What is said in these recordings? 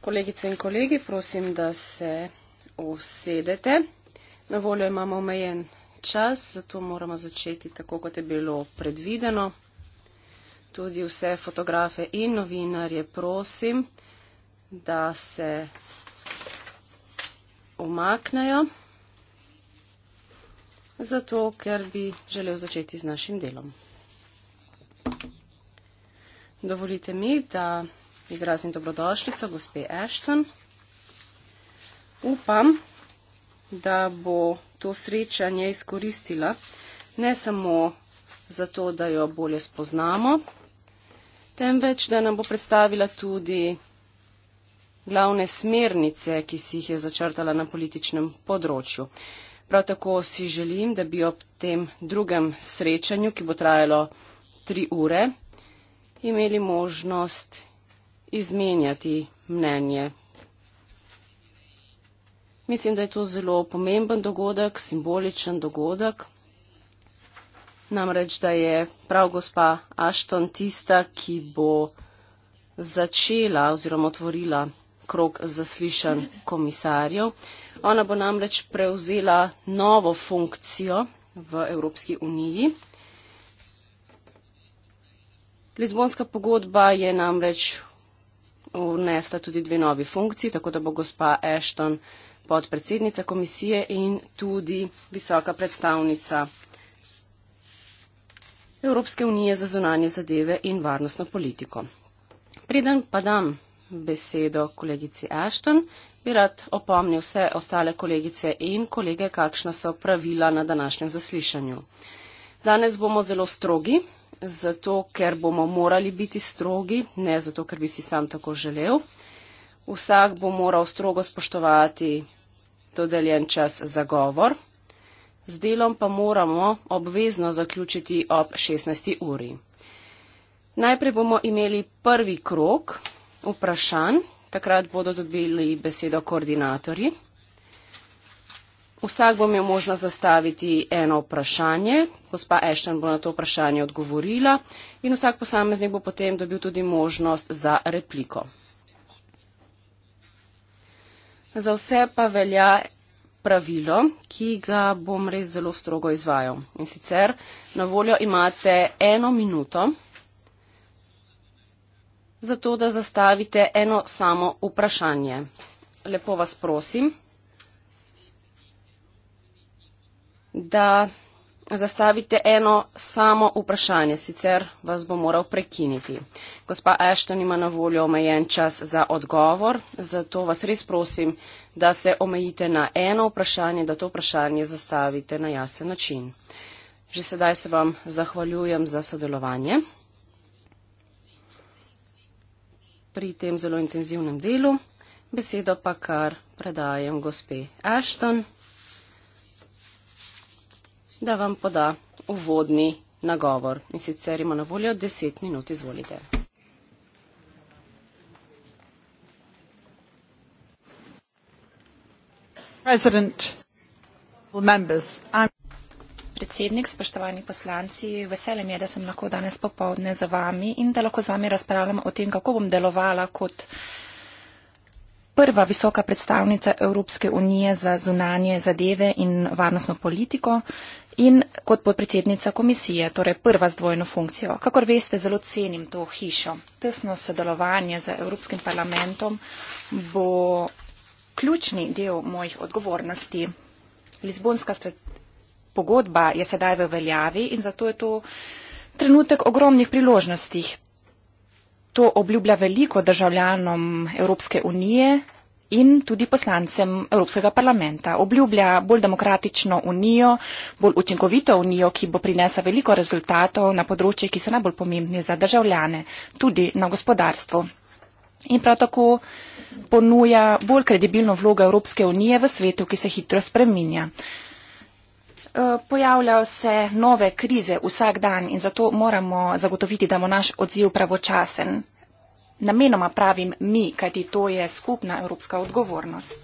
kolegice in kolegi prosim da se usedete na voljo imamo omejen čas zato moramo začeti tako kot je bilo predvideno tudi vse fotografe in novinarje prosim da se umaknejo zato ker bi želel začeti z našim delom. Dovolite mi, da izrazim dobrodošljico gospe Ashton. Upam, da bo to srečanje izkoristila ne samo zato, da jo bolje spoznamo, temveč, da nam bo predstavila tudi glavne smernice, ki si jih je začrtala na političnem področju. Prav tako si želim, da bi ob tem drugem srečanju, ki bo trajalo tri ure, imeli možnost izmenjati mnenje. Mislim, da je to zelo pomemben dogodek, simboličen dogodek. Namreč, da je prav gospa Ashton tista, ki bo začela oziroma otvorila krok zaslišan komisarjev. Ona bo namreč prevzela novo funkcijo v Evropski uniji. Lizbonska pogodba je namreč vnesla tudi dve novi funkciji, tako da bo gospa Ashton podpredsednica komisije in tudi visoka predstavnica Evropske unije za zunanje zadeve in varnostno politiko. Preden pa dam besedo kolegici Ashton, bi rad opomnil vse ostale kolegice in kolege, kakšna so pravila na današnjem zaslišanju. Danes bomo zelo strogi, zato ker bomo morali biti strogi, ne zato ker bi si sam tako želel. Vsak bo moral strogo spoštovati dodeljen čas za govor, z delom pa moramo obvezno zaključiti ob 16. uri. Najprej bomo imeli prvi krok vprašanj, takrat bodo dobili besedo koordinatorji vsak bo imel možnost zastaviti eno vprašanje, gospa Ešten bo na to vprašanje odgovorila in vsak posameznik bo potem dobil tudi možnost za repliko. Za vse pa velja pravilo, ki ga bom res zelo strogo izvajal. In sicer na voljo imate eno minuto za to, da zastavite eno samo vprašanje. Lepo vas prosim. da zastavite eno samo vprašanje, sicer vas bo moral prekiniti. Gospa Ashton ima na voljo omejen čas za odgovor, zato vas res prosim, da se omejite na eno vprašanje, da to vprašanje zastavite na jasen način. Že sedaj se vam zahvaljujem za sodelovanje pri tem zelo intenzivnem delu. Besedo pa kar predajem gospe Ashton da vam poda uvodni nagovor. In sicer ima na voljo 10 minut, izvolite. President, members, I'm... Predsednik, spoštovani poslanci, veselim je, da sem lahko danes popovdne za vami in da lahko z vami razpravljam o tem, kako bom delovala kot prva visoka predstavnica Evropske unije za zunanje zadeve in varnostno politiko, in kot podpredsednica komisije, torej prva z dvojno funkcijo. Kakor veste, zelo cenim to hišo. Tesno sodelovanje z Evropskim parlamentom bo ključni del mojih odgovornosti. Lizbonska pogodba je sedaj v veljavi in zato je to trenutek ogromnih priložnosti. To obljublja veliko državljanom Evropske unije, in tudi poslancem Evropskega parlamenta. Obljublja bolj demokratično unijo, bolj učinkovito unijo, ki bo prinesla veliko rezultatov na področjih, ki so najbolj pomembni za državljane, tudi na gospodarstvu. In prav tako ponuja bolj kredibilno vlogo Evropske unije v svetu, ki se hitro spreminja. E, pojavljajo se nove krize vsak dan in zato moramo zagotoviti, da bo naš odziv pravočasen. Namenoma pravim mi, kajti to je skupna evropska odgovornost.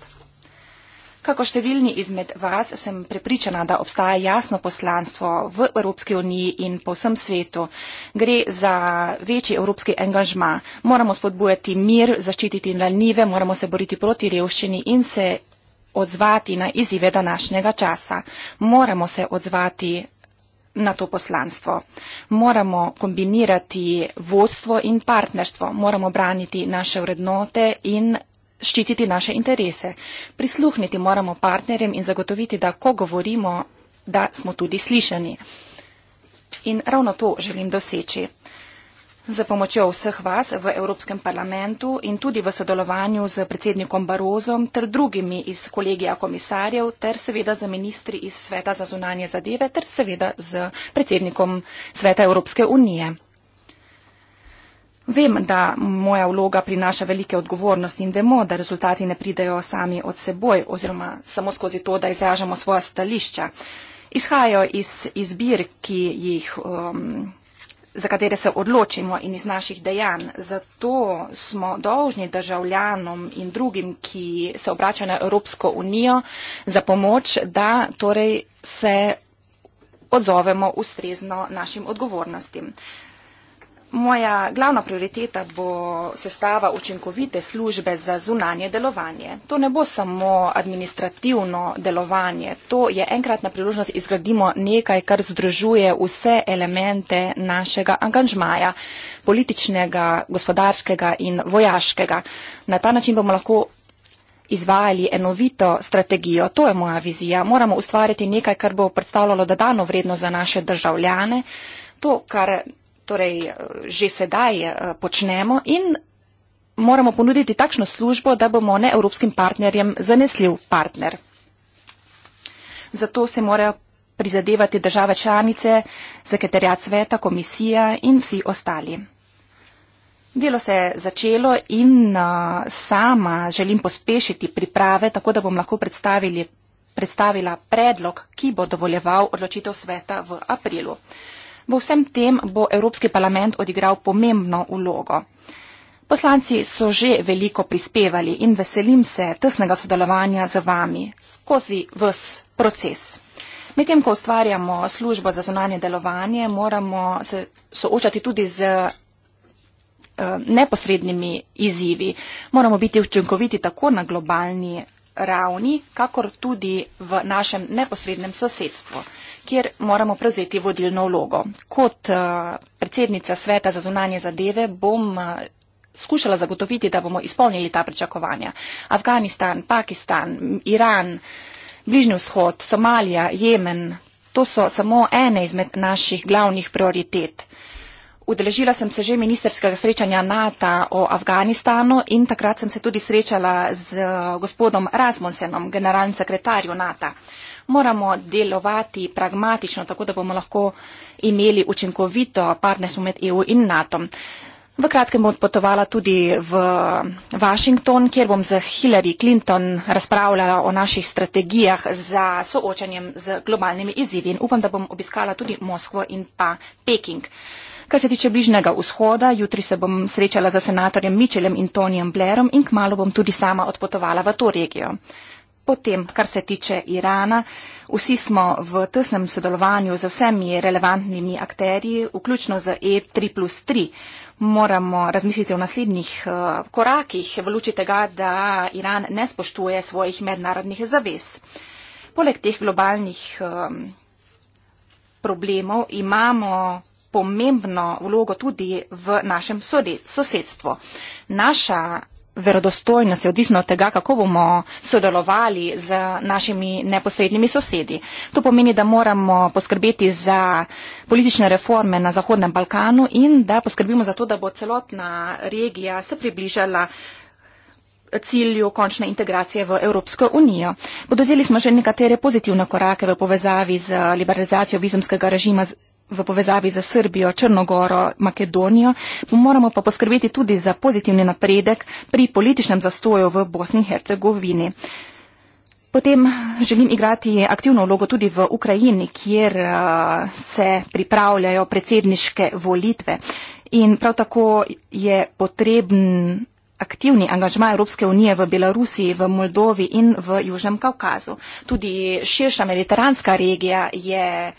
Kako številni izmed vas sem prepričana, da obstaja jasno poslanstvo v Evropski uniji in po vsem svetu. Gre za večji evropski angažma. Moramo spodbujati mir, zaščititi ranljive, moramo se boriti proti revščini in se odzvati na izzive današnjega časa. Moramo se odzvati na to poslanstvo. Moramo kombinirati vodstvo in partnerstvo, moramo braniti naše vrednote in ščititi naše interese. Prisluhniti moramo partnerjem in zagotoviti, da ko govorimo, da smo tudi slišani. In ravno to želim doseči. Za pomočjo vseh vas v Evropskem parlamentu in tudi v sodelovanju z predsednikom Barozom ter drugimi iz kolegija komisarjev ter seveda za ministri iz Sveta za zunanje zadeve ter seveda z predsednikom Sveta Evropske unije. Vem, da moja vloga prinaša velike odgovornosti in vemo, da rezultati ne pridejo sami od seboj oziroma samo skozi to, da izražamo svoja stališča. Izhajajo iz izbir, ki jih. Um, za katere se odločimo in iz naših dejanj. Zato smo dolžni državljanom in drugim, ki se obračajo na Evropsko unijo za pomoč, da torej se odzovemo ustrezno našim odgovornostim. Moja glavna prioriteta bo sestava učinkovite službe za zunanje delovanje. To ne bo samo administrativno delovanje, to je enkratna priložnost, izgradimo nekaj, kar združuje vse elemente našega angažmaja, političnega, gospodarskega in vojaškega. Na ta način bomo lahko izvajali enovito strategijo. To je moja vizija. Moramo ustvariti nekaj, kar bo predstavljalo dodano vredno za naše državljane. To, kar torej eh, že sedaj eh, počnemo in moramo ponuditi takšno službo, da bomo ne evropskim partnerjem zanesljiv partner. Zato se morajo prizadevati države članice, sekretarjat sveta, komisija in vsi ostali. Delo se je začelo in eh, sama želim pospešiti priprave, tako da bom lahko predstavila predlog, ki bo dovoljeval odločitev sveta v aprilu. V vsem tem bo Evropski parlament odigral pomembno ulogo. Poslanci so že veliko prispevali in veselim se tesnega sodelovanja z vami skozi vs proces. Medtem, ko ustvarjamo službo za zonanje delovanje, moramo se soočati tudi z eh, neposrednimi izzivi. Moramo biti učinkoviti tako na globalni ravni, kakor tudi v našem neposrednem sosedstvu kjer moramo prevzeti vodilno vlogo. Kot eh, predsednica sveta za zunanje zadeve bom eh, skušala zagotoviti, da bomo izpolnili ta pričakovanja. Afganistan, Pakistan, Iran, Bližnji vzhod, Somalija, Jemen, to so samo ene izmed naših glavnih prioritet. Udeležila sem se že ministerskega srečanja NATO o Afganistanu in takrat sem se tudi srečala z eh, gospodom Rasmussenom, generalnim sekretarjem NATO moramo delovati pragmatično, tako da bomo lahko imeli učinkovito partnerstvo med EU in NATO. V kratkem bom potovala tudi v Washington, kjer bom z Hillary Clinton razpravljala o naših strategijah za soočanjem z globalnimi izzivi in upam, da bom obiskala tudi Moskvo in pa Peking. Kar se tiče bližnjega vzhoda, jutri se bom srečala z senatorjem Mitchellem in Tonijem Blairom in kmalo bom tudi sama odpotovala v to regijo. Potem, kar se tiče Irana, vsi smo v tesnem sodelovanju z vsemi relevantnimi akterji, vključno z E3 plus 3. Moramo razmisliti o naslednjih eh, korakih v luči tega, da Iran ne spoštuje svojih mednarodnih zavez. Poleg teh globalnih problemov imamo pomembno vlogo tudi v našem sosedstvu. Naša verodostojnost je odvisna od tega, kako bomo sodelovali z našimi neposrednimi sosedi. To pomeni, da moramo poskrbeti za politične reforme na Zahodnem Balkanu in da poskrbimo za to, da bo celotna regija se približala cilju končne integracije v Evropsko unijo. Podozeli smo že nekatere pozitivne korake v povezavi z liberalizacijo vizumskega režima v povezavi z Srbijo, Črnogoro, Makedonijo, moramo pa poskrbeti tudi za pozitivni napredek pri političnem zastoju v Bosni in Hercegovini. Potem želim igrati aktivno vlogo tudi v Ukrajini, kjer eh, se pripravljajo predsedniške volitve. In prav tako je potreben aktivni angažma Evropske unije v Belarusiji, v Moldovi in v Južnem Kaukazu. Tudi širša mediteranska regija je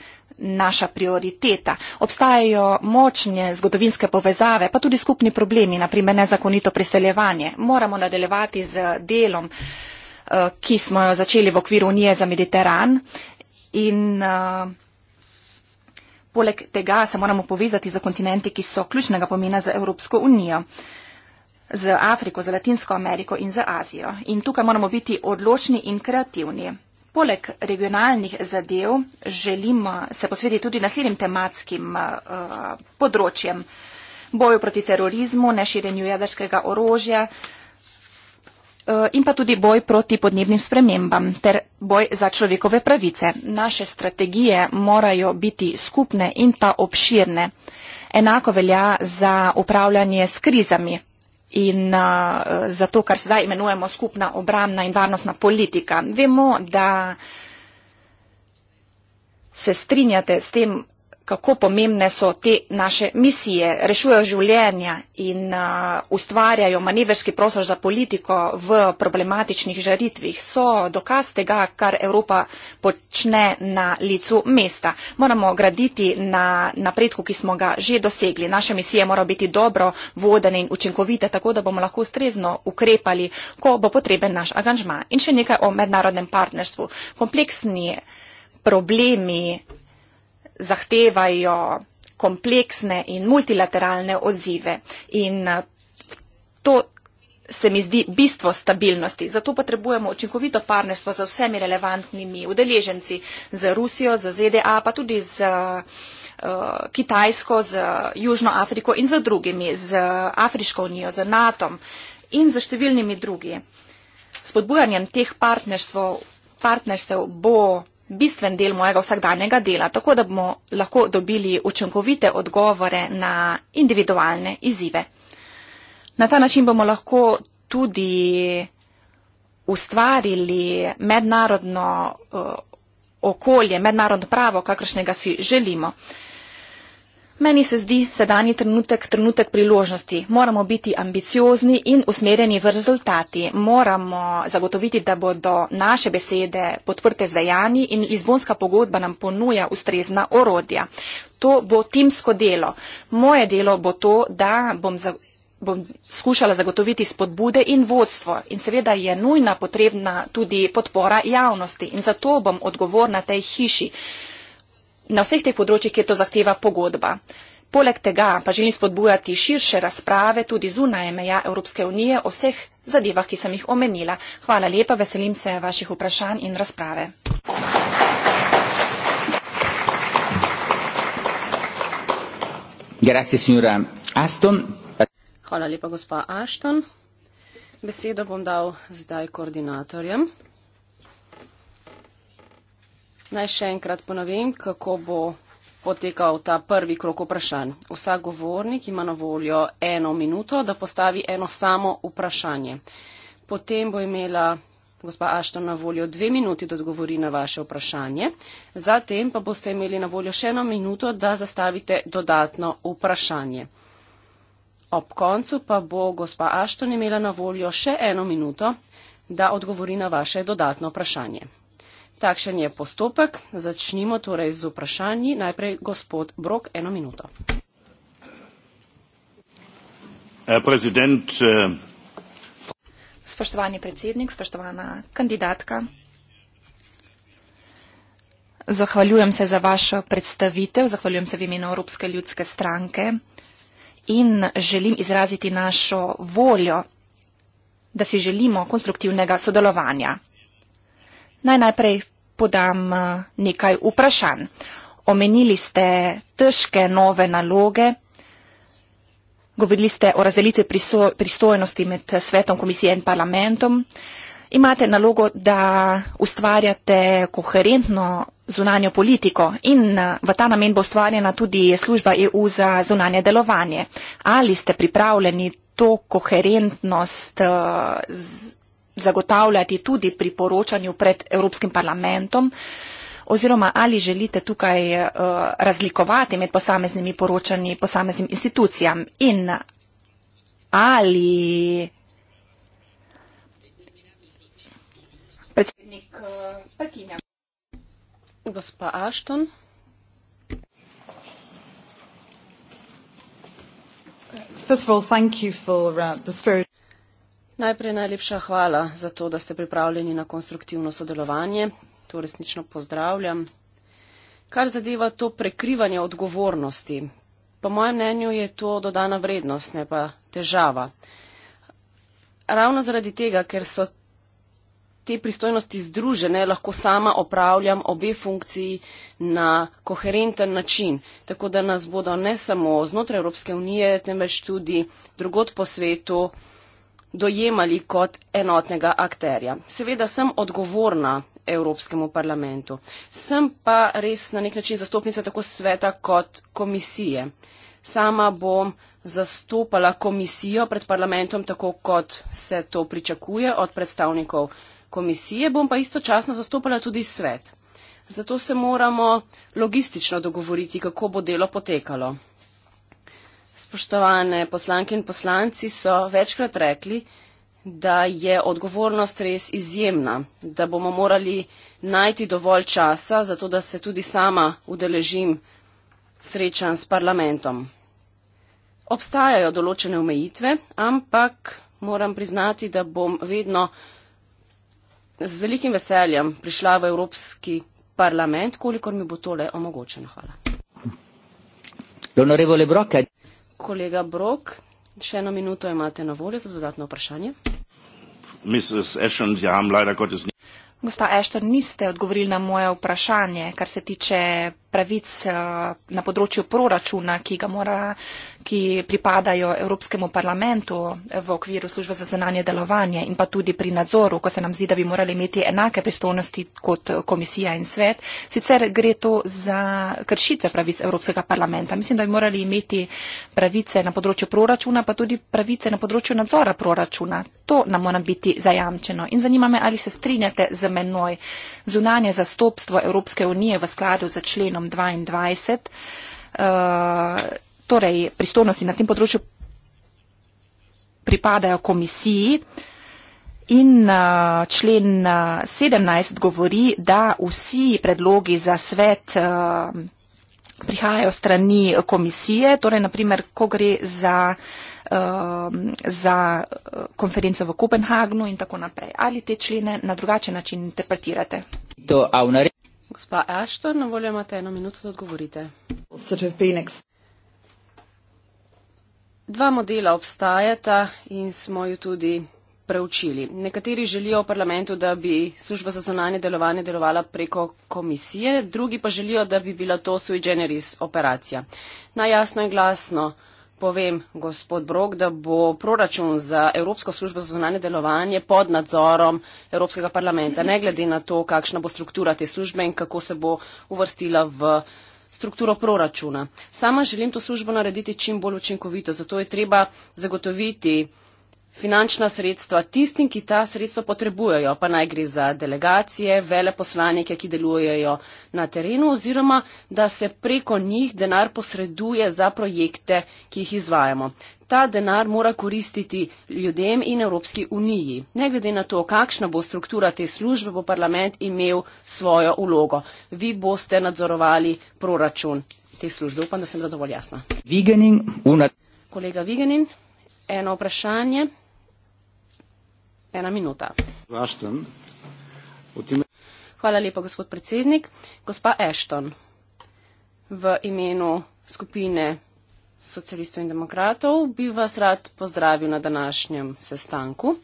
naša prioriteta. Obstajajo močne zgodovinske povezave, pa tudi skupni problemi, naprimer nezakonito priseljevanje. Moramo nadaljevati z delom, eh, ki smo jo začeli v okviru Unije za Mediteran. In, eh, Poleg tega se moramo povezati z kontinenti, ki so ključnega pomena za Evropsko unijo, z Afriko, z Latinsko Ameriko in z Azijo. In tukaj moramo biti odločni in kreativni. Poleg regionalnih zadev želim eh, se posvetiti tudi naslednjim tematskim uh, področjem. Boju proti terorizmu, neširjenju jedrskega orožja eh, in pa tudi boj proti podnebnim spremembam ter boj za človekove pravice. Naše strategije morajo biti skupne in pa obširne. Enako velja za upravljanje s krizami in uh, za to, kar sedaj imenujemo skupna obramna in varnostna politika. Vemo, da se strinjate s tem kako pomembne so te naše misije, rešujejo življenja in uh, ustvarjajo manevrski prostor za politiko v problematičnih žaritvih, so dokaz tega, kar Evropa počne na licu mesta. Moramo graditi na napredku, ki smo ga že dosegli. Naše misije morajo biti dobro vodene in učinkovite, tako da bomo lahko ustrezno ukrepali, ko bo potreben naš angažma. In še nekaj o mednarodnem partnerstvu. Kompleksni problemi zahtevajo kompleksne in multilateralne odzive. In eh, to se mi zdi bistvo stabilnosti. Zato potrebujemo učinkovito partnerstvo z vsemi relevantnimi udeleženci, z Rusijo, z ZDA, pa tudi z eh, Kitajsko, z Južno Afriko in z drugimi, z Afriško unijo, z NATO in z številnimi drugimi. Spodbujanjem teh partnerstv bo bistven del mojega vsakdanjega dela, tako da bomo lahko dobili učinkovite odgovore na individualne izzive. Na ta način bomo lahko tudi ustvarili mednarodno uh, okolje, mednarodno pravo, kakršnega si želimo. Uh, Meni se zdi sedanji trenutek trenutek priložnosti. Moramo biti ambiciozni in usmerjeni v rezultati. Moramo zagotoviti, da bodo naše besede podprte z dejanji in izbonska pogodba nam ponuja ustrezna orodja. To bo timsko delo. Moje delo bo to, da bom, za, bom skušala zagotoviti spodbude in vodstvo. In seveda je nujna potrebna tudi podpora javnosti. In zato bom odgovorna tej hiši na vseh teh področjih, kjer to zahteva pogodba. Poleg tega pa želim spodbujati širše razprave tudi zunaj meja Evropske unije o vseh zadevah, ki sem jih omenila. Hvala lepa, veselim se vaših vprašanj in razprave. Grazie, Hvala lepa, gospa Ashton. Besedo bom dal zdaj koordinatorjem. Naj še enkrat ponovim, kako bo potekal ta prvi krok vprašanj. Vsak govornik ima na voljo eno minuto, da postavi eno samo vprašanje. Potem bo imela gospa Ašton na voljo dve minuti, da odgovori na vaše vprašanje. Zatem pa boste imeli na voljo še eno minuto, da zastavite dodatno vprašanje. Ob koncu pa bo gospa Ašton imela na voljo še eno minuto, da odgovori na vaše dodatno vprašanje. Takšen je postopek. Začnimo torej z vprašanji. Najprej gospod Brok, eno minuto. Äh, Spoštovani predsednik, spoštovana kandidatka. Zahvaljujem se za vašo predstavitev, zahvaljujem se v imenu Evropske ljudske stranke in želim izraziti našo voljo, da si želimo konstruktivnega sodelovanja. Naj najprej podam eh, nekaj vprašanj. Omenili ste težke nove naloge, govorili ste o razdelitvi pristojnosti med svetom komisije in parlamentom. Imate nalogo, da ustvarjate koherentno zunanjo politiko in eh, v ta namen bo ustvarjena tudi služba EU za zunanje delovanje. Ali ste pripravljeni to koherentnost eh, zagotavljati tudi pri poročanju pred Evropskim parlamentom? Oziroma, ali želite tukaj uh, razlikovati med posameznimi poročanji posameznim institucijam in ali predsednik eh, Prkinja? Gospa Ašton. First of all, thank you for uh, the spirit. Najprej najlepša hvala za to, da ste pripravljeni na konstruktivno sodelovanje. To resnično pozdravljam. Kar zadeva to prekrivanje odgovornosti, po mojem mnenju je to dodana vrednost, ne pa težava. Ravno zaradi tega, ker so te pristojnosti združene, lahko sama opravljam obe funkciji na koherenten način, tako da nas bodo ne samo znotraj Evropske unije, temveč tudi drugot po svetu dojemali kot enotnega akterja. Seveda sem odgovorna Evropskemu parlamentu, sem pa res na nek način zastopnica tako sveta kot komisije. Sama bom zastopala komisijo pred parlamentom, tako kot se to pričakuje od predstavnikov komisije, bom pa istočasno zastopala tudi svet. Zato se moramo logistično dogovoriti, kako bo delo potekalo. Spoštovane poslanke in poslanci so večkrat rekli, da je odgovornost res izjemna, da bomo morali najti dovolj časa, zato da se tudi sama udeležim srečan s parlamentom. Obstajajo določene omejitve, ampak moram priznati, da bom vedno z velikim veseljem prišla v Evropski parlament, kolikor mi bo tole omogočeno. Hvala kolega Brok, še eno minuto imate na voljo za dodatno vprašanje. Gospa Ešter, niste odgovorili na moje vprašanje, kar se tiče pravic eh, na področju proračuna, ki, mora, ki pripadajo Evropskemu parlamentu v okviru službe za zonanje delovanje in pa tudi pri nadzoru, ko se nam zdi, da bi morali imeti enake pristojnosti kot komisija in svet. Sicer gre to za kršitve pravic Evropskega parlamenta. Mislim, da bi morali imeti pravice na področju proračuna, pa tudi pravice na področju nadzora proračuna. To nam mora biti zajamčeno. In zanima me, ali se strinjate z menoj zunanje zastopstvo Evropske unije v skladu z členom letom 2022. Eh, torej, pristojnosti na tem področju pripadajo komisiji. In eh, člen 17 eh, govori, da vsi predlogi za svet prihajajo strani komisije, torej naprimer, ko gre za, za konferenco v Kopenhagnu in tako naprej. Ali te člene na drugačen način interpretirate? To, Gospa Ashton, na voljo imate eno minuto, da odgovorite. Dva modela obstajata in smo ju tudi preučili. Nekateri želijo v parlamentu, da bi služba za zonanje delovanje delovala preko komisije, drugi pa želijo, da bi bila to sui generis operacija. Najjasno in glasno povem, gospod Brok, da bo proračun za Evropsko službo za zunanje delovanje pod nadzorom Evropskega parlamenta, ne glede na to, kakšna bo struktura te službe in kako se bo uvrstila v strukturo proračuna. Sama želim to službo narediti čim bolj učinkovito, zato je treba zagotoviti finančna sredstva tistim, ki ta sredstva potrebujejo, pa naj gre za delegacije, veleposlanike, ki delujejo na terenu, oziroma da se preko njih denar posreduje za projekte, ki jih izvajamo. Ta denar mora koristiti ljudem in Evropski uniji. Ne glede na to, kakšna bo struktura te službe, bo parlament imel svojo ulogo. Vi boste nadzorovali proračun te službe. Upam, da sem zadovolj jasna. Viganin, una... Kolega Viganin, eno vprašanje ena minuta. Ashton, ime... Hvala lepa, gospod predsednik. Gospa Ashton, v imenu skupine socialistov in demokratov bi vas rad pozdravil na današnjem sestanku.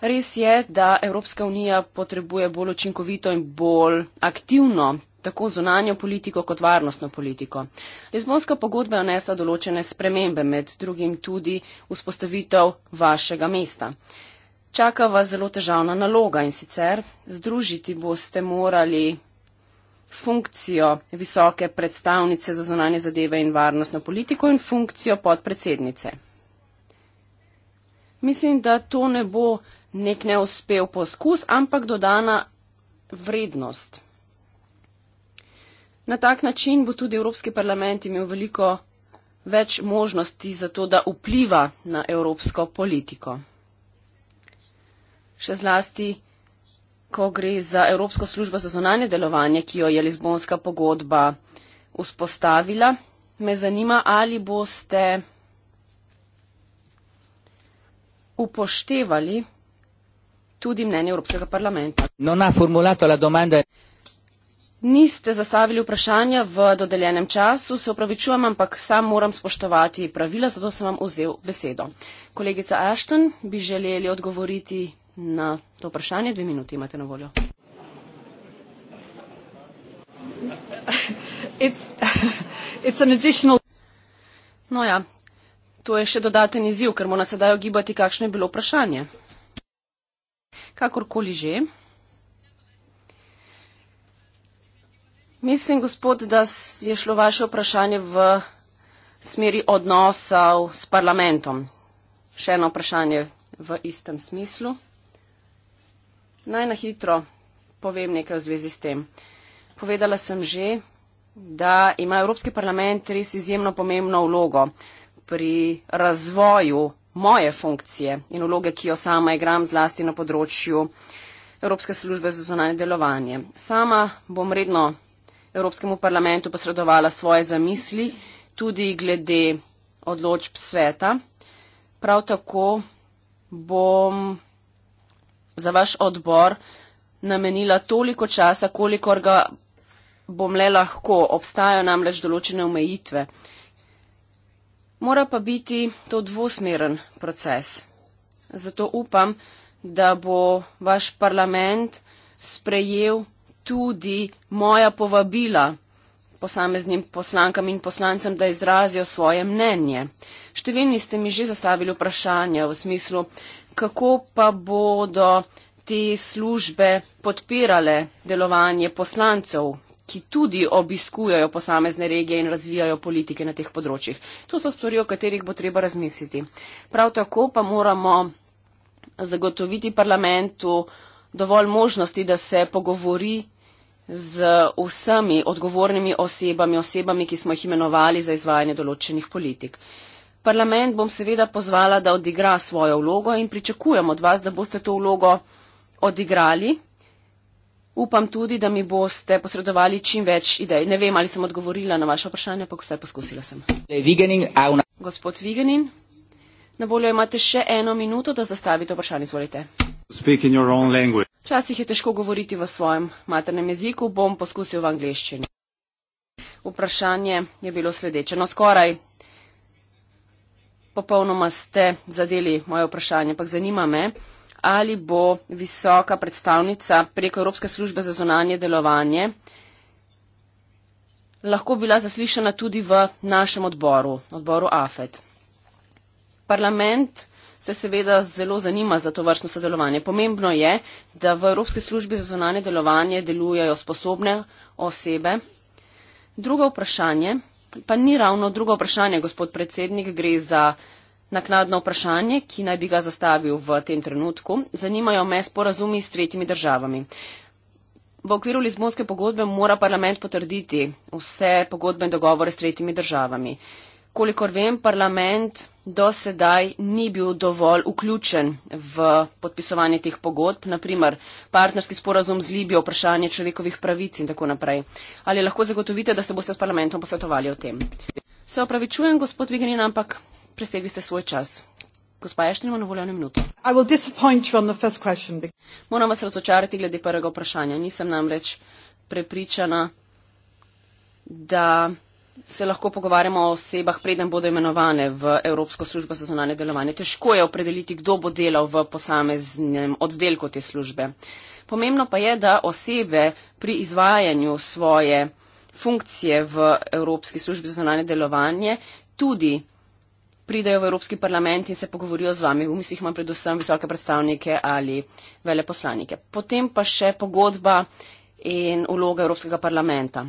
Res je, da Evropska unija potrebuje bolj učinkovito in bolj aktivno tako zunanjo politiko kot varnostno politiko. Lizbonska pogodba je vnesla določene spremembe, med drugim tudi vzpostavitev vašega mesta čaka vas zelo težavna naloga in sicer združiti boste morali funkcijo visoke predstavnice za zonanje zadeve in varnostno politiko in funkcijo podpredsednice. Mislim, da to ne bo nek neuspel poskus, ampak dodana vrednost. Na tak način bo tudi Evropski parlament imel veliko več možnosti za to, da vpliva na evropsko politiko še zlasti, ko gre za Evropsko službo za zonanje delovanje, ki jo je Lizbonska pogodba vzpostavila. Me zanima, ali boste upoštevali tudi mnenje Evropskega parlamenta. Non ha formulato la domanda. Niste zastavili vprašanja v dodeljenem času, se opravičujem, ampak sam moram spoštovati pravila, zato sem vam vzel besedo. Kolegica Ashton, bi želeli odgovoriti na to vprašanje. Dve minuti imate na voljo. No, ja. To je še dodaten izziv, ker mora sedaj ogibati, kakšno je bilo vprašanje. Kakorkoli že. Mislim, gospod, da je šlo vaše vprašanje v smeri odnosov s parlamentom. Še eno vprašanje v istem smislu. Naj na hitro povem nekaj v zvezi s tem. Povedala sem že, da ima Evropski parlament res izjemno pomembno vlogo pri razvoju moje funkcije in vloge, ki jo sama igram zlasti na področju Evropske službe za zonanje delovanje. Sama bom redno Evropskemu parlamentu posredovala svoje zamisli tudi glede odločb sveta. Prav tako bom za vaš odbor namenila toliko časa, kolikor ga bom le lahko. Obstajajo namreč določene omejitve. Mora pa biti to dvosmeren proces. Zato upam, da bo vaš parlament sprejel tudi moja povabila posameznim poslankam in poslancem, da izrazijo svoje mnenje. Številni ste mi že zastavili vprašanja v smislu, kako pa bodo te službe podpirale delovanje poslancev, ki tudi obiskujajo posamezne regije in razvijajo politike na teh področjih. To so stvari, o katerih bo treba razmisliti. Prav tako pa moramo zagotoviti parlamentu dovolj možnosti, da se pogovori z vsemi odgovornimi osebami, osebami, ki smo jih imenovali za izvajanje določenih politik. Parlament bom seveda pozvala, da odigra svojo vlogo in pričakujem od vas, da boste to vlogo odigrali. Upam tudi, da mi boste posredovali čim več idej. Ne vem, ali sem odgovorila na vaše vprašanje, ampak vse poskusila sem. Gospod Viganin, na voljo imate še eno minuto, da zastavite vprašanje. Izvolite. Speak in your own language. Včasih je težko govoriti v svojem maternem jeziku, bom poskusil v angliščini. Vprašanje je bilo sledeče. No, skoraj popolnoma ste zadeli moje vprašanje, pa zanima me, ali bo visoka predstavnica preko Evropske službe za zonanje delovanje lahko bila zaslišana tudi v našem odboru, odboru AFED. Parlament se seveda zelo zanima za to vrstno sodelovanje. Pomembno je, da v Evropski službi za zonanje delovanje delujejo sposobne osebe. Drugo vprašanje, pa ni ravno drugo vprašanje, gospod predsednik, gre za naknadno vprašanje, ki naj bi ga zastavil v tem trenutku. Zanimajo me sporazumi s tretjimi državami. V okviru Lizbonske pogodbe mora parlament potrditi vse pogodbene dogovore s tretjimi državami kolikor vem, parlament do sedaj ni bil dovolj vključen v podpisovanje teh pogodb, naprimer partnerski sporazum z Libijo, vprašanje človekovih pravic in tako naprej. Ali lahko zagotovite, da se boste s parlamentom posvetovali o tem? Se opravičujem, gospod Vigenin, ampak presegli ste svoj čas. Gospa Ešten ima na voljo eno minuto. Moram vas razočarati glede prvega vprašanja. Nisem namreč prepričana, da se lahko pogovarjamo o osebah, preden bodo imenovane v Evropsko službo za zunanje delovanje. Težko je opredeliti, kdo bo delal v posameznem oddelku te službe. Pomembno pa je, da osebe pri izvajanju svoje funkcije v Evropski službi za zunanje delovanje tudi pridajo v Evropski parlament in se pogovorijo z vami. V mislih imam predvsem visoke predstavnike ali veleposlanike. Potem pa še pogodba in vloga Evropskega parlamenta.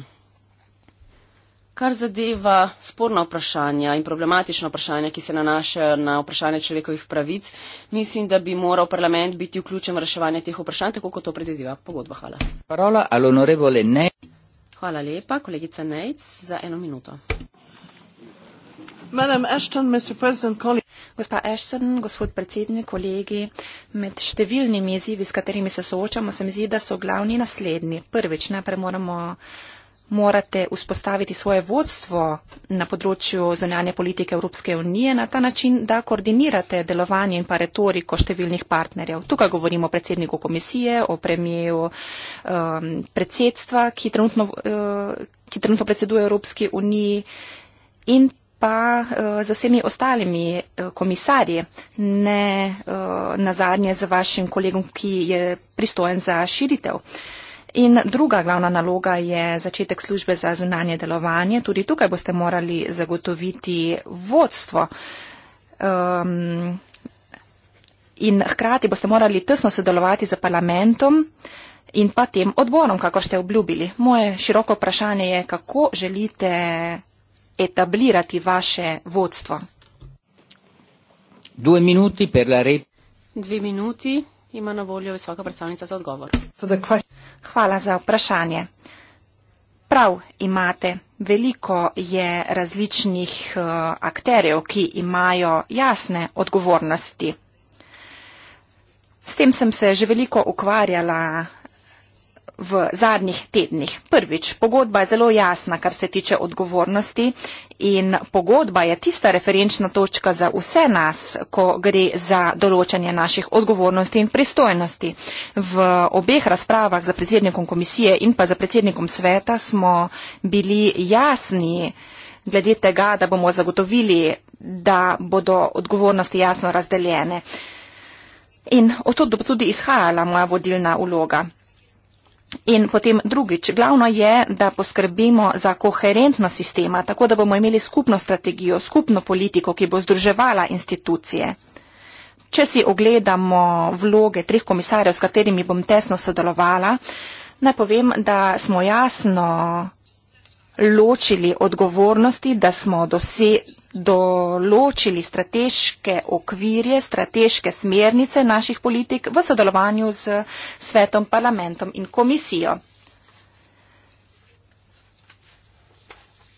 Kar zadeva sporna vprašanja in problematična vprašanja, ki se nanašajo na vprašanje človekovih pravic, mislim, da bi moral parlament biti vključen v reševanje teh vprašanj, tako kot to predvideva pogodba. Hvala. Parola, Hvala lepa, kolegica Nejc, za eno minuto. Gospa Ashton, gospod predsednik, kolegi, med številnimi izzivi, s katerimi se soočamo, se mi zdi, da so glavni naslednji. Prvič, najprej moramo. Uh, morate vzpostaviti svoje vodstvo na področju zunanje politike Evropske unije na ta način, da koordinirate delovanje in pa retoriko številnih partnerjev. Tukaj govorimo o predsedniku komisije, o premijeju um, predsedstva, ki trenutno, uh, ki trenutno predseduje Evropski uniji in pa uh, za vsemi ostalimi uh, komisarji, ne uh, na zadnje za vašim kolegom, ki je pristojen za širitev uh, In druga glavna naloga je začetek službe za zunanje delovanje. Tudi tukaj boste morali zagotoviti vodstvo. Um, in hkrati boste morali tesno sodelovati z parlamentom in pa tem odborom, kako ste obljubili. Moje široko vprašanje je, kako želite etablirati vaše vodstvo. Dve minuti ima na voljo visoka predstavnica za odgovor. Hvala za vprašanje. Prav imate, veliko je različnih eh, akterjev, ki imajo jasne odgovornosti. S tem sem se že veliko ukvarjala v zadnjih tednih. Prvič, pogodba je zelo jasna, kar se tiče odgovornosti in pogodba je tista referenčna točka za vse nas, ko gre za določanje naših odgovornosti in pristojnosti. V obeh razpravah za predsednikom komisije in pa za predsednikom sveta smo bili jasni glede tega, da bomo zagotovili, da bodo odgovornosti jasno razdeljene. In od to bo tudi izhajala moja vodilna vloga. In potem drugič, glavno je, da poskrbimo za koherentnost sistema, tako da bomo imeli skupno strategijo, skupno politiko, ki bo združevala institucije. Če si ogledamo vloge treh komisarjev, s katerimi bom tesno sodelovala, naj povem, da smo jasno ločili odgovornosti, da smo, dose, določili strateške okvirje, strateške smernice naših politik v sodelovanju z svetom, parlamentom in komisijo.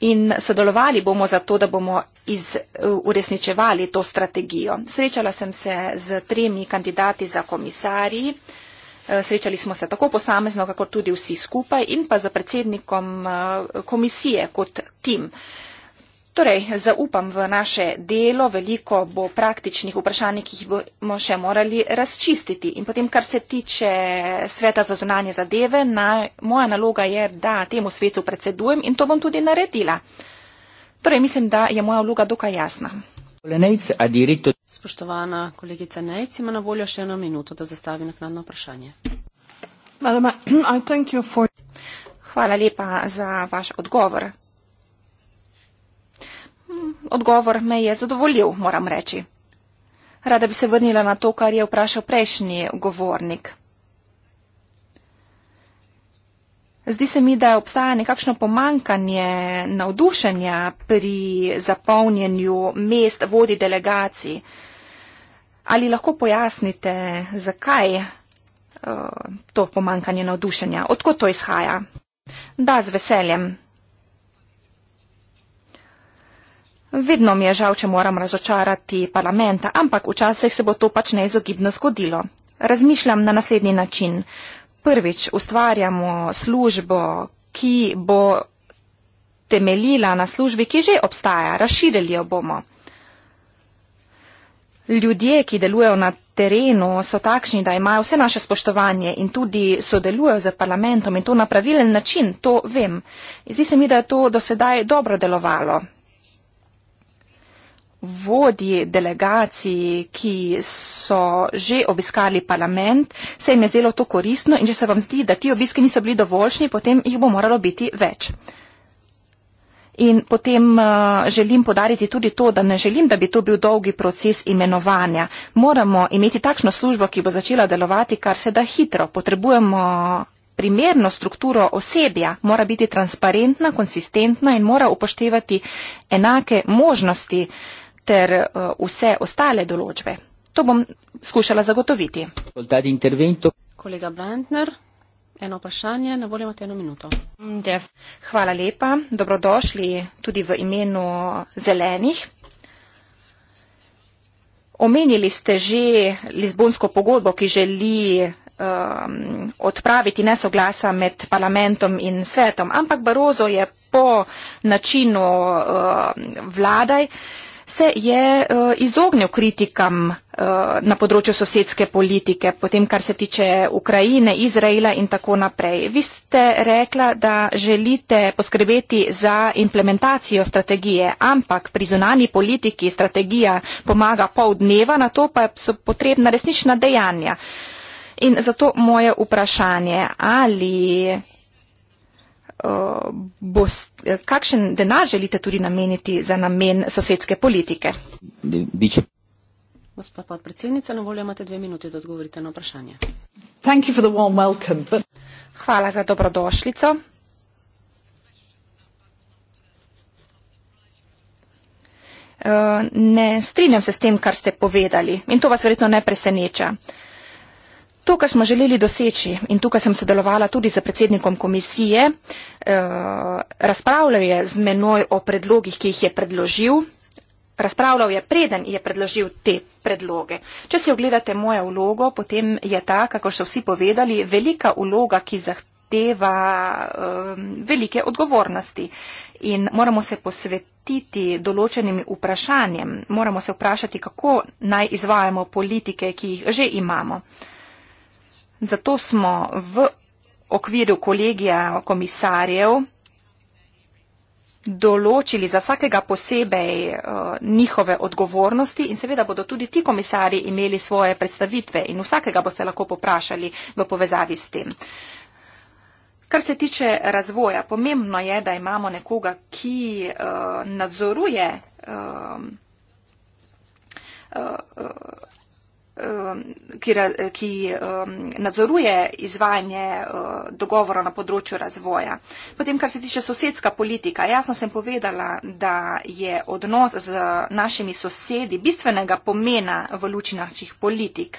In sodelovali bomo zato, da bomo iz, uh, uresničevali to strategijo. Srečala sem se z tremi kandidati za komisarji. Eh, srečali smo se tako posamezno, kako tudi vsi skupaj in pa z predsednikom eh, komisije kot tim. Torej, zaupam v naše delo, veliko bo praktičnih vprašanj, ki jih bomo še morali razčistiti. In potem, kar se tiče sveta za zunanje zadeve, na, moja naloga je, da temu svetu predsedujem in to bom tudi naredila. Torej, mislim, da je moja vloga dokaj jasna. Spoštovana kolegica Nejc ima na voljo še eno minuto, da zastavi naknadno vprašanje. Hvala lepa za vaš odgovor. Odgovor me je zadovoljil, moram reči. Rada bi se vrnila na to, kar je vprašal prejšnji govornik. Zdi se mi, da obstaja nekakšno pomankanje navdušenja pri zapolnjenju mest vodi delegacij. Ali lahko pojasnite, zakaj uh, to pomankanje navdušenja, odkot to izhaja? Da, z veseljem. Vedno mi je žal, če moram razočarati parlament, ampak včasih se bo to pač neizogibno zgodilo. Razmišljam na naslednji način. Prvič, ustvarjamo službo, ki bo temeljila na službi, ki že obstaja, razširili jo bomo. Ljudje, ki delujejo na terenu, so takšni, da imajo vse naše spoštovanje in tudi sodelujejo z parlamentom in to na pravilen način, to vem. Zdi se mi, da je to do sedaj dobro delovalo vodji delegaciji, ki so že obiskali parlament, se jim je zdelo to koristno in če se vam zdi, da ti obiski niso bili dovoljšni, potem jih bo moralo biti več. In potem uh, želim podariti tudi to, da ne želim, da bi to bil dolgi proces imenovanja. Moramo imeti takšno službo, ki bo začela delovati kar se da hitro. Potrebujemo primerno strukturo osebja, mora biti transparentna, konsistentna in mora upoštevati enake možnosti uh, ter eh, vse ostale določbe. To bom skušala zagotoviti. Kolega Brandner, eno vprašanje, na voljo imate eno minuto. Hvala lepa, dobrodošli tudi v imenu zelenih. Omenili ste že Lizbonsko pogodbo, ki želi um, odpraviti nesoglasa med parlamentom in svetom, ampak Barozo je po načinu uh, vladaj uh, se je eh, izognil kritikam eh, na področju sosedske politike, potem kar se tiče Ukrajine, Izraela in tako naprej. Vi ste rekla, da želite poskrbeti za implementacijo strategije, ampak pri zunani politiki strategija pomaga pol dneva, na to pa so potrebna resnična dejanja. In zato moje vprašanje, ali Eh, bo, eh, kakšen denar želite tudi nameniti za namen sosedske politike? Diče. Gospod podpredsednica, na voljo imate dve minuti, da odgovorite na vprašanje. Welcome, but... Hvala za dobrodošljico. Eh, ne strinjam se s tem, kar ste povedali in to vas verjetno ne preseneča. To, kar smo želeli doseči, in tukaj sem sodelovala tudi z predsednikom komisije, eh, razpravljal je z menoj o predlogih, ki jih je predložil, razpravljal je preden je predložil te predloge. Če si ogledate mojo vlogo, potem je ta, kako so vsi povedali, velika vloga, ki zahteva eh, velike odgovornosti in moramo se posvetiti določenim vprašanjem. Moramo se vprašati, kako naj izvajamo politike, ki jih že imamo. Zato smo v okviru kolegija komisarjev določili za vsakega posebej eh, njihove odgovornosti in seveda bodo tudi ti komisarji imeli svoje predstavitve in vsakega boste lahko poprašali v povezavi s tem. Kar se tiče razvoja, pomembno je, da imamo nekoga, ki eh, nadzoruje eh, Um, ki, ki um, nadzoruje izvajanje uh, dogovora na področju razvoja. Potem, kar se tiče sosedska politika, jasno sem povedala, da je odnos z našimi sosedi bistvenega pomena v luči naših politik.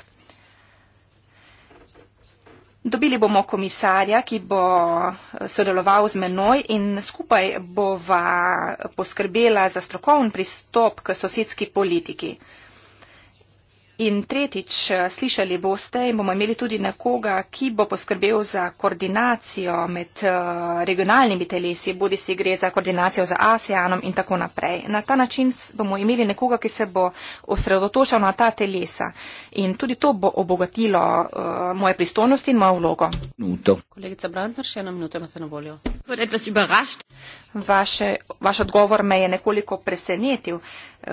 Dobili bomo komisarja, ki bo uh, sodeloval z menoj in skupaj bova poskrbela za strokoven pristop k sosedski politiki. In tretjič, slišali boste in bomo imeli tudi nekoga, ki bo poskrbel za koordinacijo med eh, regionalnimi telesi, bodi si gre za koordinacijo za ASEANom in tako naprej. Na ta način bomo imeli nekoga, ki se bo osredotočal na ta telesa in tudi to bo obogatilo uh, moje pristojnosti in mojo vlogo. Kolegica Brandner, še eno minuto imate na voljo. Vaše, vaš odgovor me je nekoliko presenetil. Uh,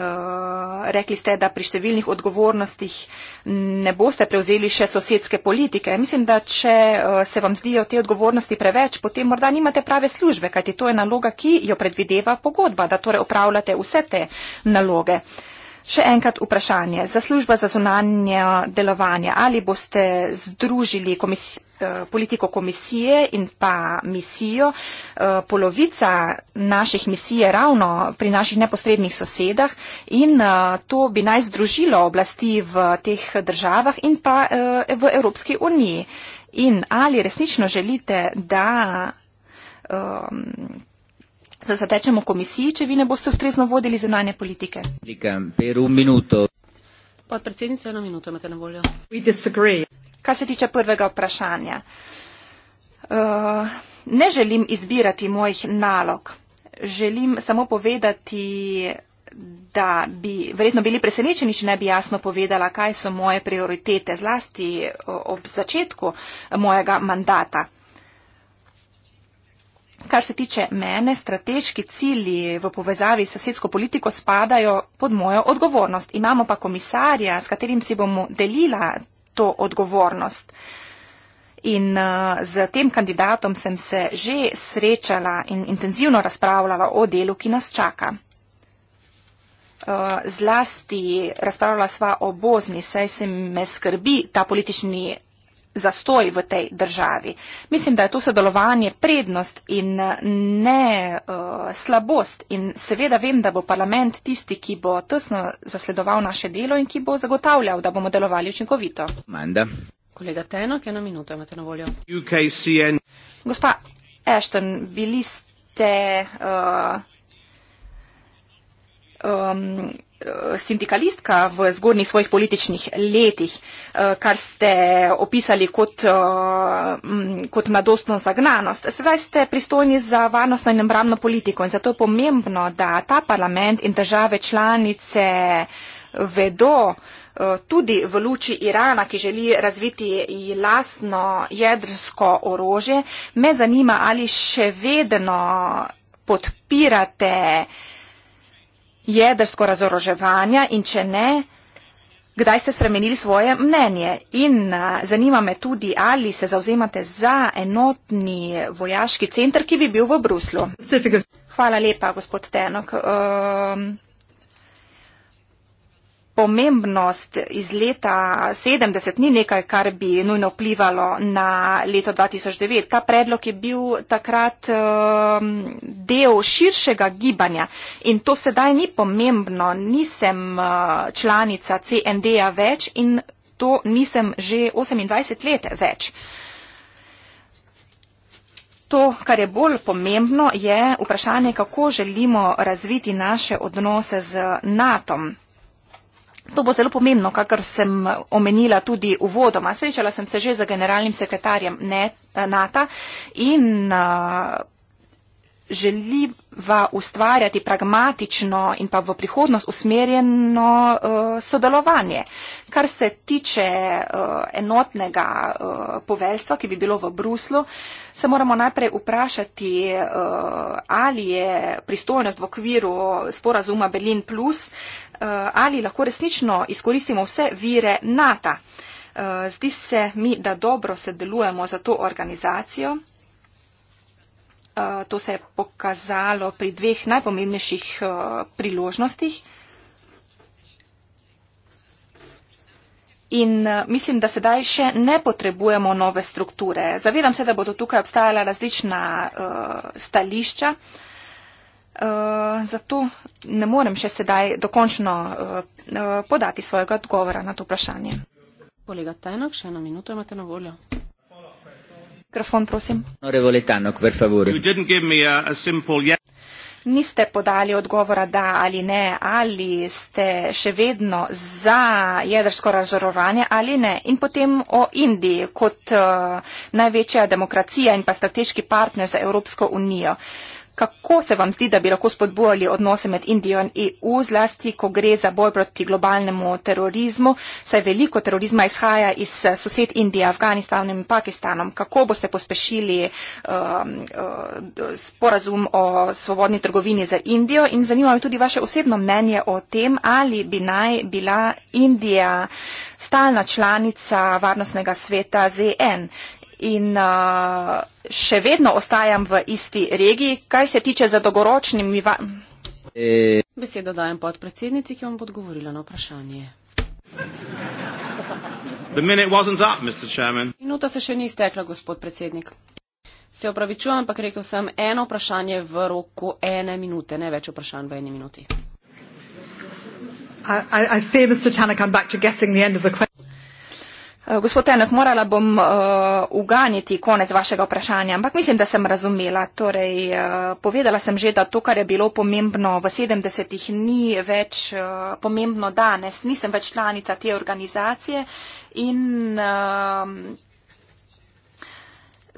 rekli ste, da pri številnih odgovornostih oblastih ne boste prevzeli še sosedske politike. Mislim, da če eh, se vam zdijo te odgovornosti preveč, potem morda nimate prave službe, kajti to je naloga, ki jo predvideva pogodba, da torej upravljate vse te naloge. Še enkrat vprašanje. Za služba za zunanje delovanje, ali boste združili komisijo? Eh, politiko komisije in pa misijo. Eh, polovica naših misij je ravno pri naših neposrednih sosedah in eh, to bi naj združilo oblasti v teh državah in pa v Evropski uniji. In ali resnično želite, da ehm, zasatečemo komisiji, če vi ne boste ustrezno vodili zunanje politike? Likam, per un minuto. Podpredsednica, eno minuto imate na voljo. Kar se tiče prvega vprašanja. Uh, ne želim izbirati mojih nalog. Želim samo povedati, da bi verjetno bili presenečeni, če ne bi jasno povedala, kaj so moje prioritete, zlasti eh, ob začetku mojega mandata. Kar se tiče mene, strateški cilji v povezavi s sosedsko politiko spadajo pod mojo odgovornost. Imamo pa komisarja, s katerim si bomo delila to odgovornost. In z uh, tem kandidatom sem se že srečala in intenzivno razpravljala o delu, ki nas čaka. Uh, zlasti razpravljala sva o Bozni, saj se me skrbi ta politični zastoj v tej državi. Mislim, da je to sodelovanje prednost in eh, ne uh, slabost in seveda vem, da bo parlament tisti, ki bo tesno zasledoval naše delo in ki bo zagotavljal, da bomo delovali učinkovito. Manda. Kolega Tenok, eno minuto imate na voljo. UKCN. Gospa Ashton, bili ste. Uh, um, sindikalistka v zgodnih svojih političnih letih, eh, kar ste opisali kot, eh, kot mladostno zagnanost. Sedaj ste pristojni za varnostno in obramno politiko in zato je pomembno, da ta parlament in države članice vedo eh, tudi v luči Irana, ki želi razviti lastno jedrsko orožje. Me zanima, ali še vedno podpirate jedrsko razoroževanja in če ne, kdaj ste spremenili svoje mnenje? In zanima me tudi, ali se zauzemate za enotni vojaški center, ki bi bil v Bruslu. Hvala lepa, gospod Tenok. Um, pomembnost iz leta 70 ni nekaj, kar bi nujno vplivalo na leto 2009. Ta predlog je bil takrat um, del širšega gibanja in to sedaj ni pomembno. Nisem uh, članica CND-a več in to nisem že 28 let več. To, kar je bolj pomembno, je vprašanje, kako želimo razviti naše odnose z NATO. -om. To bo zelo pomembno, kakor sem omenila tudi uvodoma. Srečala sem se že z generalnim sekretarjem eh, NATO in eh, želiva ustvarjati pragmatično in pa v prihodnost usmerjeno eh, sodelovanje. Kar se tiče enotnega poveljstva, ki bi bilo v Bruslu, se moramo najprej vprašati, ali je pristojnost v okviru sporazuma Berlin Plus Eh, ali lahko resnično izkoristimo vse vire NATO. Eh, zdi se mi, da dobro sedelujemo za to organizacijo. Eh, to se je pokazalo pri dveh najpomembnejših priložnostih. In mislim, da sedaj še ne potrebujemo nove strukture. Zavedam se, da bodo tukaj obstajala različna uh, stališča, uh, Eh, zato ne morem še sedaj dokončno eh, eh, podati svojega odgovora na to vprašanje. Kolega Tenok, še eno minuto imate na voljo. Mikrofon, prosim. Niste podali odgovora da ali ne, ali ste še vedno za jedrsko razžarovanje ali ne. In potem o Indiji kot uh, največja demokracija in pa strateški partner za Evropsko unijo. Uh, Kako se vam zdi, da bi lahko spodbujali odnose med Indijo in EU, zlasti ko gre za boj proti globalnemu terorizmu, saj veliko terorizma izhaja iz eh, sosed Indije, Afganistanom in Pakistanom? Kako boste pospešili um, sporazum o svobodni trgovini za Indijo in zanima me tudi vaše osebno mnenje o tem, ali bi naj bila Indija stalna članica varnostnega sveta ZN? in uh, še vedno ostajam v isti regiji, kaj se tiče za dogoročnimi. Va... E... Besedo dajem podpredsednici, ki vam bo odgovorila na vprašanje. Minuta se še ni iztekla, gospod predsednik. Se opravičujem, ampak rekel sem eno vprašanje v roku ene minute, ne več vprašanj v eni minuti. I, I, I fear, Eh, gospod Enak, morala bom uh, uganiti konec vašega vprašanja, ampak mislim, da sem razumela. Torej, uh, povedala sem že, da to, kar je bilo pomembno v 70-ih, ni več uh, pomembno danes. Nisem več članica te organizacije in uh,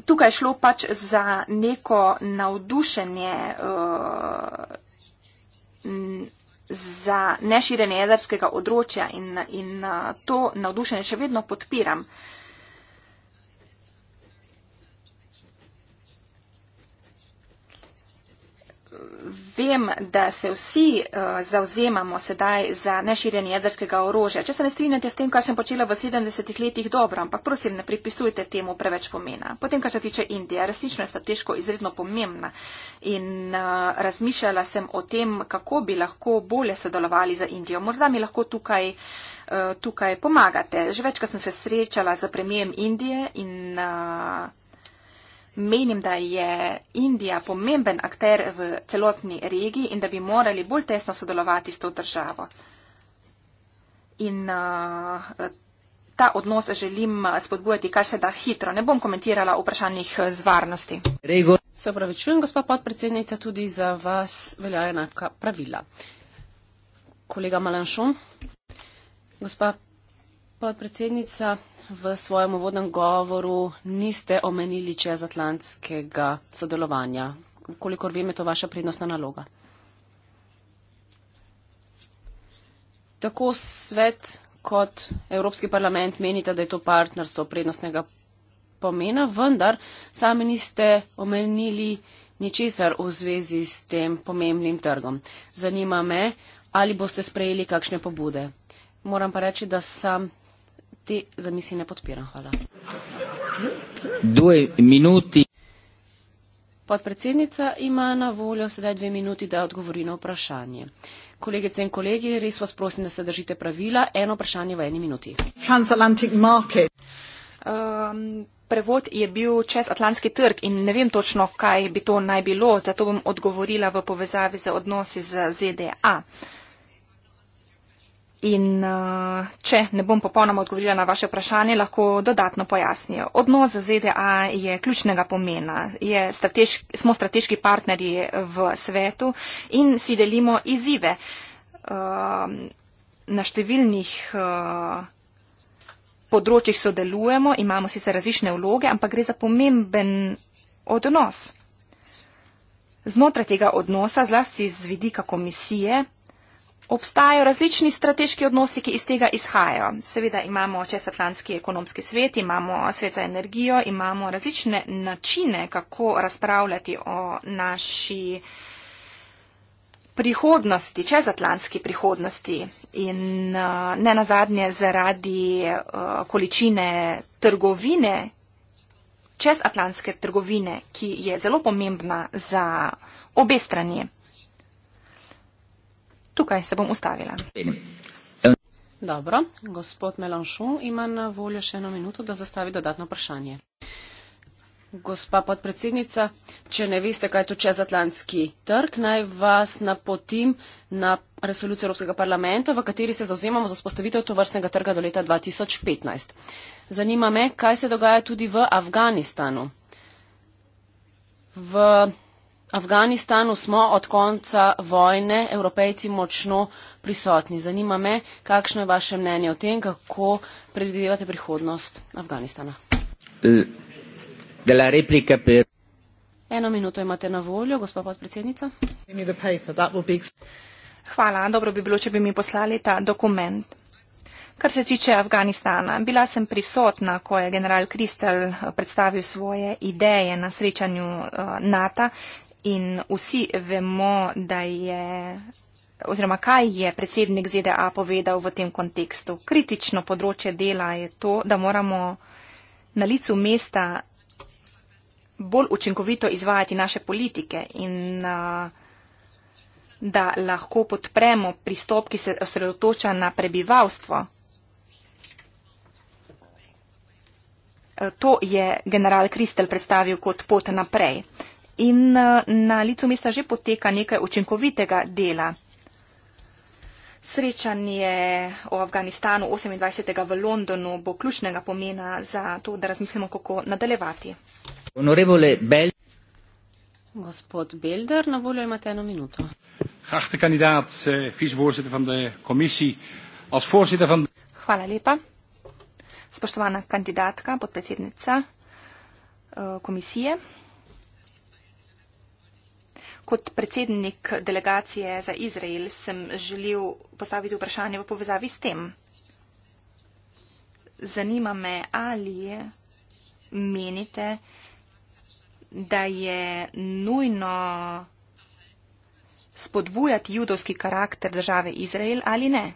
tukaj je šlo pač za neko navdušenje. Uh, za neširjenje jedrskega odročja in, in to navdušenje še vedno podpiram. vem, da se vsi uh, eh, zauzemamo sedaj za neširjenje jedrskega orožja. Če se ne strinjate s tem, kar sem počela v 70-ih letih, dobro, ampak prosim, ne pripisujte temu preveč pomena. Potem, kar se tiče Indije, resnično je strateško izredno pomembna in uh, razmišljala sem o tem, kako bi lahko bolje sodelovali za Indijo. Morda mi lahko tukaj, uh, tukaj pomagate. Že večkrat sem se srečala z premijem Indije in. Uh, Menim, da je Indija pomemben akter v celotni regiji in da bi morali bolj tesno sodelovati s to državo. In uh, ta odnos želim spodbujati, kar se da hitro. Ne bom komentirala vprašanjih uh, z varnosti. Rego. Se pravi, čujem, gospa podpredsednica, tudi za vas velja enaka pravila. Kolega Malanšon, gospa podpredsednica, v svojem uvodnem govoru niste omenili čez atlantskega sodelovanja. Kolikor vem, je to vaša prednostna naloga. Tako svet kot Evropski parlament menite, da je to partnerstvo prednostnega pomena, vendar sami niste omenili ničesar v zvezi s tem pomembnim trgom. Zanima me, ali boste sprejeli kakšne pobude. Moram pa reči, da sam te zamisli ne podpiram. Hvala. Dve minuti. Podpredsednica ima na voljo sedaj dve minuti, da odgovori na vprašanje. Kolegice in kolegi, res vas prosim, da se držite pravila. Eno vprašanje v eni minuti. Um, prevod je bil čez Atlantski trg in ne vem točno, kaj bi to naj bilo, da to bom odgovorila v povezavi z odnosi z ZDA. Uh, in uh, če ne bom popolnoma odgovorila na vaše vprašanje, lahko dodatno pojasnijo. Odnos z ZDA je ključnega pomena. Je strateški, smo strateški partnerji v svetu in si delimo izzive uh, na številnih. Uh, področjih sodelujemo, imamo sicer različne vloge, ampak gre za pomemben odnos. Znotraj tega odnosa, zlasti z vidika komisije, Obstajajo različni strateški odnosi, ki iz tega izhajajo. Seveda imamo čezatlantski ekonomski svet, imamo svet za energijo, imamo različne načine, kako razpravljati o naši prihodnosti, čezatlantski prihodnosti in eh, ne nazadnje zaradi eh, količine trgovine, čezatlantske trgovine, ki je zelo pomembna za obe strani. Tukaj se bom ustavila. Dobro, gospod Melanšu ima na voljo še eno minuto, da zastavi dodatno vprašanje. Gospa podpredsednica, če ne veste, kaj je to čezatlantski trg, naj vas napotim na resolucijo Evropskega parlamenta, v kateri se zauzemamo za spostavitev to vrstnega trga do leta 2015. Zanima me, kaj se dogaja tudi v Afganistanu. V Afganistanu smo od konca vojne, evropejci močno prisotni. Zanima me, kakšno je vaše mnenje o tem, kako predvidevate prihodnost Afganistana. Eh, Eno minuto imate na voljo, gospa podpredsednica. Hvala, dobro bi bilo, če bi mi poslali ta dokument. Kar se tiče Afganistana, bila sem prisotna, ko je general Kristel eh, predstavil svoje ideje na srečanju eh, NATO in vsi vemo, da je oziroma kaj je predsednik ZDA povedal v tem kontekstu. Kritično področje dela je to, da moramo na licu mesta bolj učinkovito izvajati naše politike in da lahko podpremo pristop, ki se osredotoča na prebivalstvo. To je general Kristel predstavil kot pot naprej in eh, na licu mesta že poteka nekaj učinkovitega dela. Srečanje o Afganistanu 28. v Londonu bo ključnega pomena za to, da razmislimo, kako nadaljevati. Gospod Belder, na voljo imate eno minuto. Hrahte kandidat, eh, vicevoorzitter van de komisiji, als voorzitter van. Hvala lepa. Spoštovana kandidatka, podpredsednica eh, komisije. Kot predsednik delegacije za Izrael sem želel postaviti vprašanje v povezavi s tem. Zanima me, ali menite, da je nujno spodbujati judovski karakter države Izrael ali ne.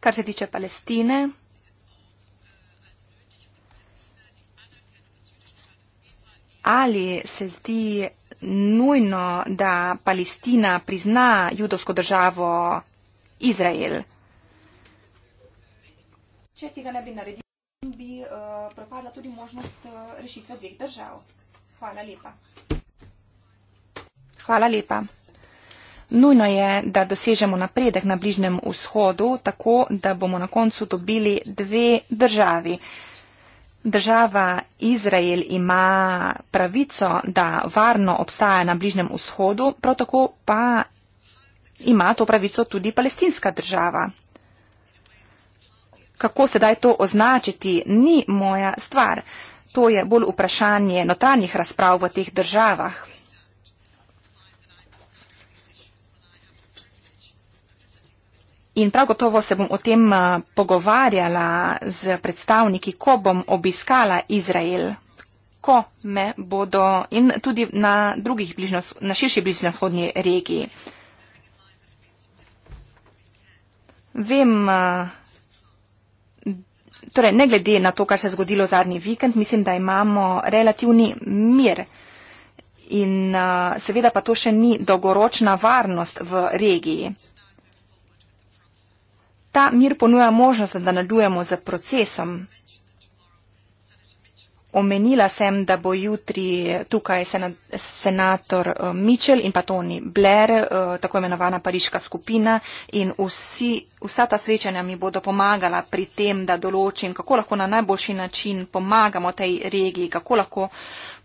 Kar se tiče Palestine, ali se zdi nujno, da Palestina prizna judovsko državo Izrael. Če tega ne bi naredili, bi uh, propadla tudi možnost uh, rešitve dveh držav. Hvala lepa. Hvala lepa. Nujno je, da dosežemo napredek na Bližnjem vzhodu, tako da bomo na koncu dobili dve državi. Država Izrael ima pravico, da varno obstaja na Bližnjem vzhodu, prav tako pa ima to pravico tudi palestinska država. Kako sedaj to označiti, ni moja stvar. To je bolj vprašanje notranjih razprav v teh državah. In prav gotovo se bom o tem eh, pogovarjala z predstavniki, ko bom obiskala Izrael, ko me bodo in tudi na, bližno, na širši bližnjavhodni regiji. Vem, eh, torej ne glede na to, kar se je zgodilo zadnji vikend, mislim, da imamo relativni mir. In eh, seveda pa to še ni dolgoročna varnost v regiji ta mir ponuja možnost, da nadujemo z procesom. Omenila sem, da bo jutri tukaj senator eh, Mitchell in pa Tony Blair, eh, tako imenovana pariška skupina in vsi, vsa ta srečanja mi bodo pomagala pri tem, da določim, kako lahko na najboljši način pomagamo tej regiji, kako lahko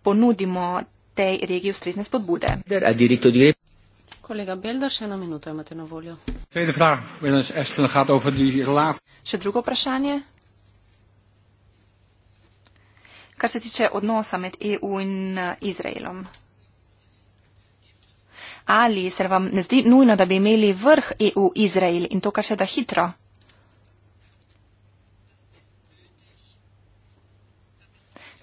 ponudimo tej regiji ustrezne spodbude. Collega Belders, eno minuto imate na voljo. Tweede vraag, meneer Esten, gaat over die relatie. Še drugo vprašanje? Kar se tiče odnosa med EU in eh, Izraelom. Ali se vam ne zdi nujno, da bi imeli vrh EU-Izrael in to kar se da hitro?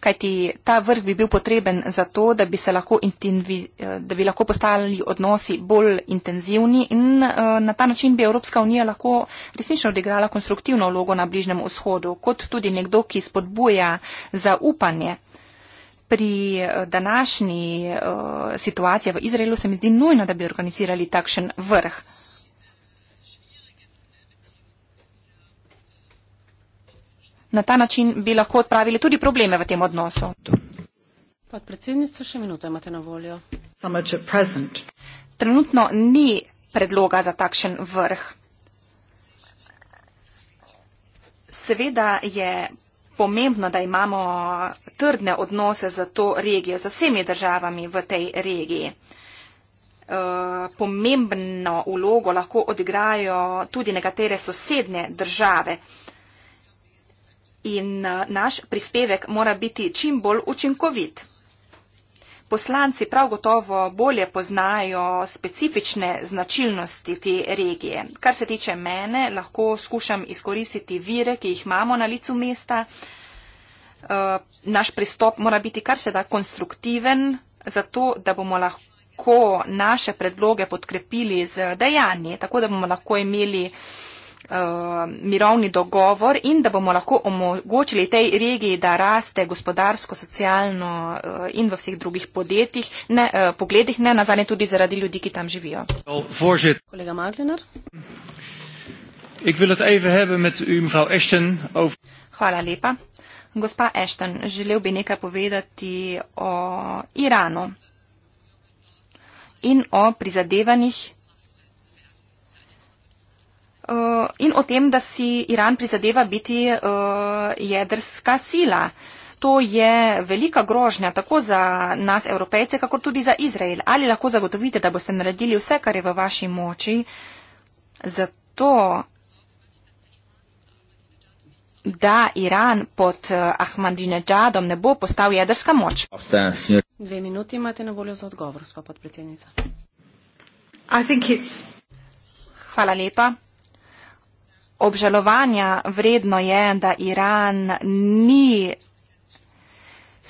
kajti ta vrh bi bil potreben za to, da bi, lahko, eh, da bi lahko postali odnosi bolj intenzivni in eh, na ta način bi Evropska unija lahko resnično odigrala konstruktivno vlogo na Bližnjem vzhodu, kot tudi nekdo, ki spodbuja zaupanje. Pri eh, današnji situaciji v Izraelu se mi zdi nujno, da bi organizirali takšen vrh. na ta način bi lahko odpravili tudi probleme v tem odnosu. Podpredsednica, še minuto imate na voljo. Trenutno ni predloga za takšen vrh. Seveda je pomembno, da imamo trdne odnose za to regijo, za vsemi državami v tej regiji. Eh, pomembno vlogo lahko odigrajo tudi nekatere sosedne države in naš prispevek mora biti čim bolj učinkovit. Poslanci prav gotovo bolje poznajo specifične značilnosti te regije. Kar se tiče mene, lahko skušam izkoristiti vire, ki jih imamo na licu mesta. E, naš pristop mora biti kar se da konstruktiven, zato da bomo lahko naše predloge podkrepili z dejanji, tako da bomo lahko imeli uh, Eh, mirovni dogovor in da bomo lahko omogočili tej regiji, da raste gospodarsko, socialno eh, in v vseh drugih podjetjih, ne, eh, pogledih, ne nazadnje tudi zaradi ljudi, ki tam živijo. Kolega Maglinar. Hvala lepa. Gospa Ashton, želel bi nekaj povedati o Iranu in o prizadevanjih Eh, in o tem, da si Iran prizadeva biti eh, jedrska sila. To je velika grožnja tako za nas, evropejce, kakor tudi za Izrael. Ali lahko zagotovite, da boste naredili vse, kar je v vaši moči, zato, da Iran pod eh, Ahmadinejadom ne bo postal jedrska moč? Dve minuti imate na voljo za odgovor, gospod predsednica. Hvala lepa obžalovanja vredno je, da Iran ni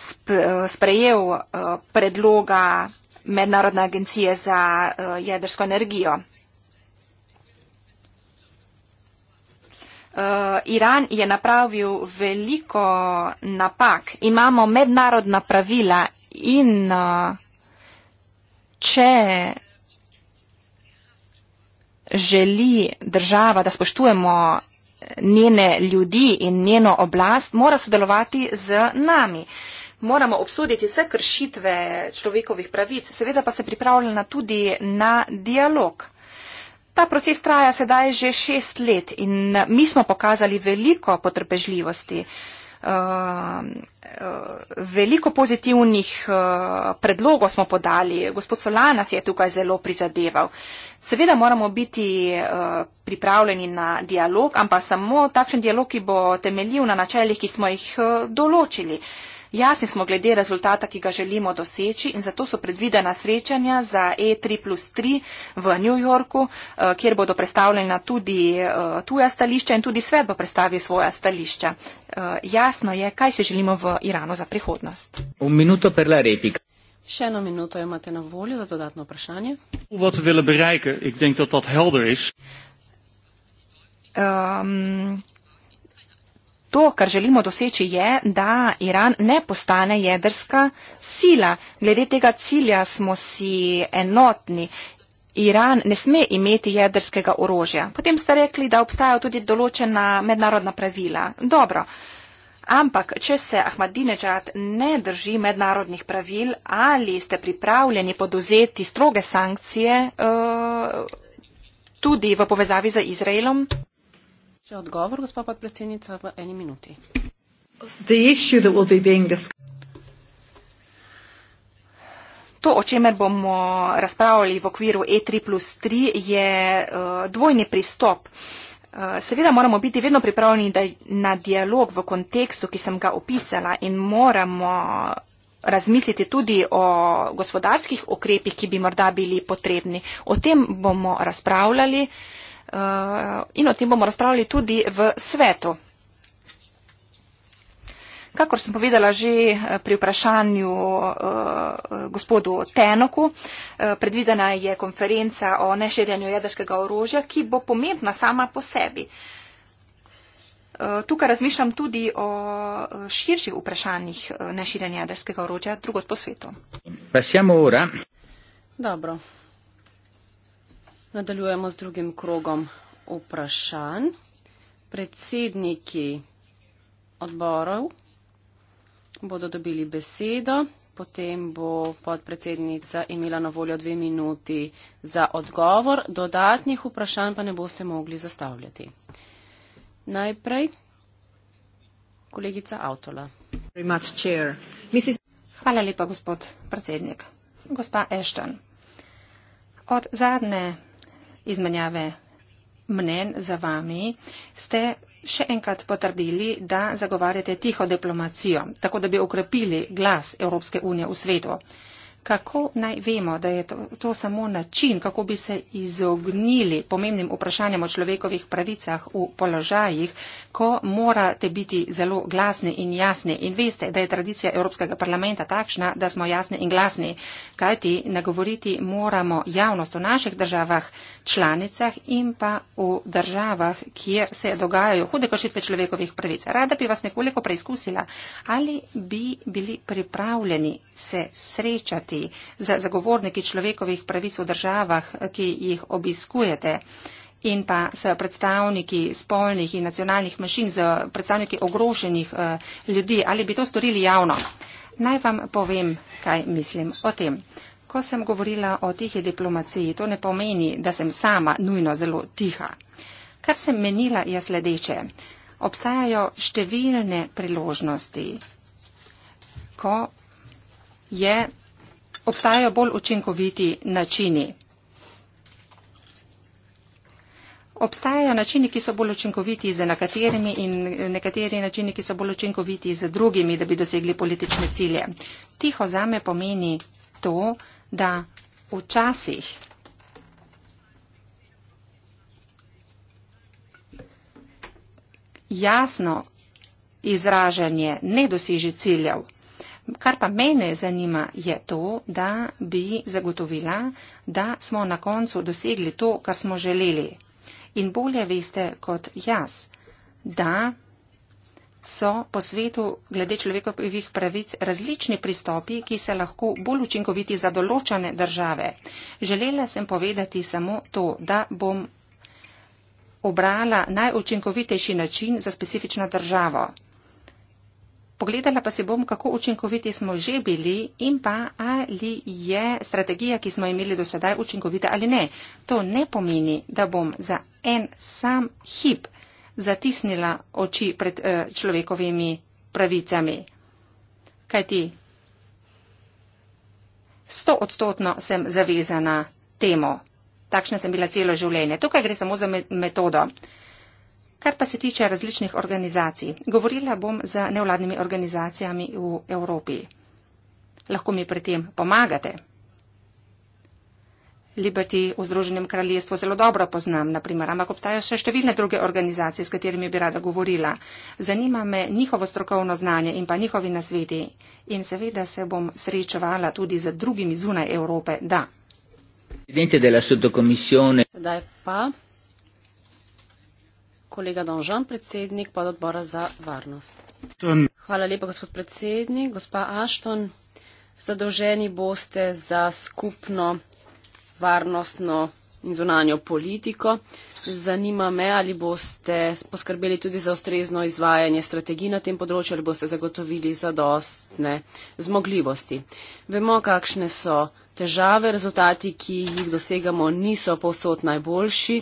sp sprejel uh, predloga Mednarodne agencije za uh, jedrsko energijo. Uh, Iran je napravil veliko napak. Imamo mednarodna pravila in uh, če želi država, da spoštujemo njene ljudi in njeno oblast, mora sodelovati z nami. Moramo obsoditi vse kršitve človekovih pravic, seveda pa se pripravljena tudi na dialog. Ta proces traja sedaj že šest let in mi smo pokazali veliko potrpežljivosti. Ehm, eh, veliko pozitivnih eh, predlogov smo podali. Gospod Solana si je tukaj zelo prizadeval. Seveda moramo biti eh, pripravljeni na dialog, ampak samo takšen dialog, ki bo temeljiv na načeljih, ki smo jih določili. Jasni smo glede rezultata, ki ga želimo doseči in zato so predvidena srečanja za E3 plus 3 v New Yorku, eh, kjer bodo predstavljena tudi eh, tuja stališča in tudi svet bo predstavil svoja stališča. Eh, jasno je, kaj si želimo v Iranu za prihodnost. Še eno minuto imate na voljo za dodatno vprašanje. Kaj želimo doseči? Mislim, da to je jasno. To, kar želimo doseči, je, da Iran ne postane jedrska sila. Glede tega cilja smo si enotni. Iran ne sme imeti jedrskega orožja. Potem ste rekli, da obstajajo tudi določena mednarodna pravila. Dobro. Ampak, če se Ahmadinejad ne drži mednarodnih pravil, ali ste pripravljeni podozeti stroge sankcije uh, tudi v povezavi z Izraelom? Če odgovor, gospod podpredsednica, v eni minuti. To, o čemer bomo razpravljali v okviru E3 plus 3, je uh, dvojni pristop. Uh, seveda moramo biti vedno pripravljeni na dialog v kontekstu, ki sem ga opisala in moramo razmisliti tudi o gospodarskih okrepih, ki bi morda bili potrebni. O tem bomo razpravljali. Uh, Eh, in o tem bomo razpravljali tudi v svetu. Kakor sem povedala že eh, pri vprašanju eh, gospodu Tenoku, predvidena je konferenca o neširjanju jedrskega orožja, ki bo pomembna sama po sebi. Tukaj razmišljam tudi o širših vprašanjih neširjanja jedrskega orožja drugot po svetu. Pa samo ura. Dobro. Nadaljujemo z drugim krogom vprašanj. Predsedniki odborov bodo dobili besedo, potem bo podpredsednica imela na voljo dve minuti za odgovor, dodatnih vprašanj pa ne boste mogli zastavljati. Najprej kolegica Avtola. Hvala lepa, gospod predsednik. Gospa Ešton, od zadnje izmenjave mnen za vami, ste še enkrat potrdili, da zagovarjate tiho diplomacijo, tako da bi ukrepili glas Evropske unije v svetu kako naj vemo, da je to, to samo način, kako bi se izognili pomembnim vprašanjem o človekovih pravicah v položajih, ko morate biti zelo glasni in jasni. In veste, da je tradicija Evropskega parlamenta takšna, da smo jasni in glasni, kajti nagovoriti moramo javnost v naših državah, članicah in pa v državah, kjer se dogajajo hude kršitve človekovih pravic. Rada bi vas nekoliko preizkusila, ali bi bili pripravljeni se srečati hkrati z zagovorniki človekovih pravic v državah, ki jih obiskujete in pa s predstavniki spolnih in nacionalnih mašin, z predstavniki ogrošenih eh, ljudi, ali bi to storili javno. Naj vam povem, kaj mislim o tem. Ko sem govorila o tihi diplomaciji, to ne pomeni, da sem sama nujno zelo tiha. Kar sem menila je sledeče. Obstajajo številne priložnosti, ko je obstajajo bolj učinkoviti načini. Obstajajo načini, ki so bolj učinkoviti z nekaterimi in nekateri načini, ki so bolj učinkoviti z drugimi, da bi dosegli politične cilje. Tiho zame pomeni to, da včasih jasno izražanje ne doseže ciljev kar pa mene zanima, je to, da bi zagotovila, da smo na koncu dosegli to, kar smo želeli. In bolje veste kot jaz, da so po svetu glede človekovih pravic različni pristopi, ki se lahko bolj učinkoviti za določene države. Želela sem povedati samo to, da bom obrala najučinkovitejši način za specifično državo. Pogledala pa si bom, kako učinkoviti smo že bili in pa ali je strategija, ki smo imeli do sedaj, učinkovita ali ne. To ne pomeni, da bom za en sam hip zatisnila oči pred uh, človekovimi pravicami. Kaj ti? Sto odstotno sem zavezana temu. Takšna sem bila celo življenje. Tukaj gre samo za metodo. Kar pa se tiče različnih organizacij, govorila bom z nevladnimi organizacijami v Evropi. Lahko mi pri tem pomagate. Liberty v Združenem kraljestvu zelo dobro poznam, naprimer, ampak obstajajo še številne druge organizacije, s katerimi bi rada govorila. Zanima me njihovo strokovno znanje in pa njihovi nasveti. In seveda se bom srečevala tudi z drugimi zunaj Evrope, da. Sedaj pa kolega Donžan, predsednik pododbora za varnost. Ten. Hvala lepa, gospod predsednik. Gospa Ašton, zadolženi boste za skupno varnostno in zunanjo politiko. Zanima me, ali boste poskrbeli tudi za ustrezno izvajanje strategij na tem področju, ali boste zagotovili zadostne zmogljivosti. Vemo, kakšne so težave, rezultati, ki jih dosegamo, niso povsod najboljši.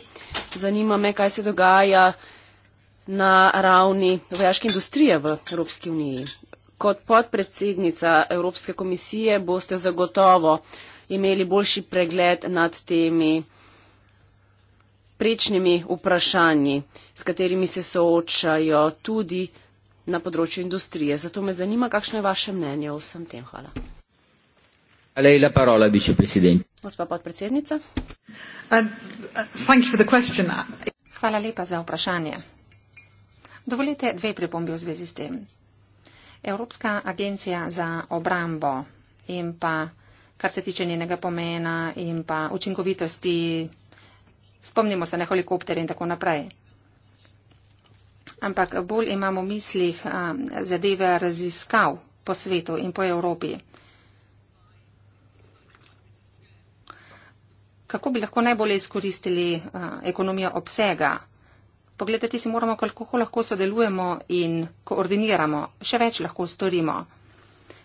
Zanima me, kaj se dogaja na ravni vojaške industrije v Evropski uniji. Kot podpredsednica Evropske komisije boste zagotovo imeli boljši pregled nad temi prečnimi vprašanji, s katerimi se soočajo tudi na področju industrije. Zato me zanima, kakšno je vaše mnenje o vsem tem. Hvala. A lei la parola, vicepresidente. Gospa podpredsednica. Uh, uh, Hvala lepa za vprašanje. Dovolite dve pripombi v zvezi s tem. Evropska agencija za obrambo in pa, kar se tiče njenega pomena in pa učinkovitosti, spomnimo se na helikopter in tako naprej. Ampak bolj imamo v mislih um, zadeve raziskav po svetu in po Evropi. kako bi lahko najbolje izkoristili eh, ekonomijo obsega. Pogledati si moramo, kako lahko sodelujemo in koordiniramo, še več lahko storimo.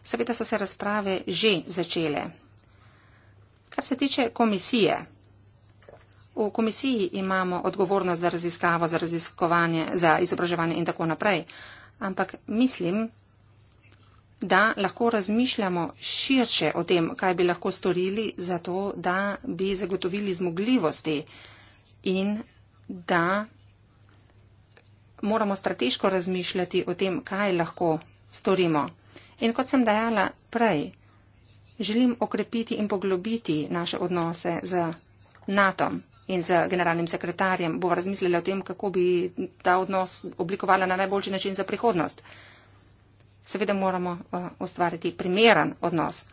Seveda so se razprave že začele. Kar se tiče komisije, v komisiji imamo odgovornost za raziskavo, za raziskovanje, za izobraževanje in tako naprej, ampak mislim, da lahko razmišljamo širše o tem, kaj bi lahko storili za to, da bi zagotovili zmogljivosti in da moramo strateško razmišljati o tem, kaj lahko storimo. In kot sem dajala prej, želim okrepiti in poglobiti naše odnose z NATO in z generalnim sekretarjem. Bova razmislila o tem, kako bi ta odnos oblikovala na najboljši način za prihodnost seveda moramo eh, ustvariti primeren odnos.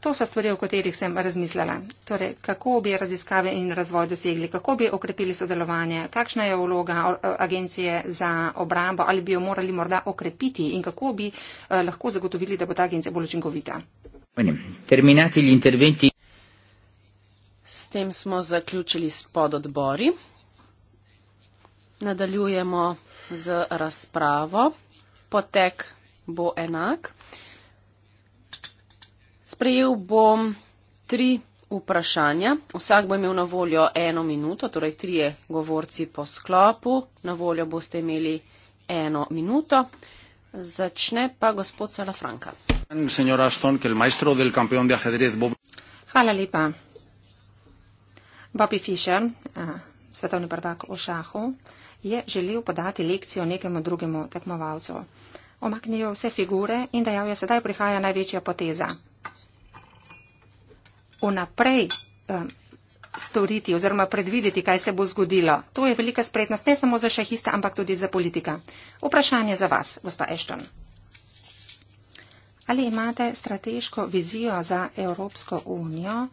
To so stvari, o katerih sem razmislila. Torej, kako bi raziskave in razvoj dosegli, kako bi okrepili sodelovanje, kakšna je vloga eh, agencije za obrambo ali bi jo morali morda okrepiti in kako bi eh, lahko zagotovili, da bo ta agencija bolj učinkovita. Terminati ali interventi. S tem smo zaključili spod odbori. Nadaljujemo z razpravo. Potek bo enak. Sprejel bom tri vprašanja. Vsak bo imel na voljo eno minuto, torej trije govorci po sklopu. Na voljo boste imeli eno minuto. Začne pa gospod Salafranka. Hvala lepa. Bobby Fischer, eh, svetovni prvak v šahu, je želel podati lekcijo nekemu drugemu tekmovalcu omaknil vse figure in dejal je, sedaj prihaja največja poteza. Vnaprej um, storiti oziroma predvideti, kaj se bo zgodilo. To je velika spretnost ne samo za šahiste, ampak tudi za politika. Vprašanje za vas, gospa Ešton. Ali imate strateško vizijo za Evropsko unijo?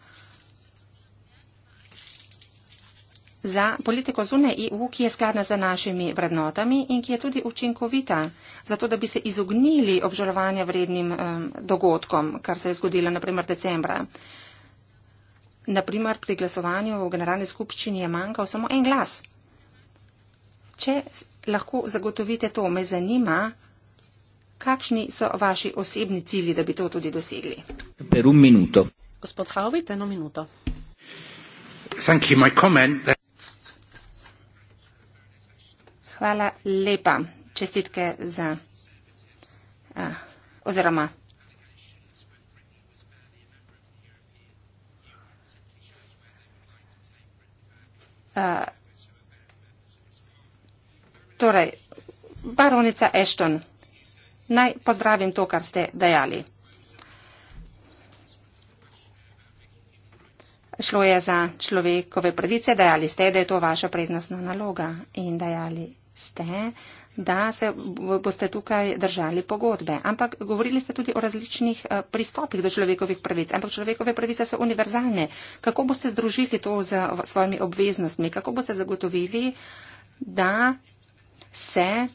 za politiko zunaj EU, ki je skladna za našimi vrednotami in ki je tudi učinkovita, zato da bi se izognili obžalovanja vrednim um, dogodkom, kar se je zgodilo naprimer decembra. Naprimer, pri glasovanju v generalni skupščini je manjkal samo en glas. Če lahko zagotovite to, me zanima, kakšni so vaši osebni cilji, da bi to tudi dosegli. Gospod Havit, eno minuto. Thank you. My comment. That... Hvala lepa. Čestitke za a, oziroma. Uh, torej, baronica Ešton, naj pozdravim to, kar ste dejali. Šlo je za človekove pravice, dejali ste, da je to vaša prednostna naloga in dejali ste, da se boste tukaj držali pogodbe. Ampak govorili ste tudi o različnih eh, pristopih do človekovih pravic. Ampak človekove pravice so univerzalne. Kako boste združili to z svojimi obveznostmi? Kako boste zagotovili, da se.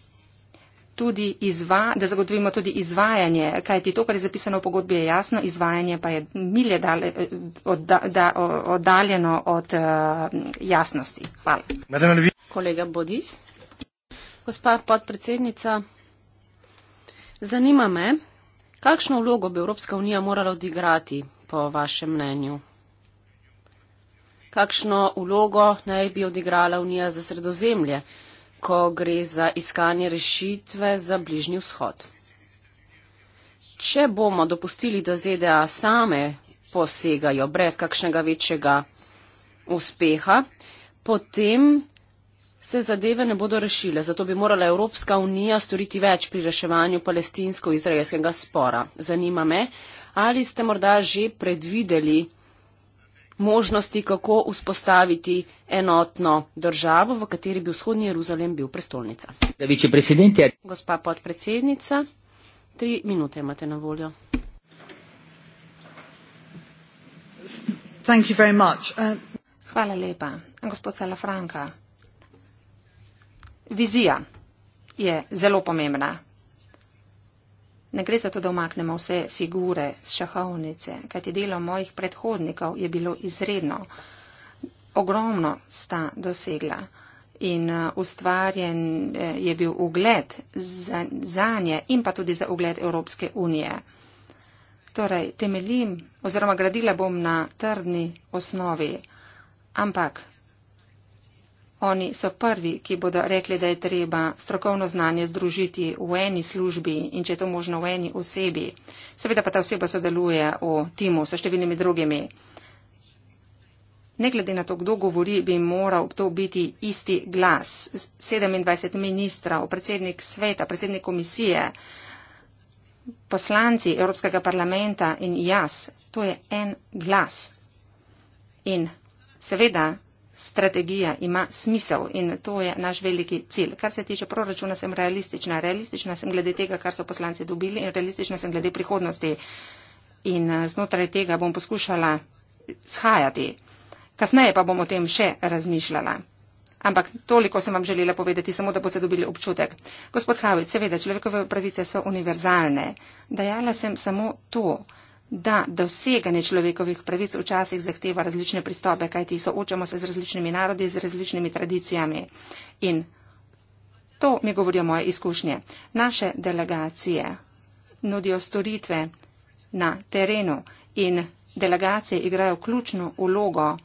Tudi izva, da zagotovimo tudi izvajanje, kajti to, kar je zapisano v pogodbi, je jasno, izvajanje pa je milje dale, eh, od, da, oddaljeno od uh, jasnosti. Hvala. Kolega Bodis. Gospa podpredsednica, zanima me, kakšno vlogo bi Evropska unija morala odigrati po vašem mnenju? Kakšno vlogo naj bi odigrala Unija za sredozemlje, ko gre za iskanje rešitve za bližnji vzhod? Če bomo dopustili, da ZDA same posegajo brez kakšnega večjega uspeha, potem se zadeve ne bodo rešile, zato bi morala Evropska unija storiti več pri reševanju palestinsko-izraelskega spora. Zanima me, ali ste morda že predvideli možnosti, kako vzpostaviti enotno državo, v kateri bi vzhodni Jeruzalem bil prestolnica. Gospa podpredsednica, tri minute imate na voljo. Uh, Hvala lepa. Gospod Salafranka, Vizija je zelo pomembna. Ne gre za to, da omaknemo vse figure z šahovnice, kajti delo mojih predhodnikov je bilo izredno. Ogromno sta dosegla in eh, ustvarjen eh, je bil ugled za, za nje in pa tudi za ugled Evropske unije. Torej, temeljim oziroma gradila bom na trdni osnovi, ampak Oni so prvi, ki bodo rekli, da je treba strokovno znanje združiti v eni službi in če je to možno v eni osebi. Seveda pa ta oseba sodeluje v timu s številnimi drugimi. Ne glede na to, kdo govori, bi moral to biti isti glas. 27 ministrov, predsednik sveta, predsednik komisije, poslanci Evropskega parlamenta in jaz. To je en glas. In seveda strategija ima smisel in to je naš veliki cilj. Kar se tiče proračuna, sem realistična. Realistična sem glede tega, kar so poslanci dobili in realistična sem glede prihodnosti. In eh, znotraj tega bom poskušala shajati. Kasneje pa bom o tem še razmišljala. Ampak toliko sem vam želela povedati, samo da boste dobili občutek. Gospod Havic, seveda, človekove pravice so univerzalne. Dajala sem samo to da doseganje človekovih pravic včasih zahteva različne pristope, kajti soočamo se z različnimi narodi, z različnimi tradicijami. In to mi govorijo moje izkušnje. Naše delegacije nudijo storitve na terenu in delegacije igrajo ključno ulogo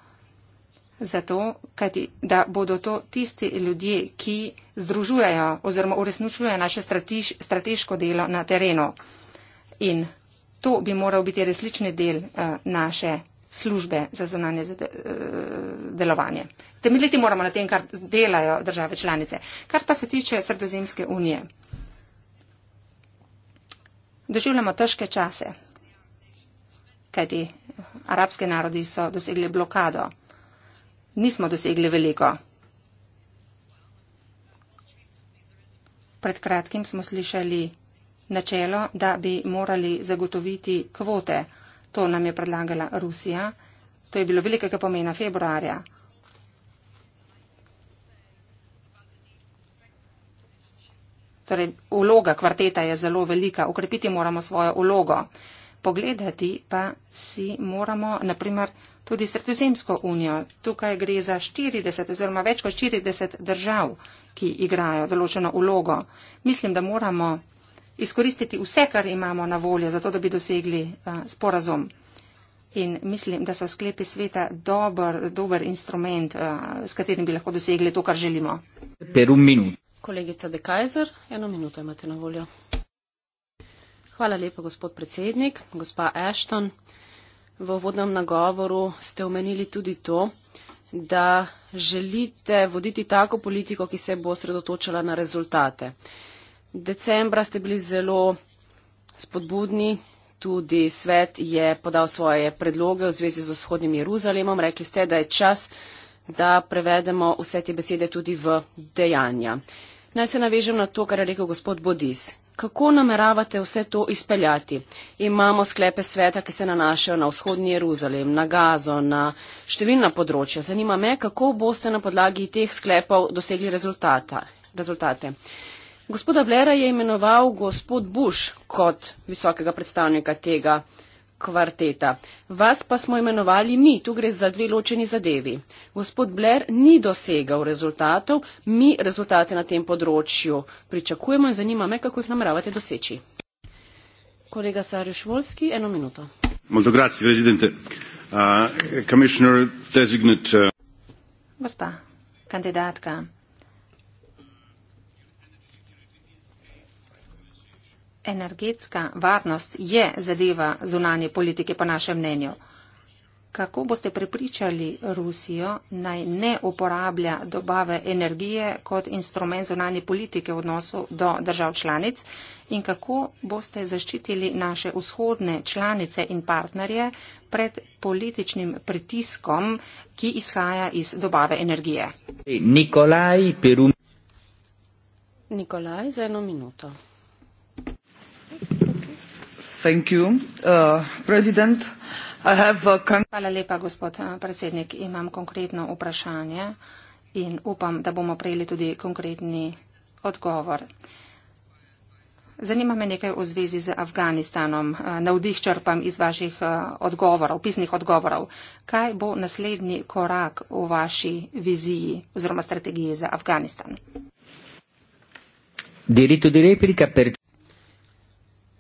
zato, kajti, da bodo to tisti ljudje, ki združujejo oziroma uresničujejo naše strateško delo na terenu. In To bi moral biti resnični del eh, naše službe za zunanje eh, delovanje. Temeljiti moramo na tem, kar delajo države članice. Kar pa se tiče Sredozemske unije. Doživljamo težke čase, kajti arabske narodi so dosegli blokado. Nismo dosegli veliko. Pred kratkim smo slišali Načelo, da bi morali zagotoviti kvote, to nam je predlagala Rusija, to je bilo velikega pomena februarja. Torej, uloga kvarteta je zelo velika, ukrepiti moramo svojo ulogo. Pogledati pa si moramo, naprimer, tudi Sredozemsko unijo. Tukaj gre za 40 oziroma več kot 40 držav, ki igrajo določeno ulogo. Mislim, da moramo izkoristiti vse, kar imamo na voljo, zato da bi dosegli eh, sporazum. In mislim, da so sklepi sveta dober, dober instrument, eh, s katerim bi lahko dosegli to, kar želimo. Kolegica De Kajzer, eno minuto imate na voljo. Hvala lepa, gospod predsednik. Gospa Ashton, v vodnem nagovoru ste omenili tudi to, da želite voditi tako politiko, ki se bo sredotočala na rezultate. Decembra ste bili zelo spodbudni, tudi svet je podal svoje predloge v zvezi z vzhodnim Jeruzalemom. Rekli ste, da je čas, da prevedemo vse te besede tudi v dejanja. Naj se navežem na to, kar je rekel gospod Bodis. Kako nameravate vse to izpeljati? Imamo sklepe sveta, ki se nanašajo na vzhodni Jeruzalem, na Gazo, na številna področja. Zanima me, kako boste na podlagi teh sklepov dosegli rezultata, rezultate. Gospoda Blera je imenoval gospod Bush kot visokega predstavnika tega kvarteta. Vas pa smo imenovali mi, tu gre za dve ločeni zadevi. Gospod Blair ni dosegal rezultatov, mi rezultate na tem področju pričakujemo in zanima me, kako jih nameravate doseči. Kolega Sarjuš Volski, eno minuto. Uh, uh, Gospa, kandidatka. Energetska varnost je zadeva zunanje politike, po našem mnenju. Kako boste prepričali Rusijo, naj ne uporablja dobave energije kot instrument zunanje politike v odnosu do držav članic in kako boste zaščitili naše vzhodne članice in partnerje pred političnim pritiskom, ki izhaja iz dobave energije? Nikolaj, Nikolaj za eno minuto. Uh, uh, hvala lepa gospod uh, predsednik imam konkretno vprašanje in upam da bomo prejeli tudi konkretni odgovor Zanima me nekaj v zvezi z Afganistanom. Navdih črpam iz vaših odgovorov, pisnih odgovorov. Kaj bo naslednji korak v vaši viziji oziroma strategiji za Afganistan? Diritu di replika per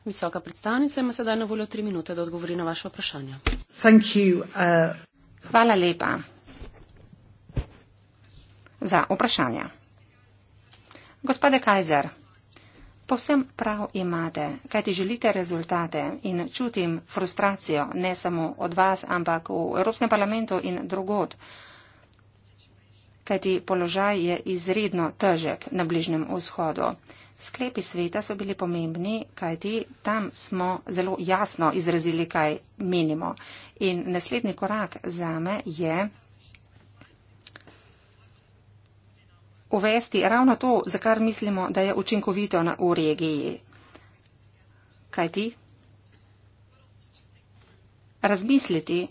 Visoka predstavnica ima sedaj na voljo tri minute, da odgovori na vaše vprašanje. Uh, Hvala lepa za vprašanje. Gospode Kajzer, povsem prav imate, kajti želite rezultate in čutim frustracijo ne samo od vas, ampak v Evropskem parlamentu in drugod, kajti položaj je izredno težek na Bližnjem vzhodu. Sklepi sveta so bili pomembni, kajti tam smo zelo jasno izrazili, kaj menimo. In naslednji korak za me je uvesti ravno to, za kar mislimo, da je učinkovito na, v regiji. Kajti razmisliti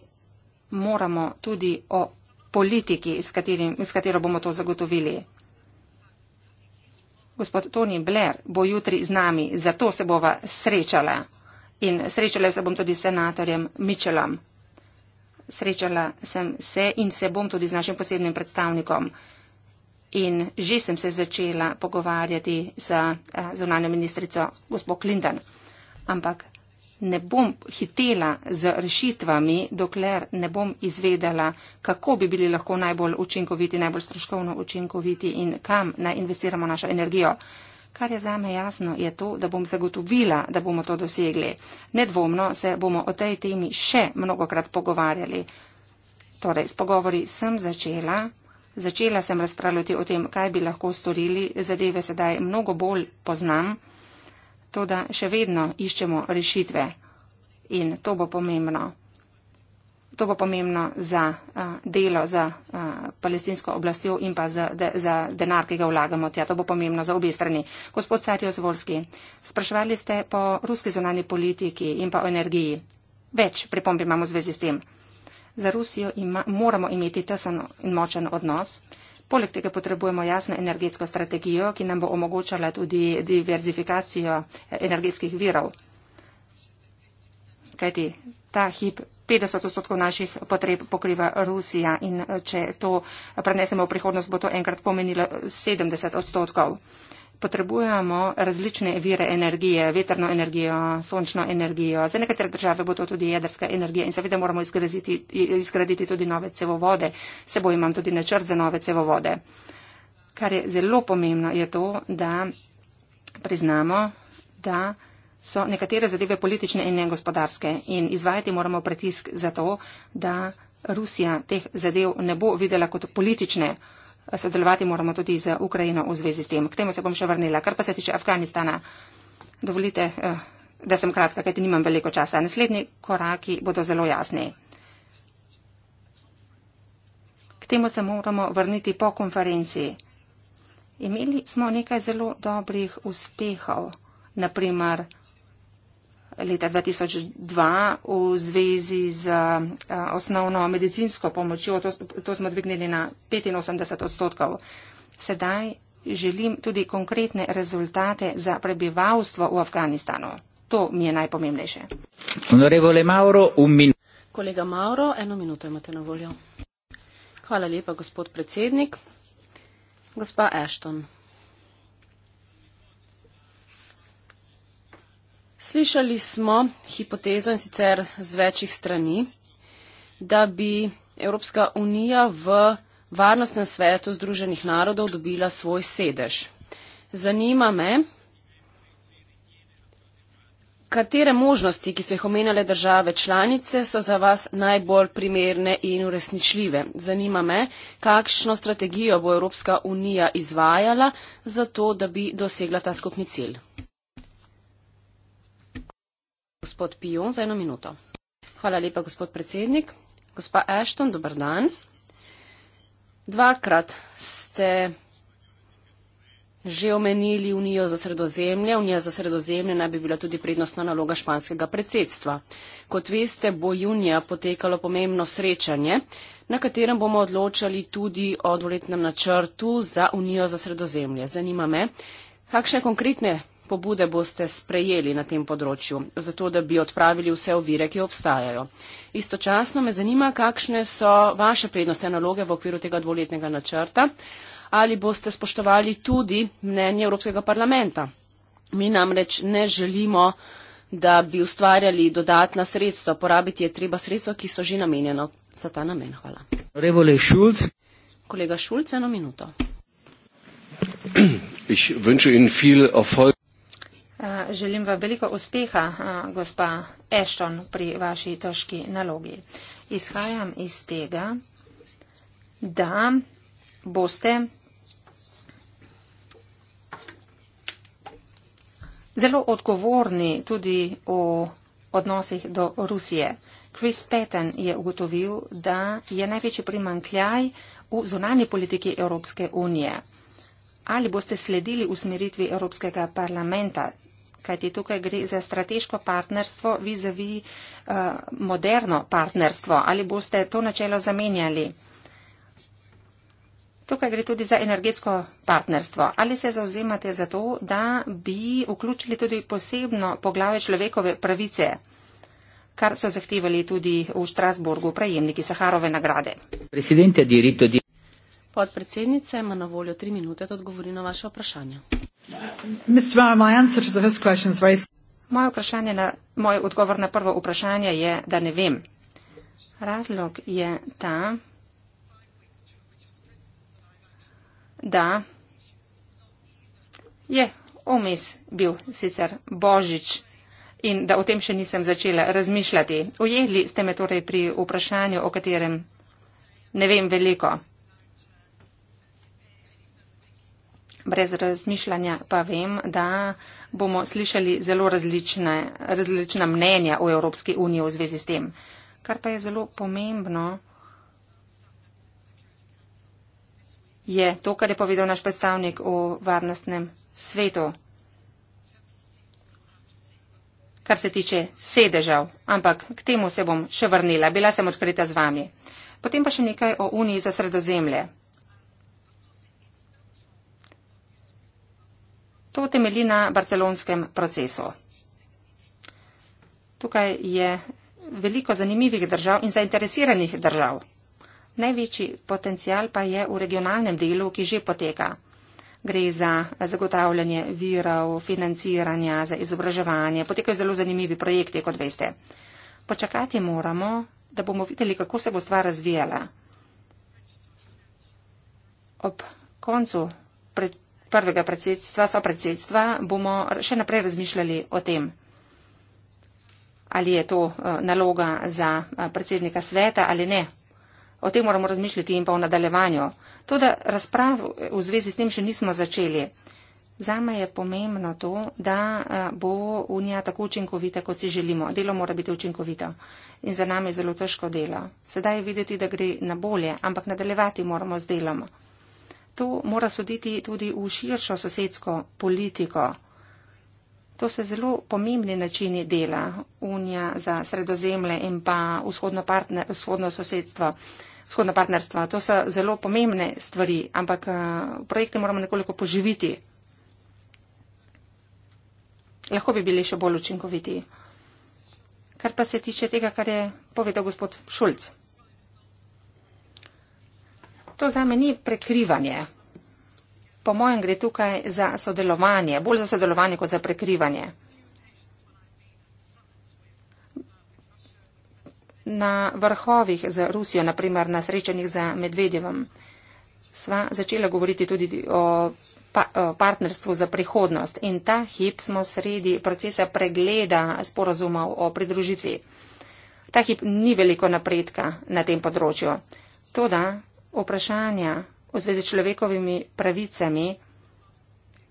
moramo tudi o politiki, s, katerim, s katero bomo to zagotovili. Gospod Toni Blair bo jutri z nami, zato se bova srečala. In srečala se bom tudi s senatorjem Mitchellom. Srečala sem se in se bom tudi z našim posebnim predstavnikom. In že sem se začela pogovarjati z eh, zunanjo ministrico, gospod Clinton. Ampak ne bom hitela z rešitvami, dokler ne bom izvedela, kako bi bili lahko najbolj učinkoviti, najbolj stroškovno učinkoviti in kam naj investiramo našo energijo. Kar je zame jasno, je to, da bom zagotovila, da bomo to dosegli. Nedvomno se bomo o tej temi še mnogokrat pogovarjali. Torej, s pogovori sem začela. Začela sem razpravljati o tem, kaj bi lahko storili. Zadeve sedaj mnogo bolj poznam. To, da še vedno iščemo rešitve in to bo pomembno. To bo pomembno za uh, delo, za uh, eh, palestinsko oblastjo in pa za, de, za denar, ki ga vlagamo tja. To bo pomembno za obe strani. Gospod Sarjo Zvolski, spraševali ste po ruski zonalni politiki in pa o energiji. Več pripomb imamo v zvezi s tem. Za Rusijo ima, moramo imeti tesen in močen odnos. Poleg tega potrebujemo jasno energetsko strategijo, ki nam bo omogočala tudi diverzifikacijo eh, energetskih virov kajti ta hip 50 odstotkov naših potreb pokriva Rusija in eh, če to prenesemo v prihodnost, bo to enkrat pomenilo 70 odstotkov. Potrebujemo različne vire energije, veterno energijo, sončno energijo. Za nekatere države bo to tudi jedrska energija in seveda moramo izgraditi, izgraditi tudi nove cevovode. Seboj imam tudi načrt za nove cevovode. Kar je zelo pomembno je to, da priznamo, da so nekatere zadeve politične in ne gospodarske in izvajati moramo pritisk za to, da Rusija teh zadev ne bo videla kot politične. Sodelovati moramo tudi z Ukrajino v zvezi s tem. K temu se bom še vrnila. Kar pa se tiče Afganistana, dovolite, eh, da sem kratka, kajti nimam veliko časa. Naslednji koraki bodo zelo jasni. K temu se moramo vrniti po konferenciji. Imeli smo nekaj zelo dobrih uspehov, naprimer leta 2002 v zvezi z eh, osnovno medicinsko pomočjo. To, to smo dvignili na 85 odstotkov. Sedaj želim tudi konkretne rezultate za prebivalstvo v Afganistanu. To mi je najpomembnejše. Mauro, Kolega Mauro, eno minuto imate na voljo. Hvala lepa, gospod predsednik. Gospa Ashton. Slišali smo hipotezo in sicer z večjih strani, da bi Evropska unija v Varnostnem svetu Združenih narodov dobila svoj sedež. Zanima me, katere možnosti, ki so jih omenjale države članice, so za vas najbolj primerne in uresničljive. Zanima me, kakšno strategijo bo Evropska unija izvajala za to, da bi dosegla ta skupni cilj gospod Pijon za eno minuto. Hvala lepa, gospod predsednik. Gospa Ashton, dober dan. Dvakrat ste že omenili Unijo za sredozemlje. Unija za sredozemlje naj bi bila tudi prednostna naloga španskega predsedstva. Kot veste, bo junija potekalo pomembno srečanje, na katerem bomo odločali tudi o dvoletnem načrtu za Unijo za sredozemlje. Zanima me, kakšne konkretne pobude boste sprejeli na tem področju, zato da bi odpravili vse ovire, ki obstajajo. Istočasno me zanima, kakšne so vaše prednostne naloge v okviru tega dvoletnega načrta. Ali boste spoštovali tudi mnenje Evropskega parlamenta? Mi namreč ne želimo, da bi ustvarjali dodatna sredstva. Porabiti je treba sredstva, ki so že namenjeno za ta namen. Hvala. Revole Šulc. Kolega Šulc, eno minuto. Ich wünsche Ihnen viel Erfolg. Želim vam veliko uspeha, gospa Ashton, pri vaši težki nalogi. Izhajam iz tega, da boste zelo odgovorni tudi v odnosih do Rusije. Chris Patten je ugotovil, da je največji primankljaj v zunanji politiki Evropske unije. Ali boste sledili usmeritvi Evropskega parlamenta kajti tukaj gre za strateško partnerstvo vizavi eh, moderno partnerstvo. Ali boste to načelo zamenjali? Tukaj gre tudi za energetsko partnerstvo. Ali se zauzemate za to, da bi vključili tudi posebno poglave človekove pravice, kar so zahtevali tudi v Štrasburgu prejemniki Saharove nagrade? Podpredsednica ima na voljo tri minute, da odgovori na vaše vprašanje. Moje vprašanje na, moj odgovor na prvo vprašanje je, da ne vem. Razlog je ta, da je omis bil sicer božič in da o tem še nisem začela razmišljati. Ujeli ste me torej pri vprašanju, o katerem ne vem veliko. brez razmišljanja pa vem, da bomo slišali zelo različne, različna mnenja o Evropski uniji v zvezi s tem. Kar pa je zelo pomembno, je to, kar je povedal naš predstavnik o varnostnem svetu, kar se tiče sedežav, ampak k temu se bom še vrnila, bila sem odkrita z vami. Potem pa še nekaj o Uniji za sredozemlje. To temelji na barcelonskem procesu. Tukaj je veliko zanimivih držav in zainteresiranih držav. Največji potencial pa je v regionalnem delu, ki že poteka. Gre za zagotavljanje virov, financiranja, za izobraževanje. Potekajo zelo zanimivi projekti, kot veste. Počakati moramo, da bomo videli, kako se bo stvar razvijala. Ob koncu pred prvega predsedstva, so predsedstva, bomo še naprej razmišljali o tem, ali je to eh, naloga za eh, predsednika sveta ali ne. O tem moramo razmišljati in pa v nadaljevanju. To, da razprav eh, v zvezi s tem še nismo začeli. Zame je pomembno to, da bo Unija tako učinkovita, kot si želimo. Delo mora biti učinkovito in za nami je zelo težko delo. Sedaj je videti, da gre na bolje, ampak nadaljevati moramo z delom. To mora soditi tudi v širšo sosedsko politiko. To se zelo pomembni načini dela Unija za sredozemlje in pa vzhodno, partner, vzhodno sosedstvo. Vzhodno partnerstvo, to so zelo pomembne stvari, ampak eh, projekte moramo nekoliko poživiti. Lahko bi bili še bolj učinkoviti. Kar pa se tiče tega, kar je povedal gospod Šulc. To za me ni prekrivanje. Po mojem gre tukaj za sodelovanje, bolj za sodelovanje kot za prekrivanje. Na vrhovih z Rusijo, naprimer na srečanjih za Medvedjevom, sva začela govoriti tudi o partnerstvu za prihodnost in ta hip smo sredi procesa pregleda sporozumov o pridružitvi. Ta hip ni veliko napredka na tem področju. Toda vprašanja v zvezi s človekovimi pravicami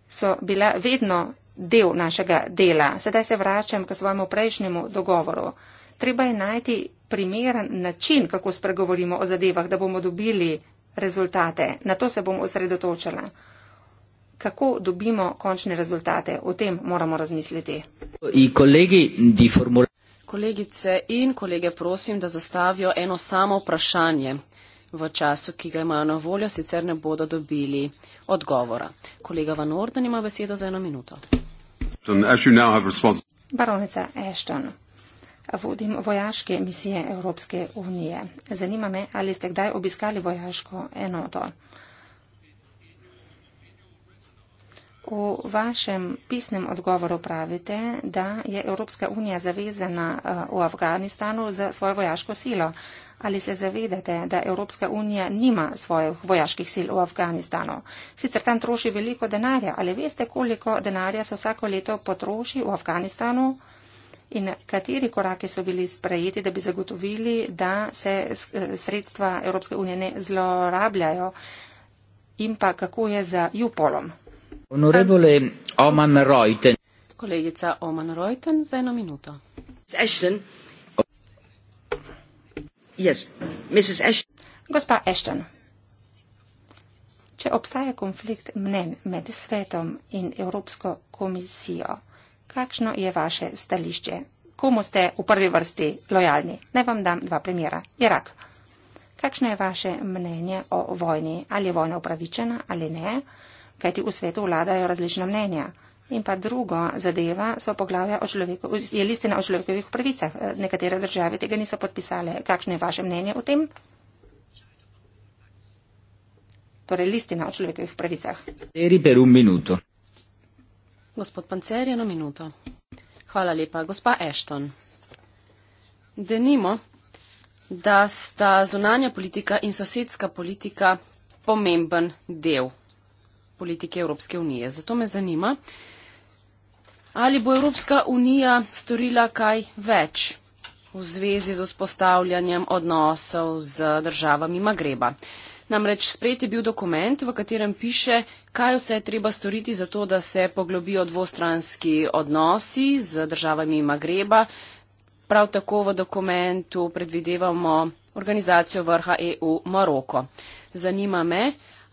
so bila vedno del našega dela. Sedaj se vračam k svojemu prejšnjemu dogovoru. Treba je najti primeren način, kako spregovorimo o zadevah, da bomo dobili rezultate. Na to se bom osredotočila. Kako dobimo končne rezultate? O tem moramo razmisliti. Kolegice in kolege, prosim, da zastavijo eno samo vprašanje v času, ki ga imajo na voljo, sicer ne bodo dobili odgovora. Kolega Van Orden ima besedo za eno minuto. Baronica Ashton, vodim vojaške misije Evropske unije. Zanima me, ali ste kdaj obiskali vojaško enoto. V vašem pisnem odgovoru pravite, da je Evropska unija zavezana eh, v Afganistanu za svojo vojaško silo. Ali se zavedate, da Evropska unija nima svojih vojaških sil v Afganistanu? Sicer tam troši veliko denarja, ali veste, koliko denarja se vsako leto potroši v Afganistanu? In kateri koraki so bili sprejeti, da bi zagotovili, da se eh, sredstva Evropske unije ne zlorabljajo? In pa kako je za Jupolom? Honorable Oman Reuten. Kolegica Oman Reuten za eno minuto. Ashton. Yes, Mrs. Ashton. Gospa Ashton, če obstaja konflikt mnen med svetom in Evropsko komisijo, kakšno je vaše stališče? Komu ste v prvi vrsti lojalni? Naj vam dam dva primera. Irak. Kakšno je vaše mnenje o vojni? Ali je vojna upravičena ali ne? Kajti v svetu vladajo različna mnenja. In pa drugo zadeva so poglavja o človeku, je listina o človekovih pravicah. Eh, nekatere države tega niso podpisale. Kakšno je vaše mnenje o tem? Torej, listina o človekovih pravicah. Gospod Pancer, eno minuto. Hvala lepa. Gospa Ashton. Denimo, da sta zunanja politika in sosedska politika pomemben del politike Evropske unije. Zato me zanima, Ali bo Evropska unija storila kaj več v zvezi z vzpostavljanjem odnosov z državami Magreba? Namreč sprejeti bil dokument, v katerem piše, kaj vse je treba storiti za to, da se poglobijo dvostranski odnosi z državami Magreba. Prav tako v dokumentu predvidevamo organizacijo vrha EU Maroko. Zanima me,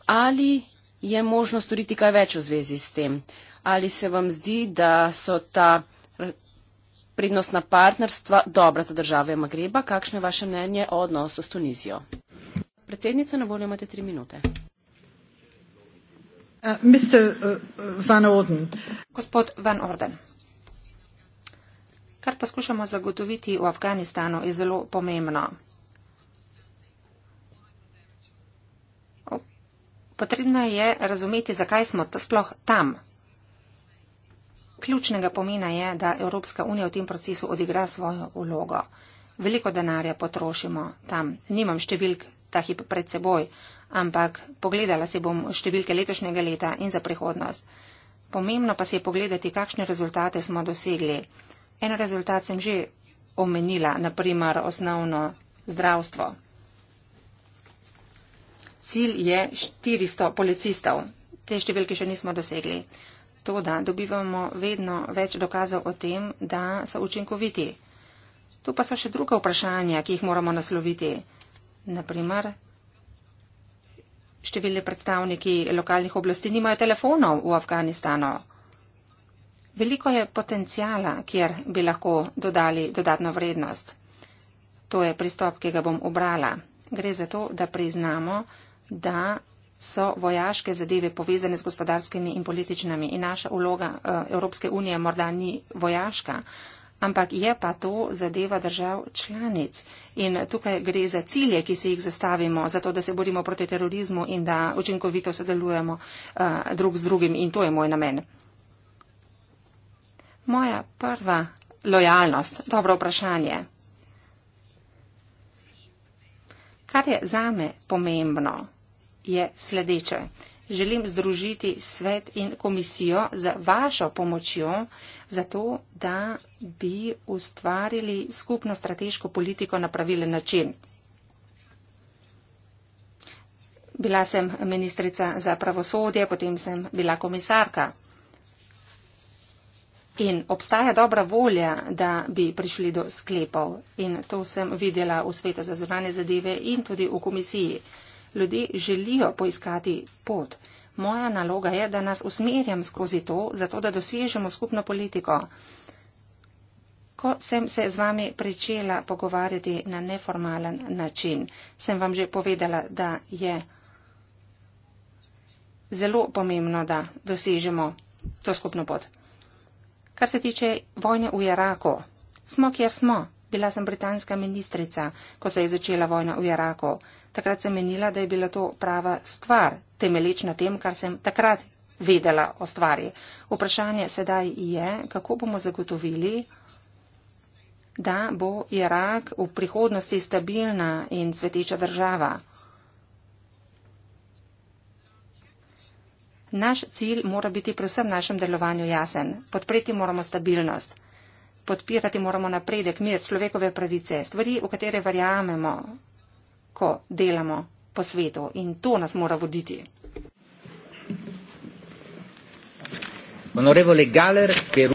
ali je možno storiti kaj več v zvezi s tem ali se vam zdi, da so ta prednostna partnerstva dobra za države Magreba? Kakšno je vaše mnenje o odnosu s Tunizijo? Predsednica, na voljo imate tri minute. Uh, uh, uh, Gospod Van Orden, kar poskušamo zagotoviti v Afganistanu, je zelo pomembno. Potrebno je razumeti, zakaj smo sploh tam. Ključnega pomena je, da Evropska unija v tem procesu odigra svojo vlogo. Veliko denarja potrošimo tam. Nimam številk ta hip pred seboj, ampak pogledala si bom številke letošnjega leta in za prihodnost. Pomembno pa si je pogledati, kakšne rezultate smo dosegli. En rezultat sem že omenila, naprimer osnovno zdravstvo. Cilj je 400 policistov. Te številke še nismo dosegli. To, da dobivamo vedno več dokazov o tem, da so učinkoviti. Tu pa so še druga vprašanja, ki jih moramo nasloviti. Naprimer, številni predstavniki lokalnih oblasti nimajo telefonov v Afganistanu. Veliko je potencijala, kjer bi lahko dodali dodatno vrednost. To je pristop, ki ga bom obrala. Gre za to, da priznamo, da so vojaške zadeve povezane z gospodarskimi in političnimi in naša uloga eh, Evropske unije morda ni vojaška, ampak je pa to zadeva držav članic. In tukaj gre za cilje, ki se jih zastavimo, zato da se borimo proti terorizmu in da učinkovito sodelujemo eh, drug z drugim in to je moj namen. Moja prva lojalnost, dobro vprašanje. Kar je zame pomembno? je sledeče. Želim združiti svet in komisijo z vašo pomočjo, zato da bi ustvarili skupno strateško politiko na pravilen način. Bila sem ministrica za pravosodje, potem sem bila komisarka. In obstaja dobra volja, da bi prišli do sklepov. In to sem videla v svetu za zvane zadeve in tudi v komisiji ljudje želijo poiskati pot. Moja naloga je, da nas usmerjam skozi to, zato da dosežemo skupno politiko. Ko sem se z vami pričela pogovarjati na neformalen način, sem vam že povedala, da je zelo pomembno, da dosežemo to skupno pot. Kar se tiče vojne v Iraku, smo, kjer smo. Bila sem britanska ministrica, ko se je začela vojna v Iraku takrat sem menila, da je bila to prava stvar, temeleč na tem, kar sem takrat vedela o stvari. Vprašanje sedaj je, kako bomo zagotovili, da bo Irak v prihodnosti stabilna in sveteča država. Naš cilj mora biti pri vsem našem delovanju jasen. Podpreti moramo stabilnost. Podpirati moramo napredek, mir, človekove pravice, stvari, v katere verjamemo, ko delamo po svetu in to nas mora voditi. Galer, per...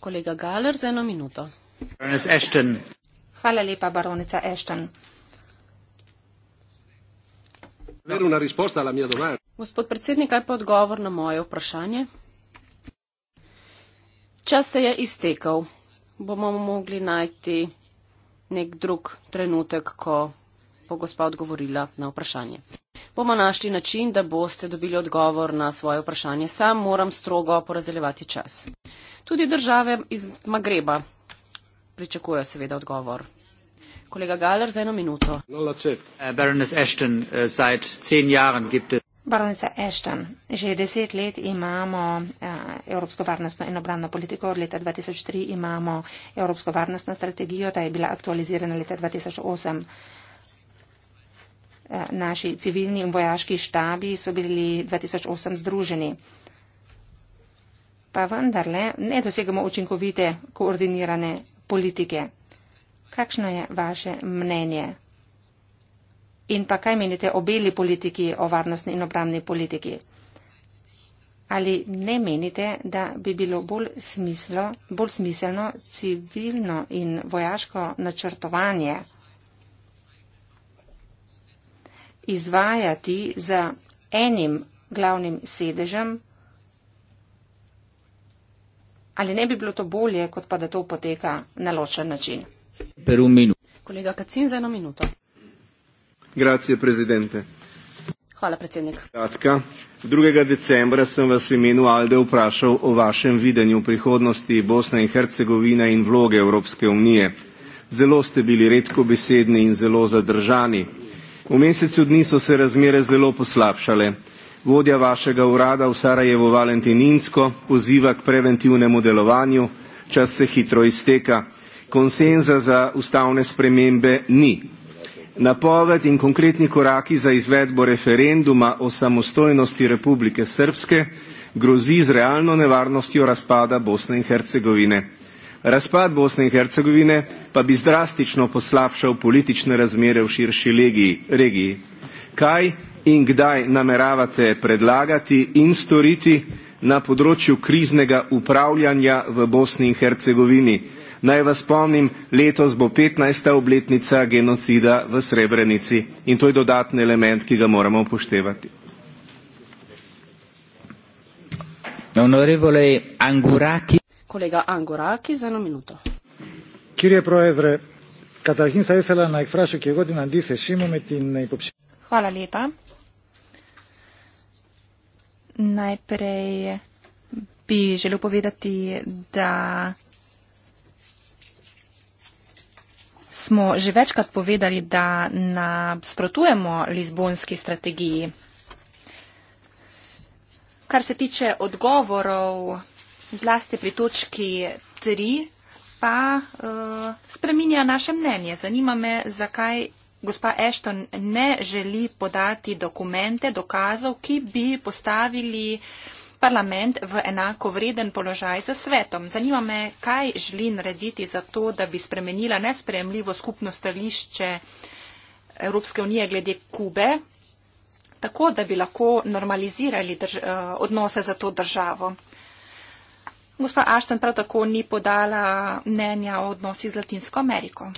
Kolega Galer, za eno minuto. Hvala lepa, baronica Ešten. Gospod predsednik, kaj pa odgovor na moje vprašanje? Čas se je iztekel. Bomo mogli najti nek drug trenutek, ko bo gospa odgovorila na vprašanje. Bomo našli način, da boste dobili odgovor na svoje vprašanje. Sam moram strogo porazdeljevati čas. Tudi države iz Magreba pričakujejo seveda odgovor. Kolega Galer, za eno minuto. Uh, uh, Baronica Ashton, že deset let imamo uh, Evropsko varnostno in obrambno politiko, od leta 2003 imamo Evropsko varnostno strategijo, ta je bila aktualizirana leta 2008 naši civilni in vojaški štabi so bili 2008 združeni. Pa vendarle ne dosegamo učinkovite koordinirane politike. Kakšno je vaše mnenje? In pa kaj menite o beli politiki, o varnostni in obramni politiki? Ali ne menite, da bi bilo bolj, smislo, bolj smiselno civilno in vojaško načrtovanje? izvajati za enim glavnim sedežem. Ali ne bi bilo to bolje, kot pa da to poteka na ločen način? Kolega Kacin za eno minuto. Grazie, prezidente. Hvala, predsednik. Kratka, 2. decembra sem vas v imenu Alde vprašal o vašem videnju prihodnosti Bosne in Hercegovine in vloge Evropske unije. Zelo ste bili redko besedni in zelo zadržani. V mesecu dni so se razmere zelo poslabšale. Vodja vašega urada v Sarajevu Valentin Insko poziva k preventivnemu delovanju, čas se hitro izteka. Konsenza za ustavne spremembe ni. Napoved in konkretni koraki za izvedbo referenduma o samostojnosti Republike Srpske grozi z realno nevarnostjo razpada Bosne in Hercegovine. Razpad Bosne in Hercegovine pa bi drastično poslabšal politične razmere v širši legiji, regiji. Kaj in kdaj nameravate predlagati in storiti na področju kriznega upravljanja v Bosni in Hercegovini? Naj vas spomnim, letos bo 15. obletnica genocida v Srebrenici in to je dodatni element, ki ga moramo upoštevati. Onorevole Anguraki. Hvala lepa. Najprej bi želel povedati, da smo že večkrat povedali, da nasprotujemo lizbonski strategiji. Kar se tiče odgovorov, zlasti pri točki 3, pa uh, spreminja naše mnenje. Zanima me, zakaj gospa Ashton ne želi podati dokumente, dokazov, ki bi postavili parlament v enako vreden položaj za svetom. Zanima me, kaj želi narediti za to, da bi spremenila nespremljivo skupno stališče Evropske unije glede Kube, tako da bi lahko normalizirali drž, uh, odnose za to državo. Gospa Ashton prav tako ni podala mnenja o odnosi z Latinsko Ameriko.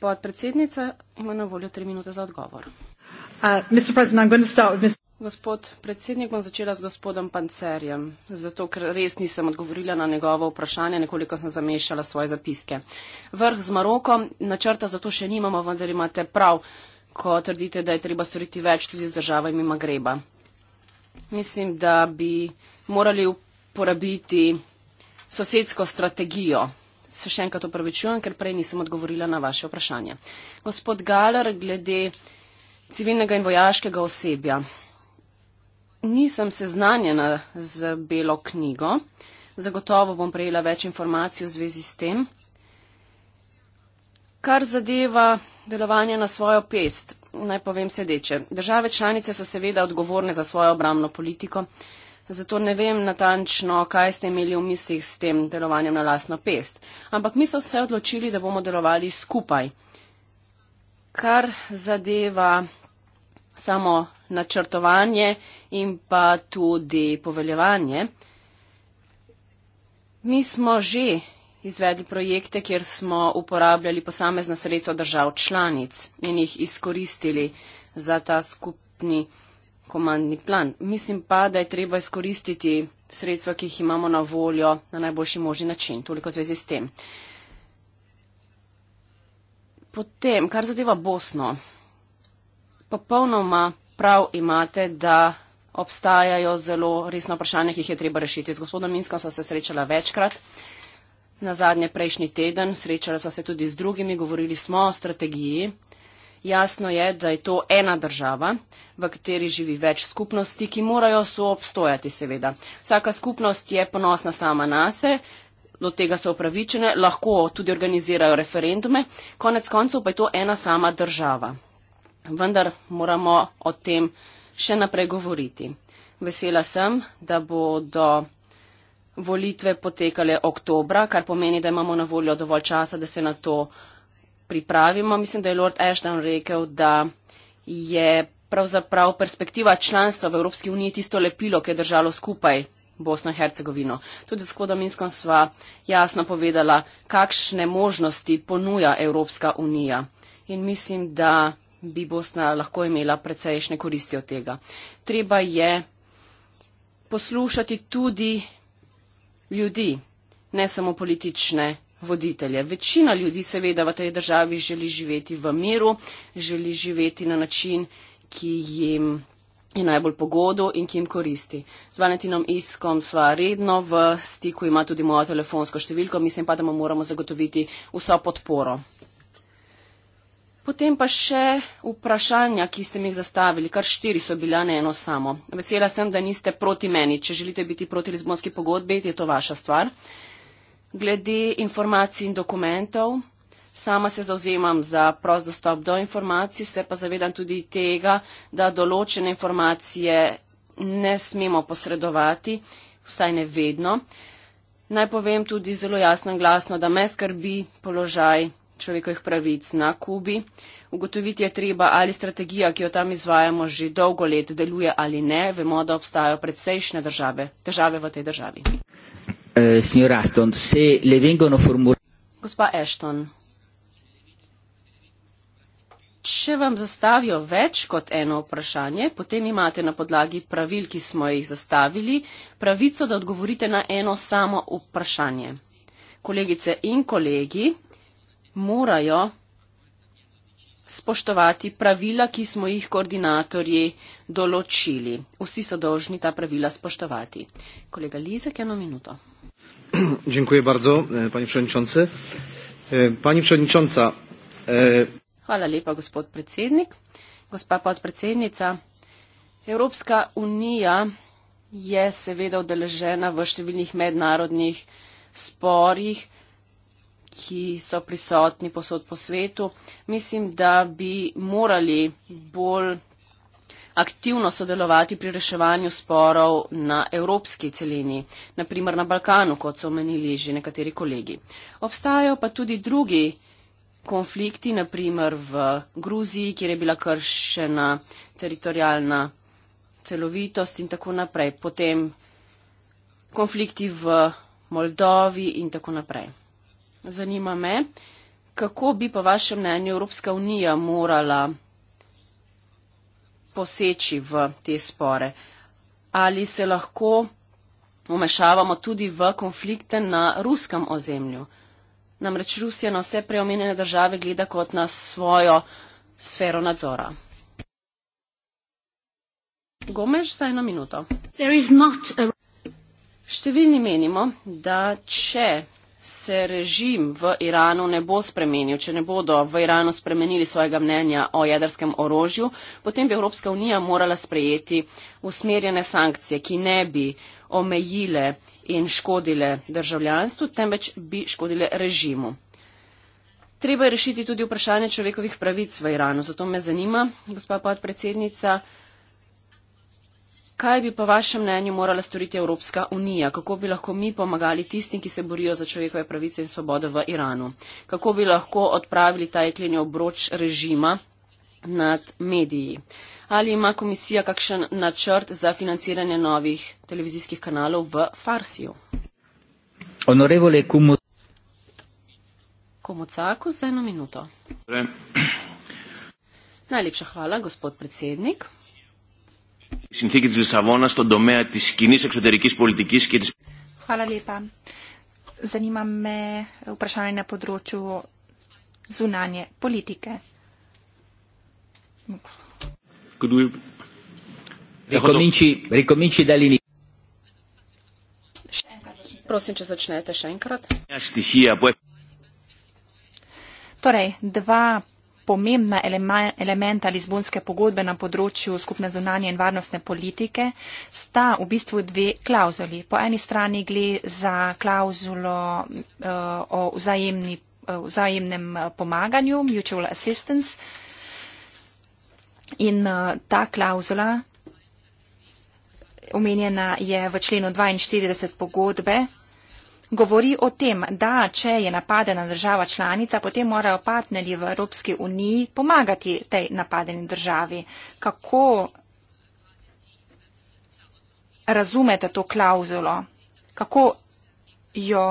Podpredsednica ima na voljo tri minute za odgovor. Uh, Gospod predsednik, bom začela z gospodom Pancerjem, zato ker res nisem odgovorila na njegovo vprašanje, nekoliko sem zamešala svoje zapiske. Vrh z Marokom, načrta za to še nimamo, vendar imate prav, ko trdite, da je treba storiti več tudi z državami Magreba. Mislim, da bi morali uporabiti sosedsko strategijo. Se še enkrat opravičujem, ker prej nisem odgovorila na vaše vprašanje. Gospod Galar, glede civilnega in vojaškega osebja. Nisem seznanjena z belo knjigo. Zagotovo bom prejela več informacij v zvezi s tem. Kar zadeva delovanje na svojo pest, naj povem sedeče. Države članice so seveda odgovorne za svojo obramno politiko zato ne vem natančno, kaj ste imeli v mislih s tem delovanjem na lastno pest. Ampak mi smo se odločili, da bomo delovali skupaj. Kar zadeva samo načrtovanje in pa tudi poveljevanje. Mi smo že izvedli projekte, kjer smo uporabljali posamezna sredstva držav članic in jih izkoristili za ta skupni komandni plan. Mislim pa, da je treba izkoristiti sredstva, ki jih imamo na voljo na najboljši možni način. Toliko v zvezi s tem. Potem, kar zadeva Bosno, popolnoma prav imate, da obstajajo zelo resna vprašanja, ki jih je treba rešiti. Z gospodom Minskom sva se srečala večkrat. Na zadnje prejšnji teden srečala sva se tudi z drugimi, govorili smo o strategiji. Jasno je, da je to ena država, v kateri živi več skupnosti, ki morajo soobstojati seveda. Vsaka skupnost je ponosna sama na se, do tega so upravičene, lahko tudi organizirajo referendume, konec koncev pa je to ena sama država. Vendar moramo o tem še naprej govoriti. Vesela sem, da bodo volitve potekale oktobra, kar pomeni, da imamo na voljo dovolj časa, da se na to pripravimo. Mislim, da je Lord Ashton rekel, da je pravzaprav perspektiva članstva v Evropski uniji tisto lepilo, ki je držalo skupaj Bosno in Hercegovino. Tudi s Kodom Minskom sva jasno povedala, kakšne možnosti ponuja Evropska unija. In mislim, da bi Bosna lahko imela precejšnje koristi od tega. Treba je poslušati tudi ljudi, ne samo politične voditelje. Večina ljudi seveda v tej državi želi živeti v miru, želi živeti na način, ki jim je najbolj pogodo in ki jim koristi. Z Valentinom Iskom sva redno v stiku, ima tudi mojo telefonsko številko, mislim pa, da mu moramo zagotoviti vso podporo. Potem pa še vprašanja, ki ste mi jih zastavili, kar štiri so bila na eno samo. Vesela sem, da niste proti meni. Če želite biti proti Lizbonski pogodbi, je to vaša stvar. Glede informacij in dokumentov, Sama se zauzemam za prost dostop do informacij, se pa zavedam tudi tega, da določene informacije ne smemo posredovati, vsaj ne vedno. Naj povem tudi zelo jasno in glasno, da me skrbi položaj človekovih pravic na Kubi. Ugotoviti je treba, ali strategija, ki jo tam izvajamo že dolgo let, deluje ali ne. Vemo, da obstajajo predsejšnje države, države v tej državi. Uh, Gospa Ashton. Če vam zastavijo več kot eno vprašanje, potem imate na podlagi pravil, ki smo jih zastavili, pravico, da odgovorite na eno samo vprašanje. Kolegice in kolegi morajo spoštovati pravila, ki smo jih koordinatorji določili. Vsi so dolžni ta pravila spoštovati. Kolega Lizek, eno minuto. Dziękuję bardzo, e, pani przewodniczący. E, pani przewodnicząca, e, Hvala lepa, gospod predsednik. Gospa podpredsednica, Evropska unija je seveda odeležena v številnih mednarodnih sporih, ki so prisotni posod po svetu. Mislim, da bi morali bolj aktivno sodelovati pri reševanju sporov na evropski celini, naprimer na Balkanu, kot so omenili že nekateri kolegi. Obstajajo pa tudi drugi konflikti, naprimer v Gruziji, kjer je bila kršena teritorijalna celovitost in tako naprej. Potem konflikti v Moldovi in tako naprej. Zanima me, kako bi po vašem mnenju Evropska unija morala poseči v te spore. Ali se lahko umešavamo tudi v konflikte na ruskem ozemlju? Namreč Rusija na vse preomenjene države gleda kot na svojo sfero nadzora. Gomež za eno minuto. A... Številni menimo, da če se režim v Iranu ne bo spremenil, če ne bodo v Iranu spremenili svojega mnenja o jedrskem orožju, potem bi Evropska unija morala sprejeti usmerjene sankcije, ki ne bi omejile in škodile državljanstvu, temveč bi škodile režimu. Treba je rešiti tudi vprašanje človekovih pravic v Iranu. Zato me zanima, gospa podpredsednica, kaj bi po vašem mnenju morala storiti Evropska unija? Kako bi lahko mi pomagali tistim, ki se borijo za človekove pravice in svobodo v Iranu? Kako bi lahko odpravili ta jekleni obroč režima nad mediji? Uh, ali ima komisija kakšen načrt za financiranje novih televizijskih kanalov v Farsiju. Honorevole Kumu. Komocaku za eno minuto. Re. Najlepša hvala, gospod predsednik. Sinteke iz Lisabona, sto domeja tis kinis eksoterikis politikis. Hvala lepa. Zanima me vprašanje na področju zunanje politike. Could we... Ricominci, ricominci dall'inizio. Prosim, če začnete še enkrat. Ja, torej, dva pomembna elementa Lizbonske pogodbe na področju skupne zunanje in varnostne politike sta v bistvu dve klauzuli. Po eni strani gre za klauzulo uh, eh, o vzajemni, uh, vzajemnem eh, pomaganju, mutual assistance In uh, ta klauzula, omenjena je v členu 42 pogodbe, govori o tem, da če je napadena država članica, potem morajo partnerji v Evropski uniji pomagati tej napadeni državi. Kako razumete to klauzulo? Kako jo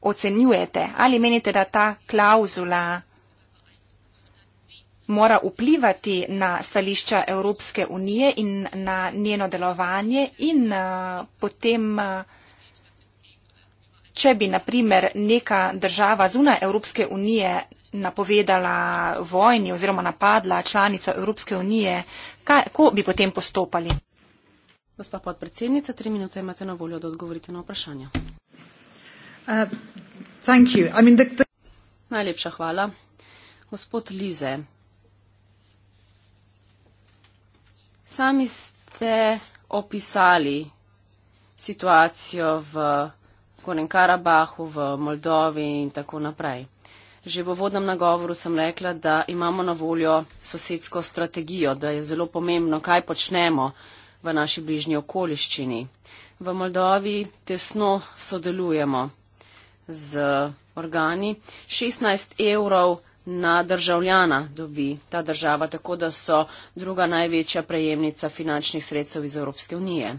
ocenjujete? Ali menite, da ta klauzula mora vplivati na stališča Evropske unije in na njeno delovanje in eh, potem, eh, če bi naprimer neka država zunaj Evropske unije napovedala vojni oziroma napadla članico Evropske unije, kako bi potem postopali? Gospa podpredsednica, tri minute imate na voljo, da odgovorite na vprašanje. Uh, I mean, the... Najlepša hvala. Gospod Lize, Sami ste opisali situacijo v Gornjem Karabahu, v Moldovi in tako naprej. Že v vodnem nagovoru sem rekla, da imamo na voljo sosedsko strategijo, da je zelo pomembno, kaj počnemo v naši bližnji okoliščini. V Moldovi tesno sodelujemo z organi. 16 evrov na državljana dobi ta država, tako da so druga največja prejemnica finančnih sredstev iz Evropske unije.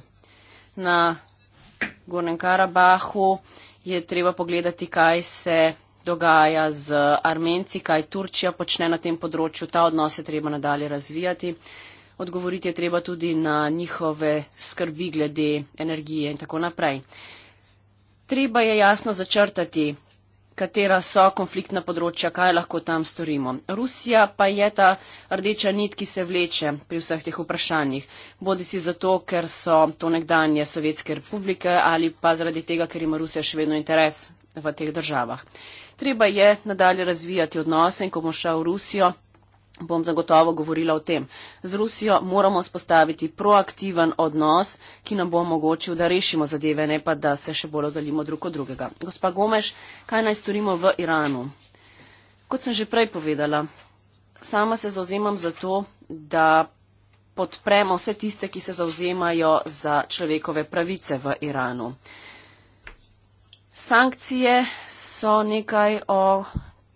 Na Gornem Karabahu je treba pogledati, kaj se dogaja z Armenci, kaj Turčija počne na tem področju. Ta odnos je treba nadalje razvijati. Odgovoriti je treba tudi na njihove skrbi glede energije in tako naprej. Treba je jasno začrtati, katera so konfliktna področja, kaj lahko tam storimo. Rusija pa je ta rdeča nit, ki se vleče pri vseh teh vprašanjih. Bodi si zato, ker so to nekdanje Sovjetske republike ali pa zaradi tega, ker ima Rusija še vedno interes v teh državah. Treba je nadalje razvijati odnose in ko bo šel v Rusijo, bom zagotovo govorila o tem. Z Rusijo moramo spostaviti proaktiven odnos, ki nam bo omogočil, da rešimo zadeve, ne pa da se še bolj oddaljimo drug od drugega. Gospa Gomeš, kaj naj storimo v Iranu? Kot sem že prej povedala, sama se zauzemam za to, da podpremo vse tiste, ki se zauzemajo za človekove pravice v Iranu. Sankcije so nekaj, o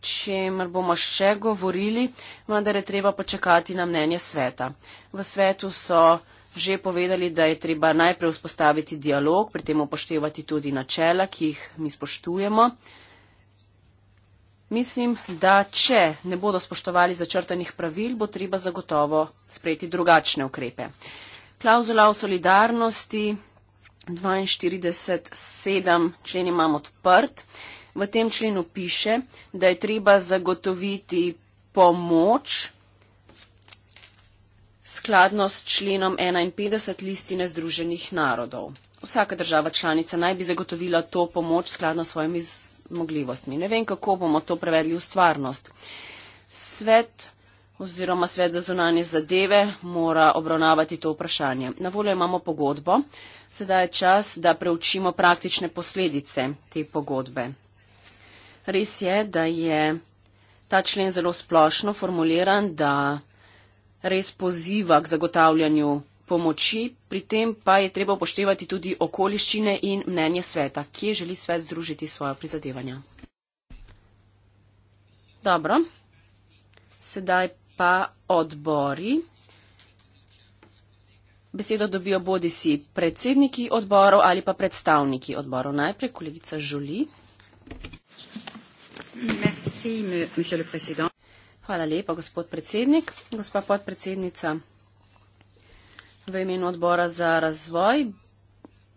čem bomo še govorili, vendar je treba počakati na mnenje sveta. V svetu so že povedali, da je treba najprej vzpostaviti dialog, pri tem upoštevati tudi načela, ki jih mi spoštujemo. Mislim, da če ne bodo spoštovali začrtanih pravil, bo treba zagotovo sprejeti drugačne ukrepe. Klauzula o solidarnosti 42.7 člen imam odprt v tem členu piše, da je treba zagotoviti pomoč skladno s členom 51 listine Združenih narodov. Vsaka država članica naj bi zagotovila to pomoč skladno s svojimi zmogljivostmi. Ne vem, kako bomo to prevedli v stvarnost. Svet oziroma svet za zunanje zadeve mora obravnavati to vprašanje. Na voljo imamo pogodbo, sedaj je čas, da preučimo praktične posledice te pogodbe. Res je, da je ta člen zelo splošno formuliran, da res poziva k zagotavljanju pomoči, pri tem pa je treba upoštevati tudi okoliščine in mnenje sveta, kje želi svet združiti svoja prizadevanja. Dobro, sedaj pa odbori. Besedo dobijo bodi si predsedniki odborov ali pa predstavniki odborov. Najprej kolegica Žuli. Hvala lepa, gospod predsednik. Gospa podpredsednica, v imenu odbora za razvoj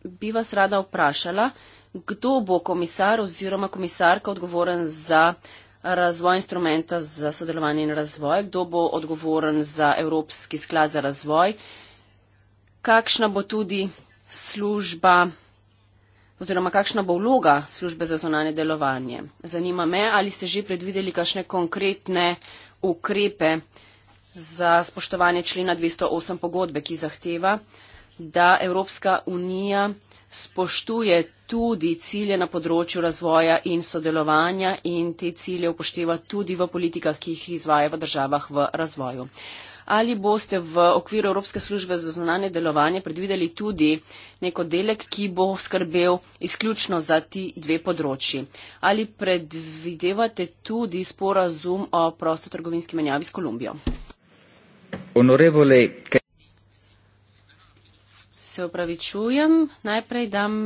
bi vas rada vprašala, kdo bo komisar oziroma komisarka odgovoren za razvoj instrumenta za sodelovanje in razvoj, kdo bo odgovoren za Evropski sklad za razvoj, kakšna bo tudi služba oziroma kakšna bo vloga službe za zonanje delovanje. Zanima me, ali ste že predvideli kakšne konkretne ukrepe za spoštovanje člena 208 pogodbe, ki zahteva, da Evropska unija spoštuje tudi cilje na področju razvoja in sodelovanja in te cilje upošteva tudi v politikah, ki jih izvaja v državah v razvoju ali boste v okviru Evropske službe za zunanje delovanje predvideli tudi neko delek, ki bo skrbel izključno za ti dve področji. Ali predvidevate tudi sporazum o prostotrgovinski menjavi s Kolumbijo? Se upravičujem, najprej dam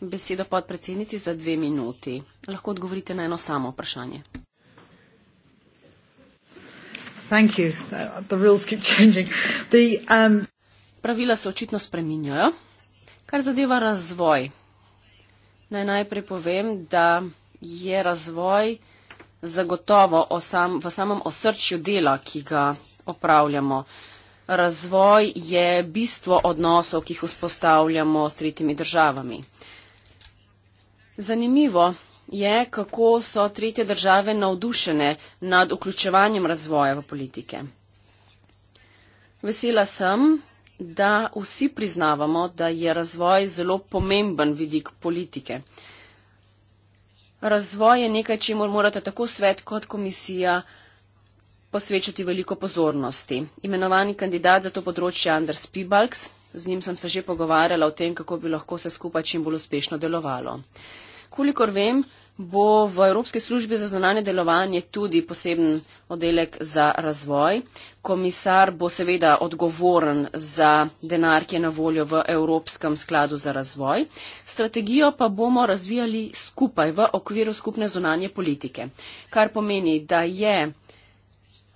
besedo podpredsednici za dve minuti. Lahko odgovorite na eno samo vprašanje. Thank you. The rules keep changing. The, um... Pravila se očitno spreminjajo. Kar zadeva razvoj, naj najprej povem, da je razvoj zagotovo sam, v samem osrčju dela, ki ga opravljamo. Razvoj je bistvo odnosov, ki jih vzpostavljamo s tretjimi državami. Zanimivo, je, kako so tretje države navdušene nad vključevanjem razvoja v politike. Vesela sem, da vsi priznavamo, da je razvoj zelo pomemben vidik politike. Razvoj je nekaj, čemu morate tako svet kot komisija posvečati veliko pozornosti. Imenovani kandidat za to področje Anders Pibalks, z njim sem se že pogovarjala o tem, kako bi lahko se skupaj čim bolj uspešno delovalo. Kolikor vem, bo v Evropski službi za zunanje delovanje tudi poseben oddelek za razvoj. Komisar bo seveda odgovoren za denar, ki je na voljo v Evropskem skladu za razvoj. Strategijo pa bomo razvijali skupaj v okviru skupne zunanje politike, kar pomeni, da je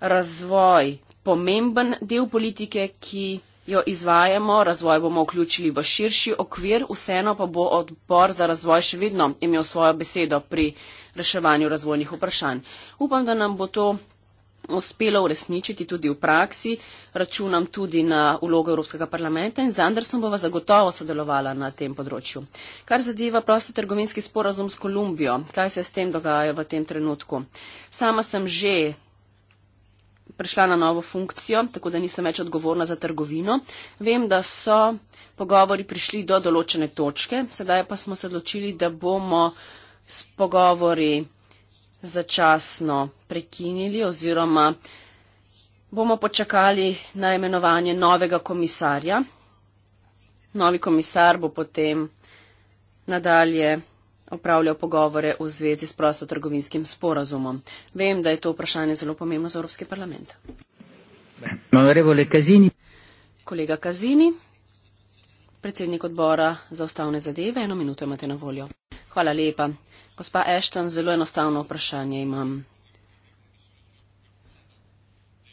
razvoj pomemben del politike, ki jo izvajamo, razvoj bomo vključili v širši okvir, vseeno pa bo odbor za razvoj še vedno imel svojo besedo pri reševanju razvojnih vprašanj. Upam, da nam bo to uspelo uresničiti tudi v praksi, računam tudi na ulogo Evropskega parlamenta in z Andersom bova zagotovo sodelovala na tem področju. Kar zadeva prostotrgovinski sporazum s Kolumbijo, kaj se s tem dogaja v tem trenutku? Sama sem že prešla na novo funkcijo, tako da nisem več odgovorna za trgovino. Vem, da so pogovori prišli do določene točke, sedaj pa smo se odločili, da bomo s pogovori začasno prekinili oziroma bomo počakali na imenovanje novega komisarja. Novi komisar bo potem nadalje opravljal pogovore v zvezi s prostotrgovinskim sporazumom. Vem, da je to vprašanje zelo pomembno za Evropski parlament. Kazini. Kolega Kazini, predsednik odbora za ustavne zadeve, eno minuto imate na voljo. Hvala lepa. Gospa Ashton, zelo enostavno vprašanje imam.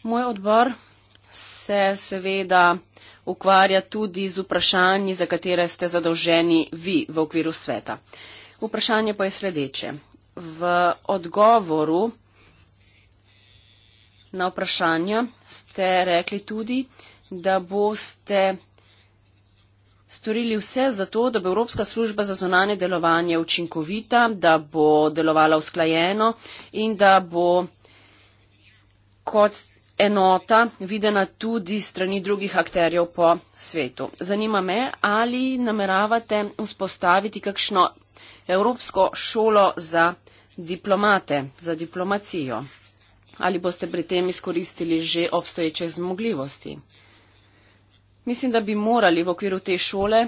Moj odbor se seveda ukvarja tudi z vprašanji, za katere ste zadolženi vi v okviru sveta. Vprašanje pa je sledeče. V odgovoru na vprašanja ste rekli tudi, da boste storili vse za to, da bo Evropska služba za zonanje delovanje učinkovita, da bo delovala usklajeno in da bo kot enota videna tudi strani drugih akterjev po svetu. Zanima me, ali nameravate vzpostaviti kakšno Evropsko šolo za diplomate, za diplomacijo? Ali boste pri tem izkoristili že obstoječe zmogljivosti? Mislim, da bi morali v okviru te šole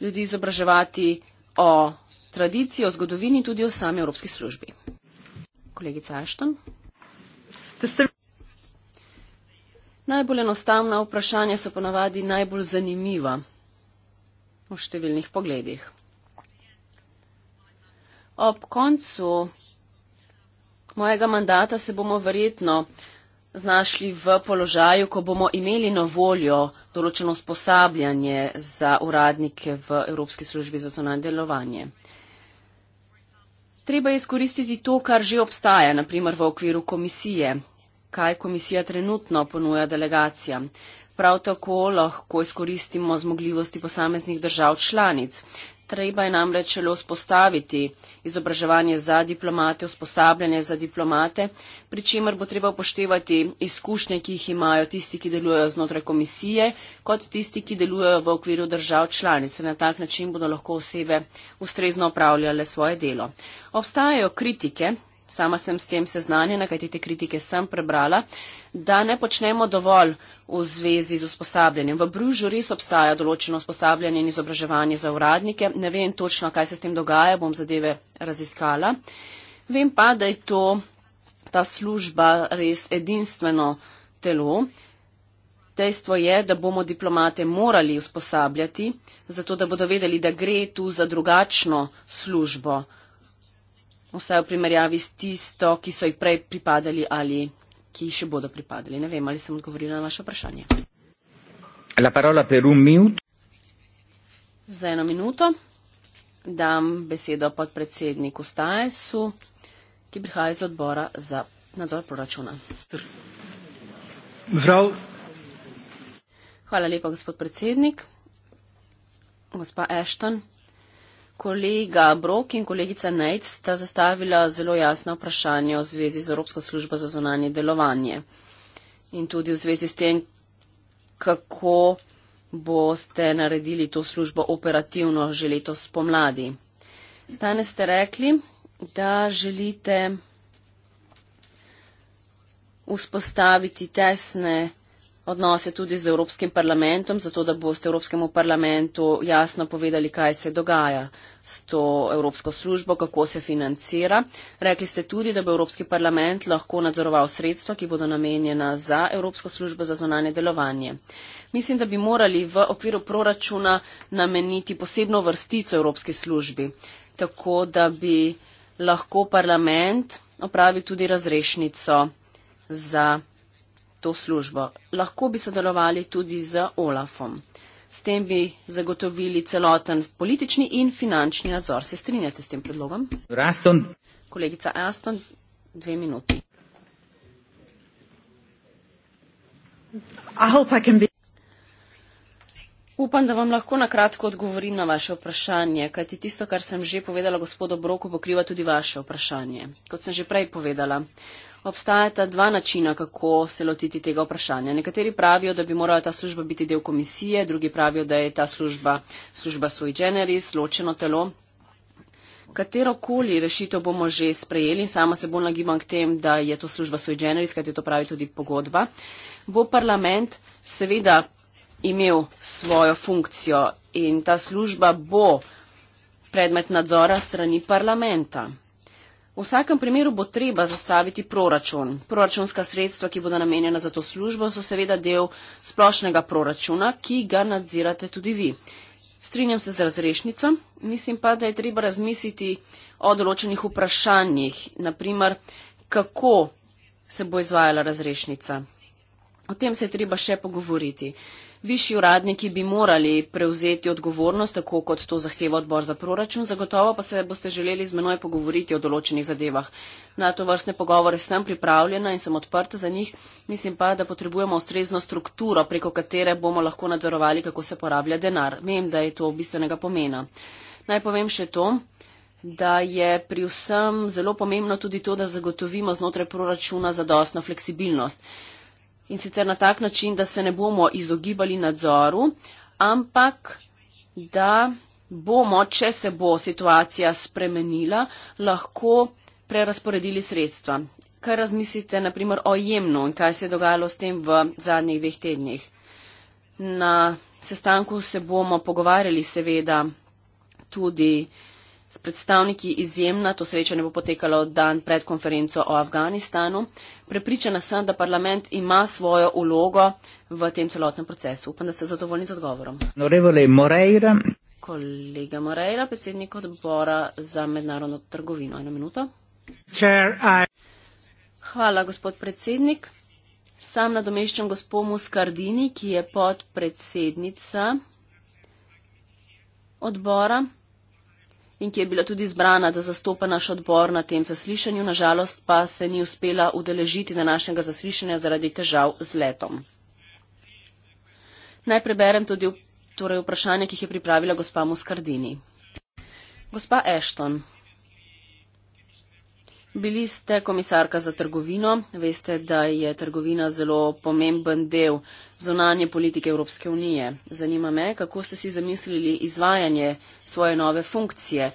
ljudi izobraževati o tradiciji, o zgodovini, tudi o sami Evropski službi. Kolegica Ashton. Najbolj enostavna vprašanja so ponavadi najbolj zanimiva v številnih pogledih. Ob koncu mojega mandata se bomo verjetno znašli v položaju, ko bomo imeli na voljo določeno usposabljanje za uradnike v Evropski službi za zonanje delovanje. Treba je izkoristiti to, kar že obstaja, naprimer v okviru komisije, kaj komisija trenutno ponuja delegacijam. Prav tako lahko izkoristimo zmogljivosti posameznih držav članic. Treba je namreč le vzpostaviti izobraževanje za diplomate, usposabljanje za diplomate, pri čemer bo treba upoštevati izkušnje, ki jih imajo tisti, ki delujejo znotraj komisije, kot tisti, ki delujejo v okviru držav članice. Na tak način bodo lahko osebe ustrezno upravljale svoje delo. Obstajajo kritike, sama sem s tem seznanjena, kajti te kritike sem prebrala, da ne počnemo dovolj v zvezi z usposabljanjem. V Bružu res obstaja določeno usposabljanje in izobraževanje za uradnike. Ne vem točno, kaj se s tem dogaja, bom zadeve raziskala. Vem pa, da je to ta služba res edinstveno telo. Dejstvo je, da bomo diplomate morali usposabljati, zato da bodo vedeli, da gre tu za drugačno službo vsaj v primerjavi s tisto, ki so ji prej pripadali ali ki ji še bodo pripadali. Ne vem, ali sem odgovorila na vaše vprašanje. La parola per un minuto. Za eno minuto dam besedo podpredsedniku Stajesu, ki prihaja iz odbora za nadzor proračuna. Vrav. Hvala lepa, gospod predsednik. Gospa Ashton. Kolega Brok in kolegica Neitz sta zastavila zelo jasno vprašanje v zvezi z Evropsko službo za zonanje delovanje in tudi v zvezi s tem, kako boste naredili to službo operativno že letos pomladi. Danes ste rekli, da želite vzpostaviti tesne odnose tudi z Evropskim parlamentom, zato da boste Evropskemu parlamentu jasno povedali, kaj se dogaja s to Evropsko službo, kako se financira. Rekli ste tudi, da bo Evropski parlament lahko nadzoroval sredstva, ki bodo namenjena za Evropsko službo za zonanje delovanje. Mislim, da bi morali v okviru proračuna nameniti posebno vrstico Evropski službi, tako da bi lahko parlament opravil tudi razrešnico za to službo. Lahko bi sodelovali tudi z OLAFom. S tem bi zagotovili celoten politični in finančni nadzor. Se strinjate s tem predlogom? Raston. Kolegica Aston, dve minuti. Upam, da vam lahko na kratko odgovorim na vaše vprašanje, kajti tisto, kar sem že povedala gospodu Broku, pokriva tudi vaše vprašanje. Kot sem že prej povedala, obstajata dva načina, kako se lotiti tega vprašanja. Nekateri pravijo, da bi morala ta služba biti del komisije, drugi pravijo, da je ta služba služba sui generis, ločeno telo. Katero koli rešitev bomo že sprejeli, sama se bolj nagibam k tem, da je to služba sui generis, kajti to pravi tudi pogodba, bo parlament seveda imel svojo funkcijo in ta služba bo predmet nadzora strani parlamenta. V vsakem primeru bo treba zastaviti proračun. Proračunska sredstva, ki bodo namenjena za to službo, so seveda del splošnega proračuna, ki ga nadzirate tudi vi. Strinjam se z razrešnico, mislim pa, da je treba razmisliti o določenih vprašanjih, naprimer, kako se bo izvajala razrešnica. O tem se je treba še pogovoriti. Višji uradniki bi morali prevzeti odgovornost, tako kot to zahteva odbor za proračun. Zagotovo pa se boste želeli z menoj pogovoriti o določenih zadevah. Na to vrstne pogovore sem pripravljena in sem odprta za njih. Mislim pa, da potrebujemo ustrezno strukturo, preko katere bomo lahko nadzorovali, kako se porablja denar. Vem, da je to bistvenega pomena. Naj povem še to da je pri vsem zelo pomembno tudi to, da zagotovimo znotraj proračuna zadostno fleksibilnost in sicer na tak način, da se ne bomo izogibali nadzoru, ampak da bomo, če se bo situacija spremenila, lahko prerasporedili sredstva. Kaj razmislite, naprimer, o jemnu in kaj se je dogajalo s tem v zadnjih dveh tednih? Na sestanku se bomo pogovarjali seveda tudi s predstavniki izjemna, to srečanje bo potekalo dan pred konferenco o Afganistanu. Prepričana sem, da parlament ima svojo ulogo v tem celotnem procesu. Upam, da ste zadovoljni z odgovorom. Moreira. Kolega Moreira, predsednik odbora za mednarodno trgovino. Eno minuto. Chair, I... Hvala, gospod predsednik. Sam nadomeščam gospomu Skardini, ki je podpredsednica odbora in ki je bila tudi zbrana, da zastopa naš odbor na tem zaslišanju, nažalost pa se ni uspela udeležiti današnjega zaslišanja zaradi težav z letom. Naj preberem tudi torej vprašanje, ki jih je pripravila gospa Muskardini. Gospa Ashton, Bili ste komisarka za trgovino, veste, da je trgovina zelo pomemben del zonanje politike Evropske unije. Zanima me, kako ste si zamislili izvajanje svoje nove funkcije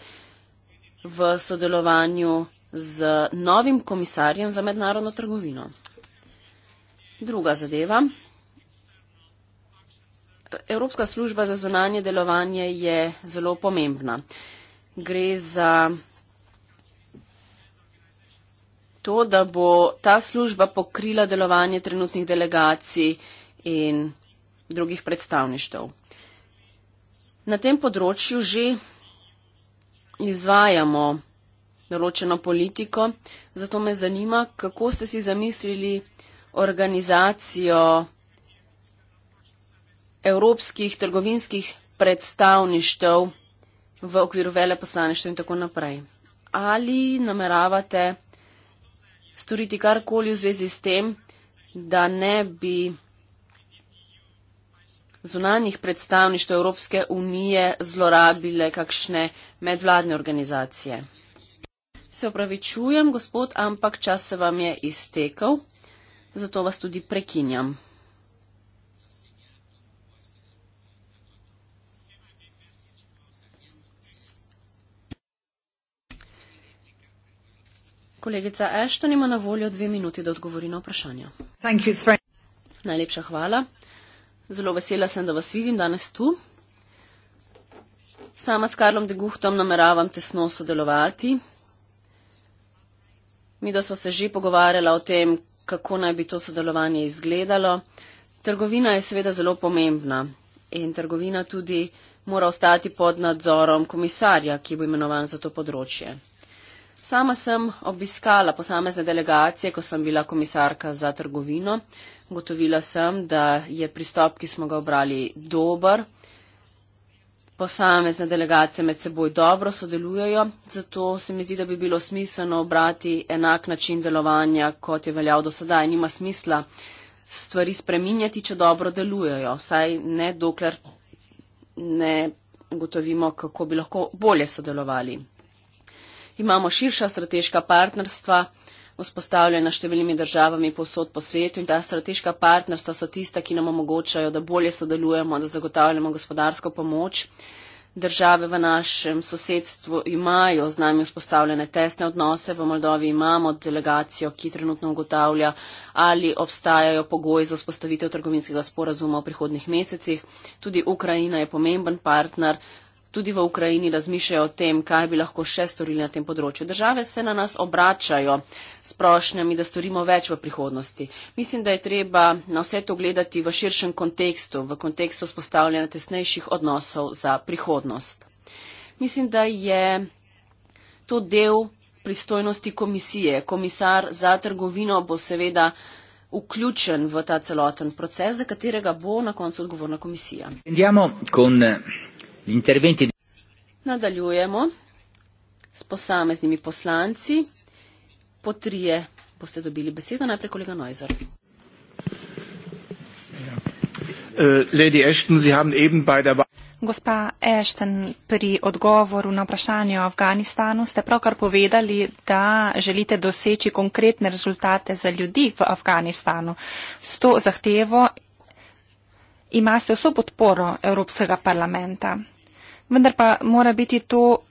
v sodelovanju z novim komisarjem za mednarodno trgovino. Druga zadeva. Evropska služba za zonanje delovanje je zelo pomembna. Gre za to, da bo ta služba pokrila delovanje trenutnih delegacij in drugih predstavništev. Na tem področju že izvajamo določeno politiko, zato me zanima, kako ste si zamislili organizacijo evropskih trgovinskih predstavništev v okviru veleposlaništev in tako naprej. Ali nameravate storiti karkoli v zvezi s tem, da ne bi zunanjih predstavništv Evropske unije zlorabile kakšne medvladne organizacije. Se opravičujem, gospod, ampak čas se vam je iztekel, zato vas tudi prekinjam. Kolegica Ashton ima na voljo dve minuti, da odgovori na vprašanje. Najlepša hvala. Zelo vesela sem, da vas vidim danes tu. Sama s Karlom Deguhtom nameravam tesno sodelovati. Mi, da smo se že pogovarjala o tem, kako naj bi to sodelovanje izgledalo. Trgovina je seveda zelo pomembna in trgovina tudi mora ostati pod nadzorom komisarja, ki bo imenovan za to področje. Sama sem obiskala posamezne delegacije, ko sem bila komisarka za trgovino. Gotovila sem, da je pristop, ki smo ga obrali, dober. Posamezne delegacije med seboj dobro sodelujejo, zato se mi zdi, da bi bilo smiselno obrati enak način delovanja, kot je veljal do sedaj. Nima smisla stvari spreminjati, če dobro delujejo, vsaj ne dokler ne gotovimo, kako bi lahko bolje sodelovali imamo širša strateška partnerstva, vzpostavljena številnimi državami posod po svetu in ta strateška partnerstva so tista, ki nam omogočajo, da bolje sodelujemo, da zagotavljamo gospodarsko pomoč. Države v našem sosedstvu imajo z nami vzpostavljene tesne odnose, v Moldovi imamo delegacijo, ki trenutno ugotavlja, ali obstajajo pogoji za vzpostavitev trgovinskega sporazuma v prihodnih mesecih. Tudi Ukrajina je pomemben partner, tudi v Ukrajini razmišljajo o tem, kaj bi lahko še storili na tem področju. Države se na nas obračajo s prošnjami, da storimo več v prihodnosti. Mislim, da je treba na vse to gledati v širšem kontekstu, v kontekstu spostavljanja tesnejših odnosov za prihodnost. Mislim, da je to del pristojnosti komisije. Komisar za trgovino bo seveda vključen v ta celoten proces, za katerega bo na koncu odgovorna komisija. Andiamo con eh, Nadaljujemo s posameznimi poslanci. Po trije boste dobili besedo. Najprej kolega Neuser. Ja. Eh, Gospa Ashton, pri odgovoru na vprašanje o Afganistanu ste pravkar povedali, da želite doseči konkretne rezultate za ljudi v Afganistanu. S to zahtevo imate vso podporo Evropskega parlamenta. Vendar pa mora biti to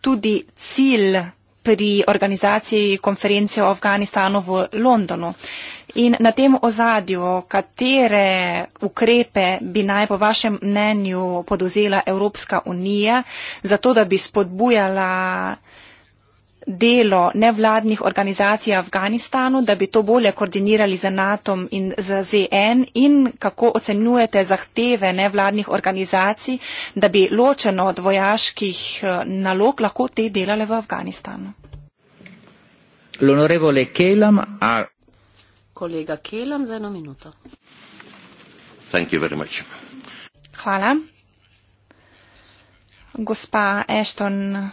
tudi cilj pri organizaciji konference o Afganistanu v Londonu. In na tem ozadju, katere ukrepe bi naj po vašem mnenju podozela Evropska unija, zato da bi spodbujala delo nevladnih organizacij v Afganistanu, da bi to bolje koordinirali z NATO in z ZN in kako ocenjujete zahteve nevladnih organizacij, da bi ločeno od vojaških eh, nalog lahko te delale v Afganistanu. Kelam, a... Kolega Kelam za eno minuto. Hvala. Gospa Ashton.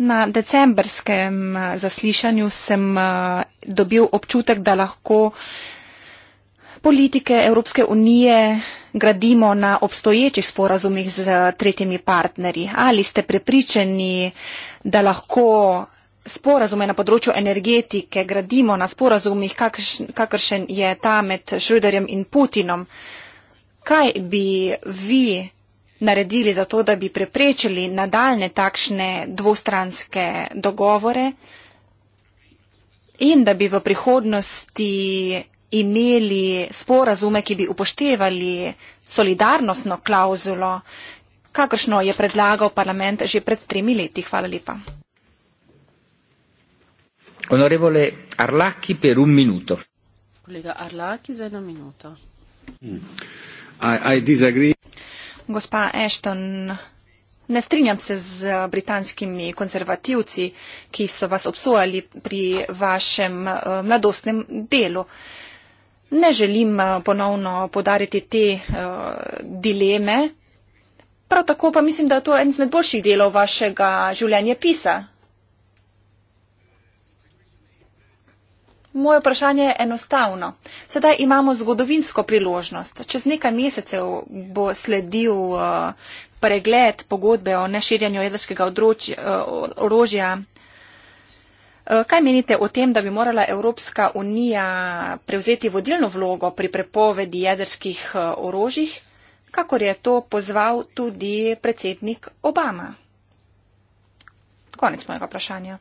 Na decembrskem eh, zaslišanju sem eh, dobil občutek, da lahko politike Evropske unije gradimo na obstoječih sporazumih z eh, tretjimi partnerji. Ali ste prepričani, da lahko sporazume na področju energetike gradimo na sporazumih, kakršen je ta med Šruderjem in Putinom? Kaj bi vi naredili za to, da bi preprečili nadaljne takšne dvostranske dogovore in da bi v prihodnosti imeli sporazume, ki bi upoštevali solidarnostno klauzulo, kakršno je predlagal parlament že pred tremi leti. Hvala lepa. Onorevole Arlaki, per un minuto. Kolega Arlaki, za eno minuto. Hmm. I, I disagree gospa Ashton, ne strinjam se z britanskimi konzervativci, ki so vas obsojali pri vašem eh, mladostnem delu. Ne želim eh, ponovno podariti te eh, dileme, prav tako pa mislim, da je to en izmed boljših delov vašega življenja pisa. Moje vprašanje je enostavno. Sedaj imamo zgodovinsko priložnost. Čez nekaj mesecev bo sledil uh, pregled pogodbe o neširjanju jedrskega uh, orožja. Uh, kaj menite o tem, da bi morala Evropska unija prevzeti vodilno vlogo pri prepovedi jedrskih uh, orožjih, kakor je to pozval tudi predsednik Obama? Konec mojega vprašanja.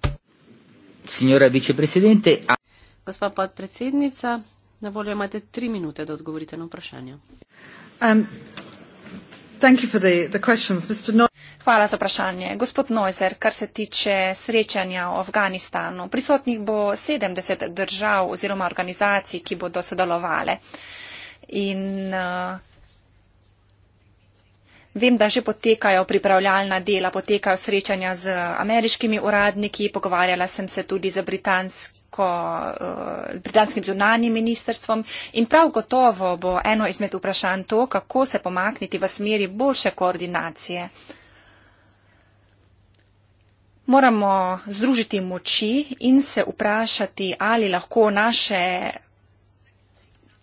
Gospa podpredsednica, na voljo imate tri minute, da odgovorite na vprašanje. Um, no- Hvala za vprašanje. Gospod Neuser, kar se tiče srečanja v Afganistanu, prisotnih bo 70 držav oziroma organizacij, ki bodo sodelovale. In uh, vem, da že potekajo pripravljalna dela, potekajo srečanja z ameriškimi uradniki, pogovarjala sem se tudi z britanskimi preko uh, eh, britanskim zunanjim ministrstvom in prav gotovo bo eno izmed vprašanj to, kako se pomakniti v smeri boljše koordinacije. Moramo združiti moči in se vprašati, ali lahko naše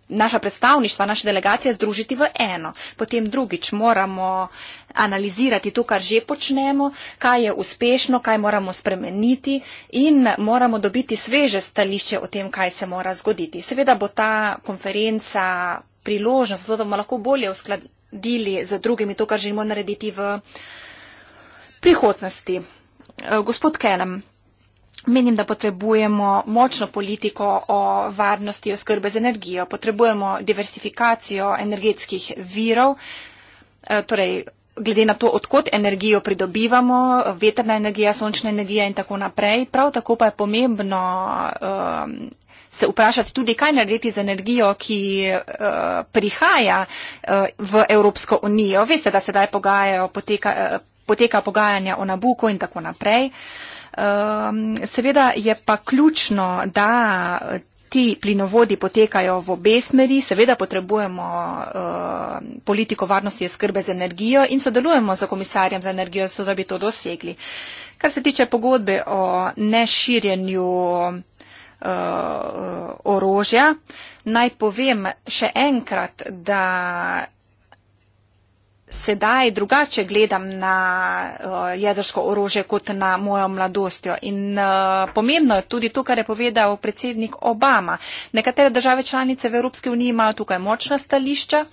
naša predstavništva, naše delegacije združiti v eno. Potem drugič moramo analizirati to, kar že počnemo, kaj je uspešno, kaj moramo spremeniti in moramo dobiti sveže stališče o tem, kaj se mora zgoditi. Seveda bo ta konferenca priložnost, zato da bomo lahko bolje uskladili z drugimi to, kar želimo narediti v prihodnosti. Eh, gospod Kenem, Menim, da potrebujemo močno politiko o varnosti oskrbe z energijo. Potrebujemo diversifikacijo energetskih virov, eh, torej glede na to, odkot energijo pridobivamo, veterna energija, sončna energija in tako naprej. Prav tako pa je pomembno um, se vprašati tudi, kaj narediti z energijo, ki uh, prihaja uh, v Evropsko unijo. Veste, da sedaj pogajajo, poteka, poteka pogajanja o Nabuku in tako naprej. Uh, Um, seveda je pa ključno, da. Eh, ti plinovodi potekajo v obe smeri, seveda potrebujemo uh, politiko varnosti in skrbe z energijo in sodelujemo z komisarjem za energijo, zato da bi to dosegli. Kar se tiče pogodbe o neširjenju uh, orožja, naj povem še enkrat, da sedaj drugače gledam na uh, jedrsko orožje kot na mojo mladostjo. In uh, pomembno je tudi to, kar je povedal predsednik Obama. Nekatere države članice v Evropski uniji imajo tukaj močna stališča.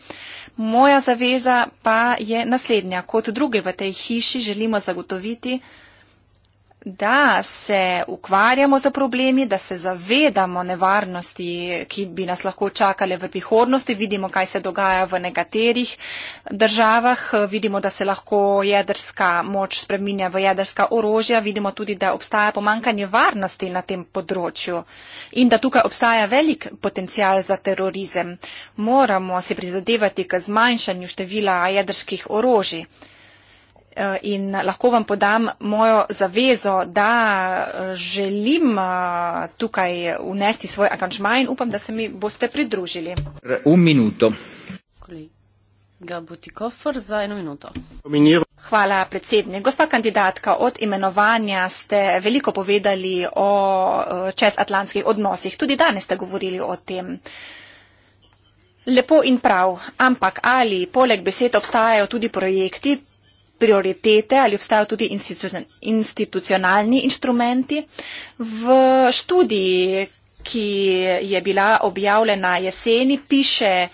Moja zaveza pa je naslednja. Kot druge v tej hiši želimo zagotoviti, da se ukvarjamo z problemi, da se zavedamo nevarnosti, ki bi nas lahko čakale v prihodnosti. Vidimo, kaj se dogaja v nekaterih državah. Vidimo, da se lahko jedrska moč spreminja v jedrska orožja. Vidimo tudi, da obstaja pomankanje varnosti na tem področju in da tukaj obstaja velik potencial za terorizem. Moramo se prizadevati k zmanjšanju števila jedrskih orožij. Eh, in lahko vam podam mojo zavezo, da eh, želim eh, tukaj unesti svoj angažmaj in upam, da se mi boste pridružili. Un minuto. Za eno Hvala, predsednik. Gospa kandidatka, od imenovanja ste veliko povedali o čezatlantskih odnosih. Tudi danes ste govorili o tem. Lepo in prav, ampak ali poleg besed obstajajo tudi projekti, prioritete, ali obstajajo tudi institucionalni inštrumenti. V študiji, ki je bila objavljena jeseni, piše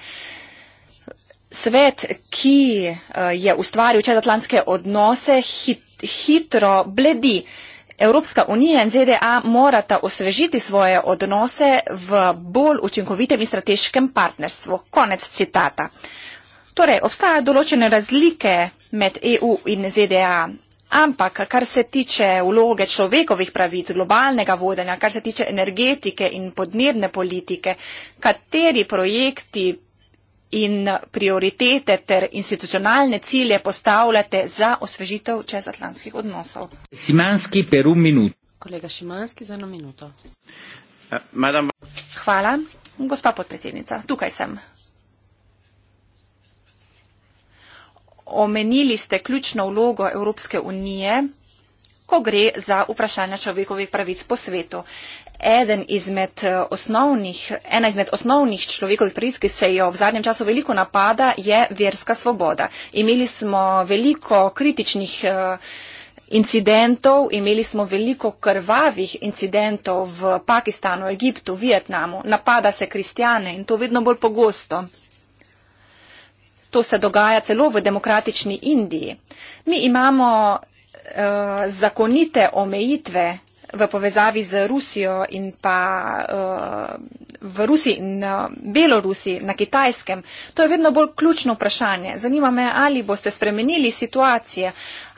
svet, ki eh, je ustvaril čezatlantske odnose, hit, hitro bledi. Evropska unija in ZDA morata osvežiti svoje odnose v bolj učinkovitem in strateškem partnerstvu. Konec citata. Torej, obstajajo določene razlike med EU in ZDA. Ampak, kar se tiče vloge človekovih pravic, globalnega vodenja, kar se tiče energetike in podnebne politike, kateri projekti in prioritete ter institucionalne cilje postavljate za osvežitev čezatlantskih odnosov? Simanski, peru minut. Kolega Šimanski, za eno minuto. Eh, Hvala, gospa podpredsednica. Tukaj sem. omenili ste ključno vlogo Evropske unije, ko gre za vprašanja človekovih pravic po svetu. Eden izmed eh, osnovnih, ena izmed osnovnih človekovih pravic, ki se jo v zadnjem času veliko napada, je verska svoboda. Imeli smo veliko kritičnih eh, incidentov, imeli smo veliko krvavih incidentov v Pakistanu, Egiptu, Vietnamu. Napada se kristjane in to vedno bolj pogosto. To se dogaja celo v demokratični Indiji. Mi imamo uh, zakonite omejitve v povezavi z Rusijo in pa uh, v Rusiji in uh, Belorusiji na kitajskem. To je vedno bolj ključno vprašanje. Zanima me, ali boste spremenili situacijo,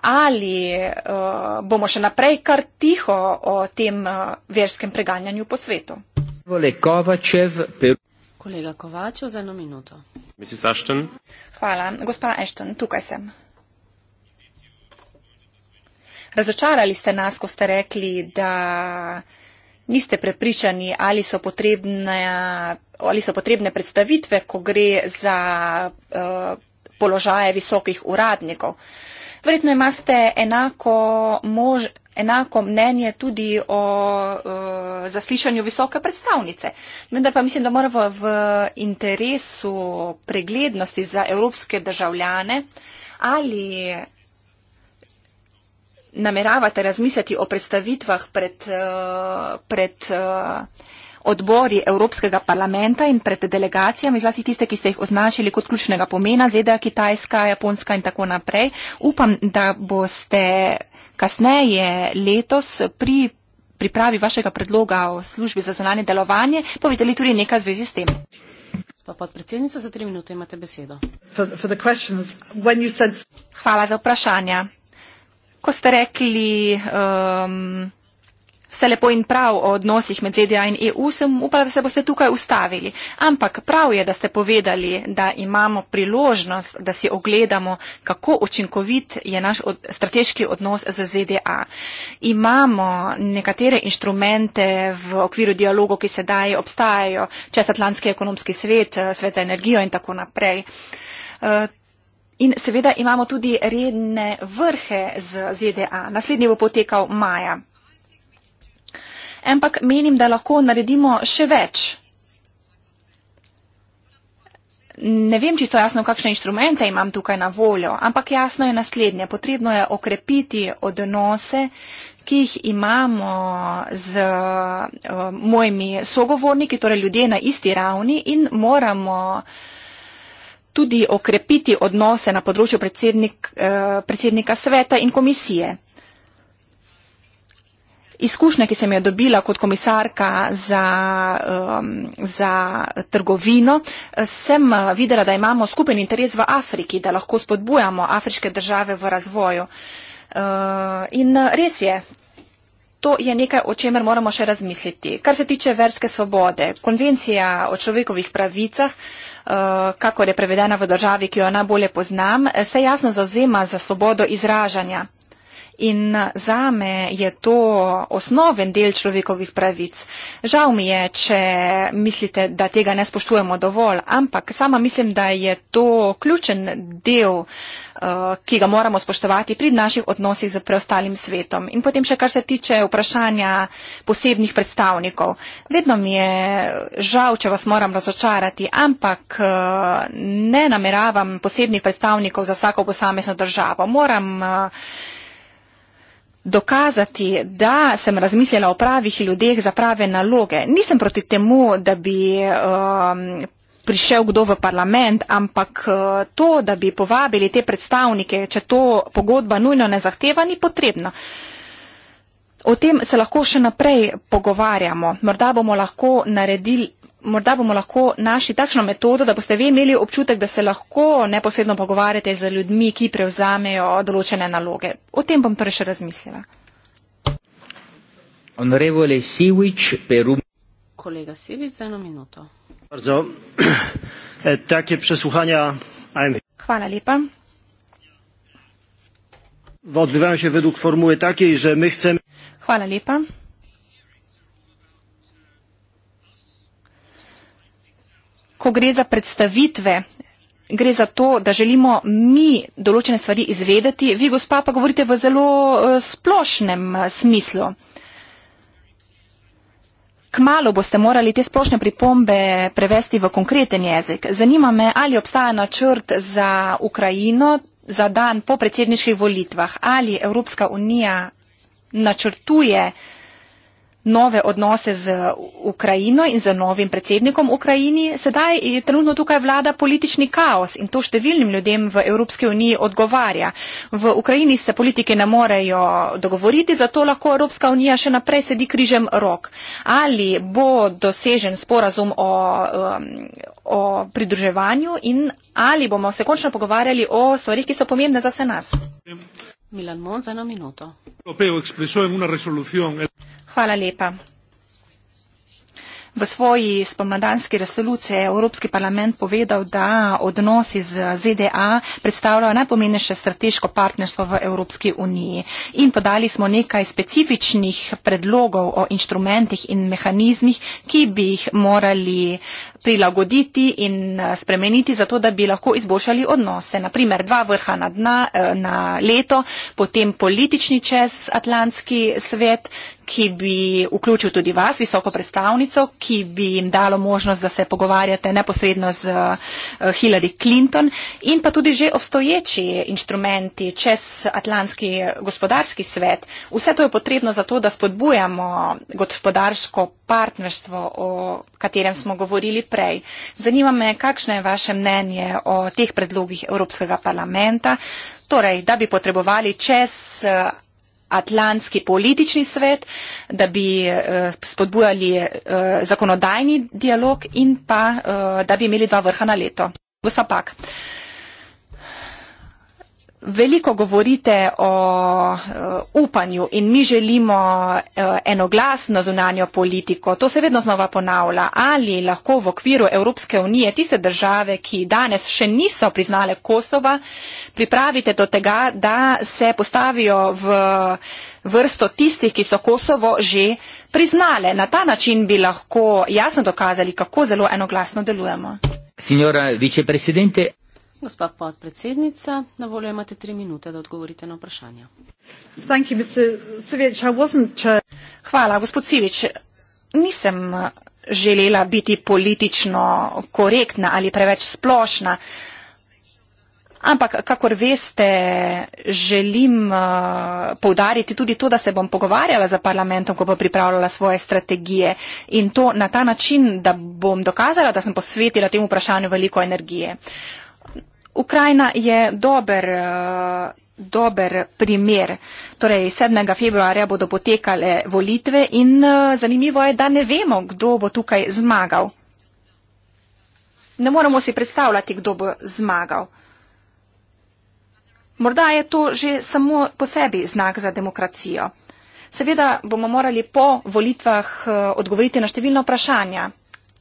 ali uh, bomo še naprej kar tiho o tem uh, verskem preganjanju po svetu. Volekova, čev, per... Kolega Kovačev, za eno minuto. Mrs. Ashton. Hvala. Gospa Ashton, tukaj sem. Razočarali ste nas, ko ste rekli, da niste prepričani, ali so potrebne, ali so potrebne predstavitve, ko gre za uh, položaje visokih uradnikov. Uh, Verjetno imate enako, mož, enako mnenje tudi o e, zaslišanju visoke predstavnice. Vendar pa mislim, da moramo v interesu preglednosti za evropske državljane ali nameravate razmisliti o predstavitvah pred, e, pred, pred odbori Evropskega parlamenta in pred delegacijami, zlasti tiste, ki ste jih označili kot ključnega pomena, ZDA, Kitajska, Japonska in tako naprej. Upam, da boste kasneje letos pri pripravi vašega predloga o službi za zonanje delovanje povedali tudi nekaj v zvezi s tem. Pa podpredsednica, za tri minute imate besedo. For the, for the said... Hvala za vprašanja. Ko ste rekli. Um, vse lepo in prav o odnosih med ZDA in EU, sem upala, da se boste tukaj ustavili. Ampak prav je, da ste povedali, da imamo priložnost, da si ogledamo, kako učinkovit je naš od, strateški odnos z ZDA. Imamo nekatere inštrumente v okviru dialogov, ki sedaj obstajajo, čez Atlantski ekonomski svet, eh, svet za energijo in tako naprej. Eh, in seveda imamo tudi redne vrhe z ZDA. Naslednji bo potekal maja ampak menim, da lahko naredimo še več. Ne vem čisto jasno, kakšne inštrumente imam tukaj na voljo, ampak jasno je naslednje. Potrebno je okrepiti odnose, ki jih imamo z uh, mojimi sogovorniki, torej ljudje na isti ravni in moramo tudi okrepiti odnose na področju predsednik, uh, predsednika sveta in komisije izkušnje, ki sem jo dobila kot komisarka za, um, za trgovino, eh, sem eh, videla, da imamo skupen interes v Afriki, da lahko spodbujamo afriške države v razvoju. Uh, in res je. To je nekaj, o čemer moramo še razmisliti. Kar se tiče verske svobode, konvencija o človekovih pravicah, kako je prevedena v državi, ki jo najbolje poznam, se jasno zauzema za svobodo izražanja in za me je to osnoven del človekovih pravic. Žal mi je, če mislite, da tega ne spoštujemo dovolj, ampak sama mislim, da je to ključen del, uh, ki ga moramo spoštovati pri naših odnosih z preostalim svetom. In potem še kar se tiče vprašanja posebnih predstavnikov. Vedno mi je žal, če vas moram razočarati, ampak uh, ne nameravam posebnih predstavnikov za vsako posamezno državo. Moram uh, dokazati, da sem razmislila o pravih ljudeh za prave naloge. Nisem proti temu, da bi um, prišel kdo v parlament, ampak uh, to, da bi povabili te predstavnike, če to pogodba nujno ne zahteva, ni potrebno. O tem se lahko še naprej pogovarjamo. Morda bomo lahko naredili morda bomo lahko našli takšno metodo, da boste vi imeli občutek, da se lahko neposredno pogovarjate z ljudmi, ki prevzamejo določene naloge. O tem bom torej še razmislila. Sivič, Kolega Sivič, za eno minuto. E, take presluhanja. Hvala lepa. Odbivajo se vedno formule take, že mi hcemo. Hvala lepa. ko gre za predstavitve, gre za to, da želimo mi določene stvari izvedeti, vi, gospa, pa govorite v zelo eh, splošnem eh, smislu. Kmalo boste morali te splošne pripombe prevesti v konkreten jezik. Zanima me, ali obstaja načrt za Ukrajino za dan po predsedniških volitvah, ali Evropska unija načrtuje uh, nove odnose z Ukrajino in z novim predsednikom Ukrajini. Sedaj je trenutno tukaj vlada politični kaos in to številnim ljudem v Evropski uniji odgovarja. V Ukrajini se politike ne morejo dogovoriti, zato lahko Evropska unija še naprej sedi križem rok. Ali bo dosežen sporazum o, um, o pridruževanju in ali bomo se končno pogovarjali o stvarih, ki so pomembne za vse nas? Hvala lepa. V svoji spomladanski resoluciji je Evropski parlament povedal, da odnosi z ZDA predstavljajo najpomembnejše strateško partnerstvo v Evropski uniji. In podali smo nekaj specifičnih predlogov o inštrumentih in mehanizmih, ki bi jih morali uh, prilagoditi in eh, spremeniti, zato da bi lahko izboljšali odnose. Naprimer, dva vrha na, dna, eh, na leto, potem politični čez Atlantski svet, ki bi vključil tudi vas, visoko predstavnico, ki bi jim dalo možnost, da se pogovarjate neposredno z eh, Hillary Clinton in pa tudi že obstoječi inštrumenti čez Atlantski gospodarski svet. Vse to je potrebno zato, da spodbujamo gospodarsko partnerstvo, o katerem smo govorili prej. Zanima me, kakšno je vaše mnenje o teh predlogih Evropskega parlamenta, torej, da bi potrebovali čez eh, Atlantski politični svet, da bi eh, spodbujali eh, zakonodajni dialog in pa, da bi imeli dva vrha na leto. Gospa Pak. Veliko govorite o eh, upanju in mi želimo eh, enoglasno zunanjo politiko. To se vedno znova ponavlja. Ali lahko v okviru Evropske unije tiste države, ki danes še niso priznale Kosova, pripravite do tega, da se postavijo v vrsto tistih, ki so Kosovo že priznale. Na ta način bi lahko jasno dokazali, kako zelo enoglasno delujemo. Signora vicepresidente, Gospa podpredsednica, na voljo imate tri minute, da odgovorite na vprašanja. Uh, Hvala, gospod Civič. Nisem uh, želela biti politično korektna ali preveč splošna, ampak, kakor veste, želim uh, povdariti tudi to, da se bom pogovarjala za parlamentom, ko bo pripravljala svoje strategije in to na ta način, da bom dokazala, da sem posvetila temu vprašanju veliko energije. Ukrajina je dober, eh, dober primer. Torej, 7. februarja bodo potekale volitve in eh, zanimivo je, da ne vemo, kdo bo tukaj zmagal. Ne moramo si predstavljati, kdo bo zmagal. Morda je to že samo po sebi znak za demokracijo. Seveda bomo morali po volitvah eh, odgovoriti na številno vprašanje.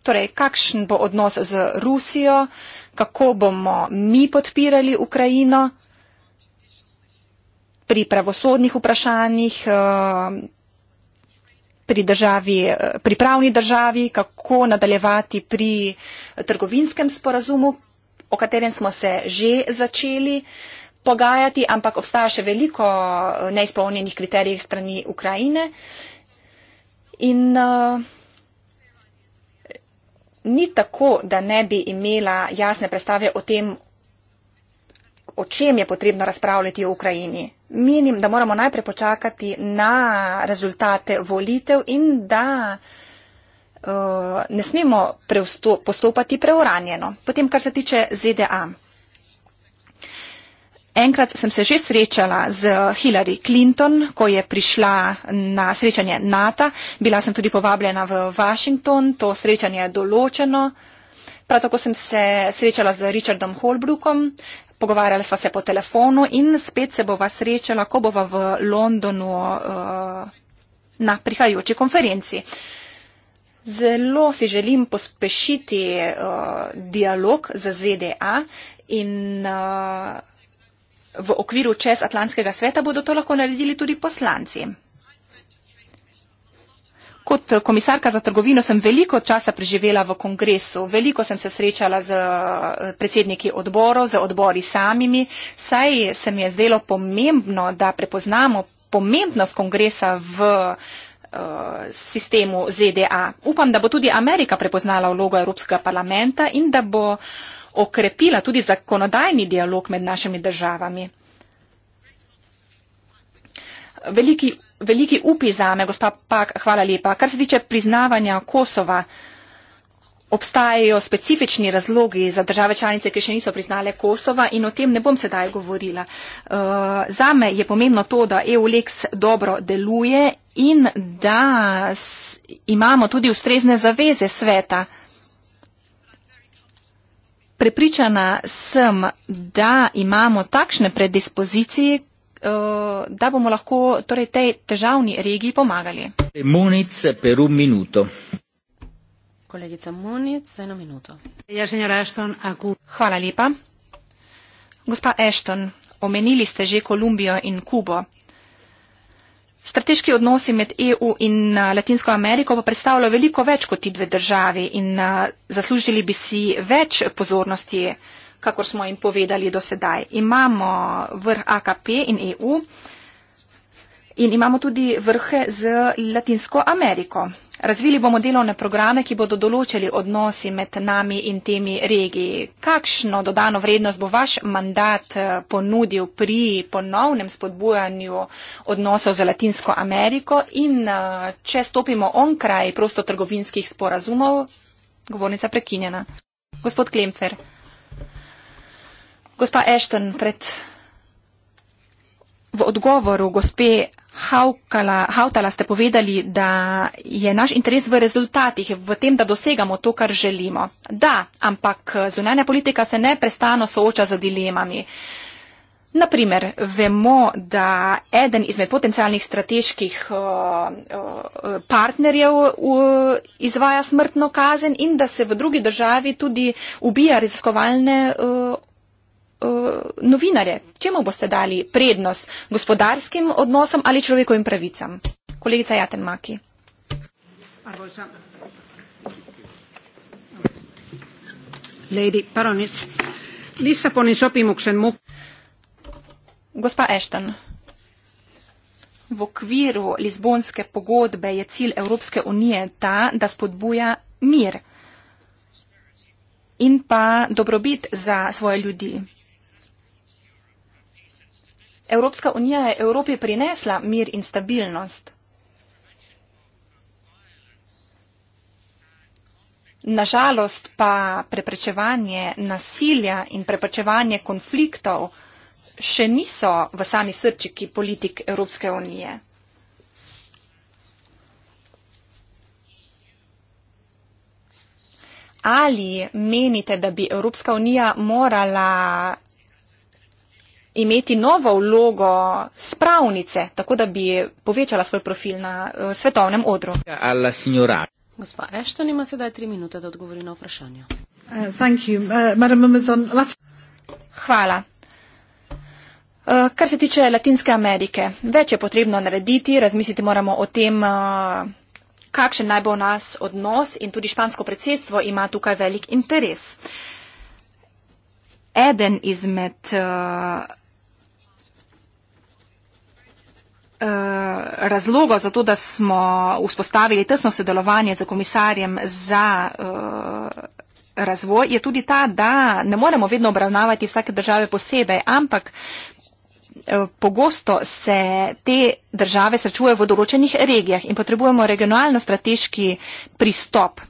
Torej, kakšen bo odnos z Rusijo? Uh, kako bomo mi podpirali Ukrajino pri pravosodnih vprašanjih, eh, pri, državi, eh, pri pravni državi, kako nadaljevati pri trgovinskem sporazumu, o katerem smo se že začeli pogajati, ampak obstaja še veliko eh, neizpolnjenih kriterijev strani Ukrajine. In uh, ni tako, da ne bi imela jasne predstave o tem, o čem je potrebno razpravljati v Ukrajini. Menim, da moramo najprej počakati na rezultate volitev in da uh, ne smemo postopati preuranjeno. Potem, kar se tiče ZDA. Enkrat sem se že srečala z Hillary Clinton, ko je prišla na srečanje NATO. Bila sem tudi povabljena v Washington, to srečanje je določeno. Prav tako sem se srečala z Richardom Holbrookom, pogovarjala sva se po telefonu in spet se bova srečala, ko bova v Londonu eh, na prihajajoči konferenci. Zelo si želim pospešiti uh, dialog z ZDA in uh, v okviru čezatlantskega sveta bodo to lahko naredili tudi poslanci. Kot komisarka za trgovino sem veliko časa preživela v kongresu, veliko sem se srečala z eh, predsedniki odborov, z odbori samimi, saj se mi je zdelo pomembno, da prepoznamo pomembnost kongresa v eh, sistemu ZDA. Upam, da bo tudi Amerika prepoznala vlogo Evropskega parlamenta in da bo uh, okrepila tudi zakonodajni dialog med našimi državami. Veliki, veliki upi za me, gospa Pak, hvala lepa. Kar se tiče priznavanja Kosova, obstajajo specifični razlogi za države članice, ki še niso priznale Kosova in o tem ne bom sedaj govorila. Uh, eh, za me je pomembno to, da EULEX dobro deluje in da s, imamo tudi ustrezne zaveze sveta. Prepričana sem, da imamo takšne predispozicije, eh, da bomo lahko torej tej težavni regiji pomagali. Munic, Peru, minuto. Kolegica Munic, eno minuto. Ja, Ashton, aku... Hvala lepa. Gospa Ashton, omenili ste že Kolumbijo in Kubo. Strateški odnosi med EU in uh, Latinsko Ameriko pa predstavljajo veliko več kot ti dve državi in uh, zaslužili bi si več pozornosti, kakor smo jim povedali do sedaj. Imamo vrh AKP in EU, in imamo tudi vrhe z Latinsko Ameriko. Razvili bomo delovne programe, ki bodo določili odnosi med nami in temi regiji. Kakšno dodano vrednost bo vaš mandat eh, ponudil pri ponovnem spodbujanju odnosov z Latinsko Ameriko in eh, če stopimo onkraj prostotrgovinskih sporazumov? Govornica prekinjena. Gospod Klemfer. Gospa Ashton, pred V odgovoru gospe Haukala, Hautala ste povedali, da je naš interes v rezultatih, v tem, da dosegamo to, kar želimo. Da, ampak zunanja politika se ne prestano sooča z dilemami. Naprimer, vemo, da eden izmed potencialnih strateških uh, partnerjev uh, izvaja smrtno kazen in da se v drugi državi tudi ubija raziskovalne uh, Eh, novinarje. Čemu boste dali prednost? Gospodarskim odnosom ali človekovim pravicam? Kolegica Jaten Maki. Gospa Ashton. V okviru Lizbonske pogodbe je cilj Evropske unije ta, da spodbuja mir in pa dobrobit za svoje ljudi. Evropska unija je Evropi prinesla mir in stabilnost. Nažalost pa preprečevanje nasilja in preprečevanje konfliktov še niso v sami srčiki politik Evropske unije. Ali menite, da bi Evropska unija morala imeti novo vlogo spravnice, tako da bi povečala svoj profil na uh, svetovnem odru. Gospa Ešton ima sedaj tri minute, da odgovori na vprašanje. Uh, uh, last... Hvala. Uh, kar se tiče Latinske Amerike, več je potrebno narediti, razmisliti moramo o tem, uh, kakšen naj bo nas odnos in tudi špansko predsedstvo ima tukaj velik interes. Eden izmed uh, Eh, razloga za to, da smo vzpostavili tesno sodelovanje z komisarjem za eh, razvoj, je tudi ta, da ne moremo vedno obravnavati vsake države posebej, ampak eh, pogosto se te države srečujejo v določenih regijah in potrebujemo regionalno strateški pristop.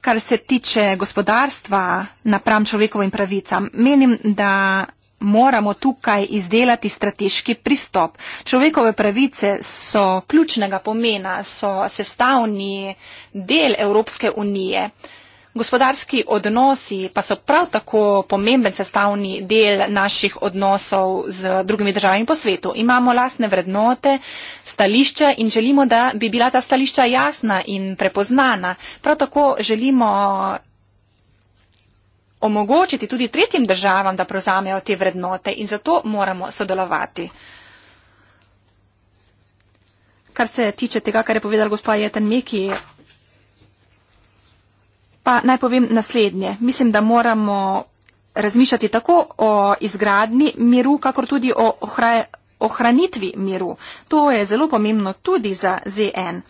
Kar se tiče gospodarstva napram človekovim pravicam, menim, da moramo tukaj izdelati strateški pristop. Človekove pravice so ključnega pomena, so sestavni del Evropske unije. Gospodarski odnosi pa so prav tako pomemben sestavni del naših odnosov z drugimi državami po svetu. Imamo lastne vrednote, stališča in želimo, da bi bila ta stališča jasna in prepoznana. Prav tako želimo omogočiti tudi tretjim državam, da prevzamejo te vrednote in zato moramo sodelovati. Kar se tiče tega, kar je povedal gospod Jeten Miki, pa naj povem naslednje. Mislim, da moramo razmišljati tako o izgradni miru, kakor tudi o ohranitvi miru. To je zelo pomembno tudi za ZN.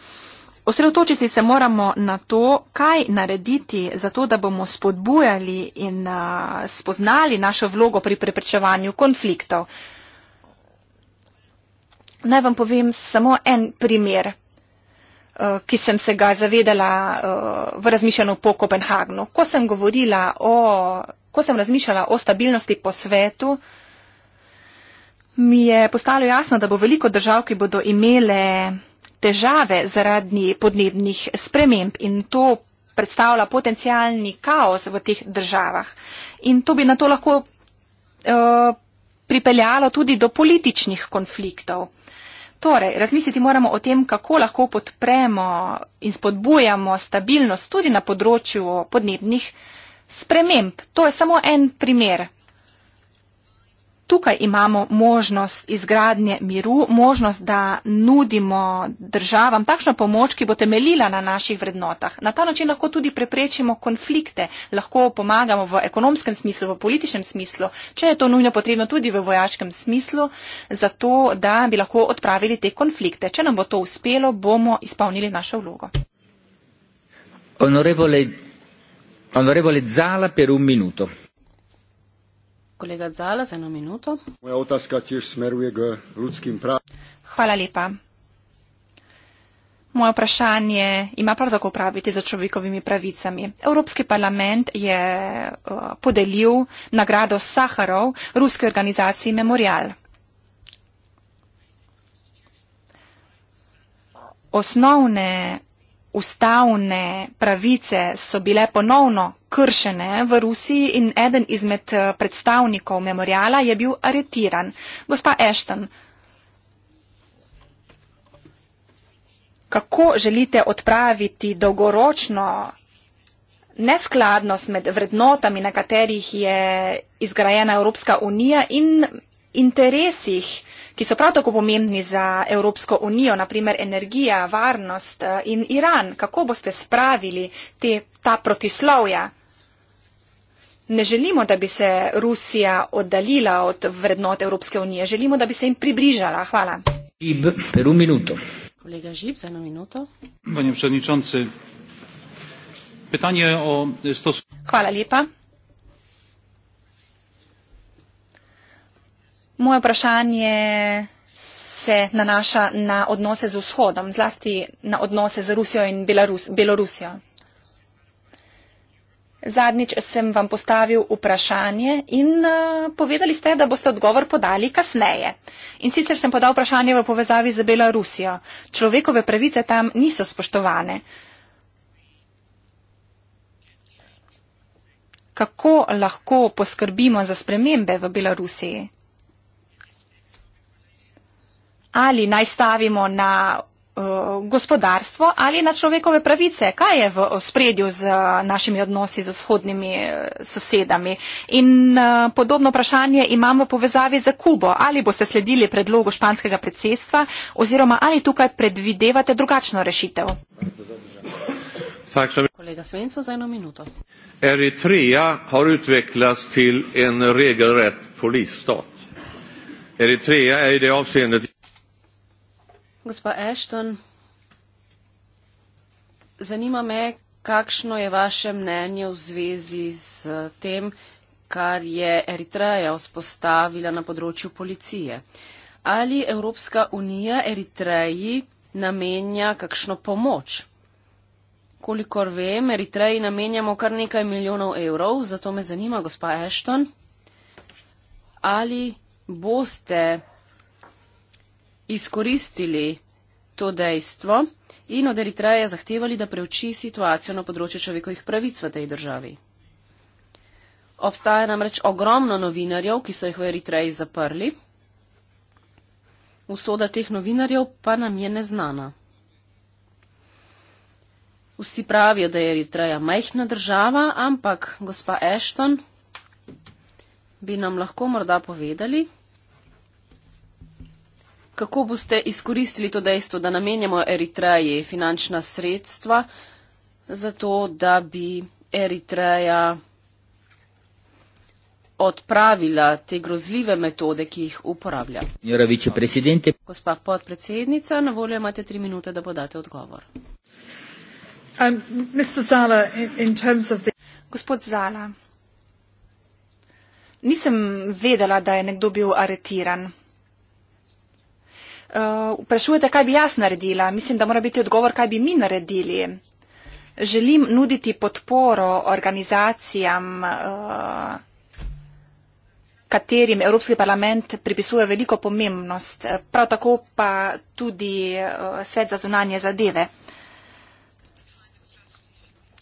Osredotočiti se moramo na to, kaj narediti, zato da bomo spodbujali in spoznali našo vlogo pri preprečevanju konfliktov. Naj vam povem samo en primer, ki sem se ga zavedala v razmišljanju po Kopenhagnu. Ko sem, o, ko sem razmišljala o stabilnosti po svetu, mi je postalo jasno, da bo veliko držav, ki bodo imele težave zaradi podnebnih sprememb in to predstavlja potencijalni kaos v teh državah. In to bi na to lahko eh, pripeljalo tudi do političnih konfliktov. Torej, razmisliti moramo o tem, kako lahko podpremo in spodbujamo stabilnost tudi na področju podnebnih sprememb. To je samo en primer tukaj imamo možnost izgradnje miru, možnost, da nudimo državam takšno pomoč, ki bo temeljila na naših vrednotah. Na ta način lahko tudi preprečimo konflikte, lahko pomagamo v ekonomskem smislu, v političnem smislu, če je to nujno potrebno tudi v vojaškem smislu, zato da bi lahko odpravili te konflikte. Če nam bo to uspelo, bomo izpolnili našo vlogo. Onorevole, onorevole Zala per un minuto. Kolega Zala, za eno minuto. Moja otaska tiež smeruje k ľudským pravom. Hvala lepa. Moje vprašanje ima prav tako praviti za človekovimi pravicami. Evropski parlament je eh, podelil nagrado Saharov ruske organizaciji Memorial. Osnovne ustavne pravice so bile ponovno kršene v Rusiji in eden izmed eh, predstavnikov memoriala je bil aretiran. Gospa Ashton, kako želite odpraviti dolgoročno neskladnost med vrednotami, na katerih je izgrajena Evropska unija in interesih, ki so prav tako pomembni za Evropsko unijo, naprimer energija, varnost eh, in Iran. Kako boste spravili te, ta protislovja? Ne želimo, da bi se Rusija oddaljila od vrednot Evropske unije, želimo, da bi se jim približala. Hvala. Kolega Žib, za eno minuto. Hvala lepa. Moje vprašanje se nanaša na odnose z vzhodom, zlasti na odnose z Rusijo in Belarus, Belorusijo. Zadnjič sem vam postavil vprašanje in uh, povedali ste, da boste odgovor podali kasneje. In sicer sem podal vprašanje v povezavi z Belorusijo. Človekove pravice tam niso spoštovane. Kako lahko poskrbimo za spremembe v Belorusiji? ali naj stavimo na eh, gospodarstvo ali na človekove pravice, kaj je v spredju z eh, našimi odnosi z vzhodnimi eh, sosedami. In podobno vprašanje imamo povezavi za Kubo. Ali boste sledili predlogu španskega predsedstva oziroma ali tukaj predvidevate drugačno rešitev? Kolega Svenco, za eno minuto. Eritreja har utveklas til en regelrett polistat. Eritreja je v tem avsenet... Gospa Ashton, zanima me, kakšno je vaše mnenje v zvezi z eh, tem, kar je Eritreja vzpostavila na področju policije. Ali Evropska unija Eritreji namenja kakšno pomoč? Kolikor vem, Eritreji namenjamo kar nekaj milijonov evrov, zato me zanima, gospa Ashton, ali boste izkoristili to dejstvo in od Eritreje zahtevali, da preuči situacijo na področju človekovih pravic v tej državi. Obstaja namreč ogromno novinarjev, ki so jih v Eritreji zaprli. Usoda teh novinarjev pa nam je neznana. Vsi pravijo, da je Eritreja majhna država, ampak gospa Ashton bi nam lahko morda povedali, Kako boste izkoristili to dejstvo, da namenjamo Eritreji finančna sredstva, zato da bi Eritreja odpravila te grozljive metode, ki jih uporablja? Gospa podpredsednica, na voljo imate tri minute, da podate odgovor. Um, Zala, in, in the... Gospod Zala, nisem vedela, da je nekdo bil aretiran. Eh, vprašujete, kaj bi jaz naredila. Mislim, da mora biti odgovor, kaj bi mi naredili. Želim nuditi podporo organizacijam, uh, katerim Evropski parlament pripisuje veliko pomembnost, eh, prav tako pa tudi uh, svet za zunanje zadeve.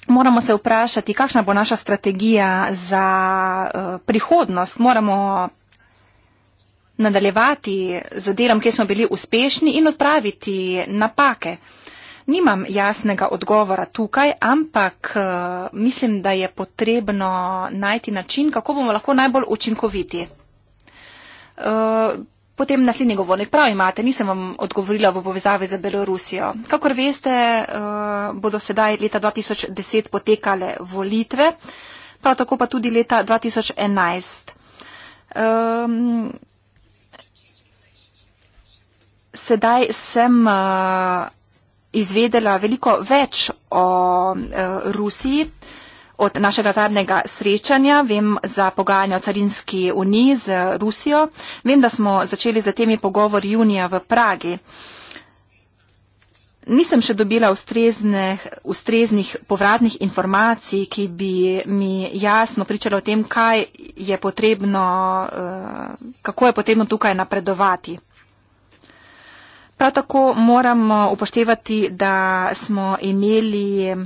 Moramo se vprašati, kakšna bo naša strategija za uh, prihodnost. Moramo nadaljevati z delom, kjer smo bili uspešni in odpraviti napake. Nimam jasnega odgovora tukaj, ampak eh, mislim, da je potrebno najti način, kako bomo lahko najbolj učinkoviti. Eh, potem naslednji govornik, prav imate, nisem vam odgovorila v povezavi za Belorusijo. Kakor veste, eh, bodo sedaj leta 2010 potekale volitve, prav tako pa tudi leta 2011 sedaj sem eh, izvedela veliko več o eh, Rusiji od našega zadnjega srečanja, vem za pogajanje o carinski uniji z Rusijo, vem, da smo začeli za temi pogovori junija v Pragi. Nisem še dobila ustrezne, ustreznih povratnih informacij, ki bi mi jasno pričala o tem, kaj je potrebno, eh, kako je potrebno tukaj napredovati. Prav tako moramo eh, upoštevati, da smo imeli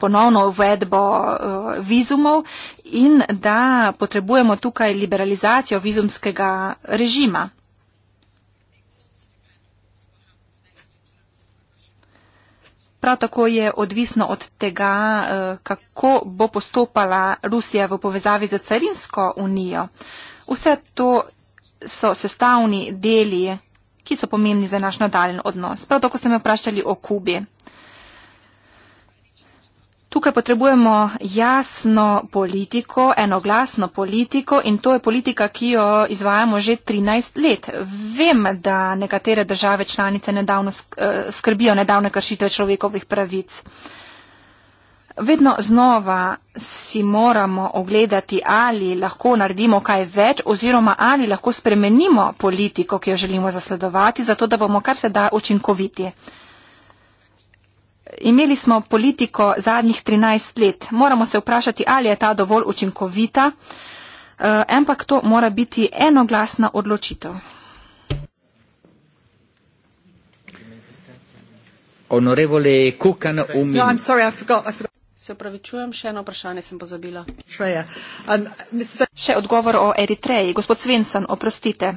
ponovno uvedbo uh, vizumov in da potrebujemo tukaj liberalizacijo vizumskega režima. Prav tako je odvisno od tega, uh, kako bo postopala Rusija v povezavi z Carinsko unijo. Vse to so sestavni deli ki so pomembni za naš nadaljen odnos. Prav tako ste me vprašali o Kubi. Tukaj potrebujemo jasno politiko, enoglasno politiko in to je politika, ki jo izvajamo že 13 let. Vem, da nekatere države članice nedavno eh, skrbijo nedavne kršitve človekovih pravic. Uh, Vedno znova si moramo ogledati, ali lahko naredimo kaj več oziroma ali lahko spremenimo politiko, ki jo želimo zasledovati, zato da bomo kar se da učinkoviti. Imeli smo politiko zadnjih 13 let. Moramo se vprašati, ali je ta dovolj učinkovita, eh, ampak to mora biti enoglasna odločitev. Onorevole Kukan, umim. No, I'm sorry, I forgot, I forgot. Se upravičujem, še eno vprašanje sem pozabila. Še odgovor o Eritreji. Gospod Svensen, oprostite.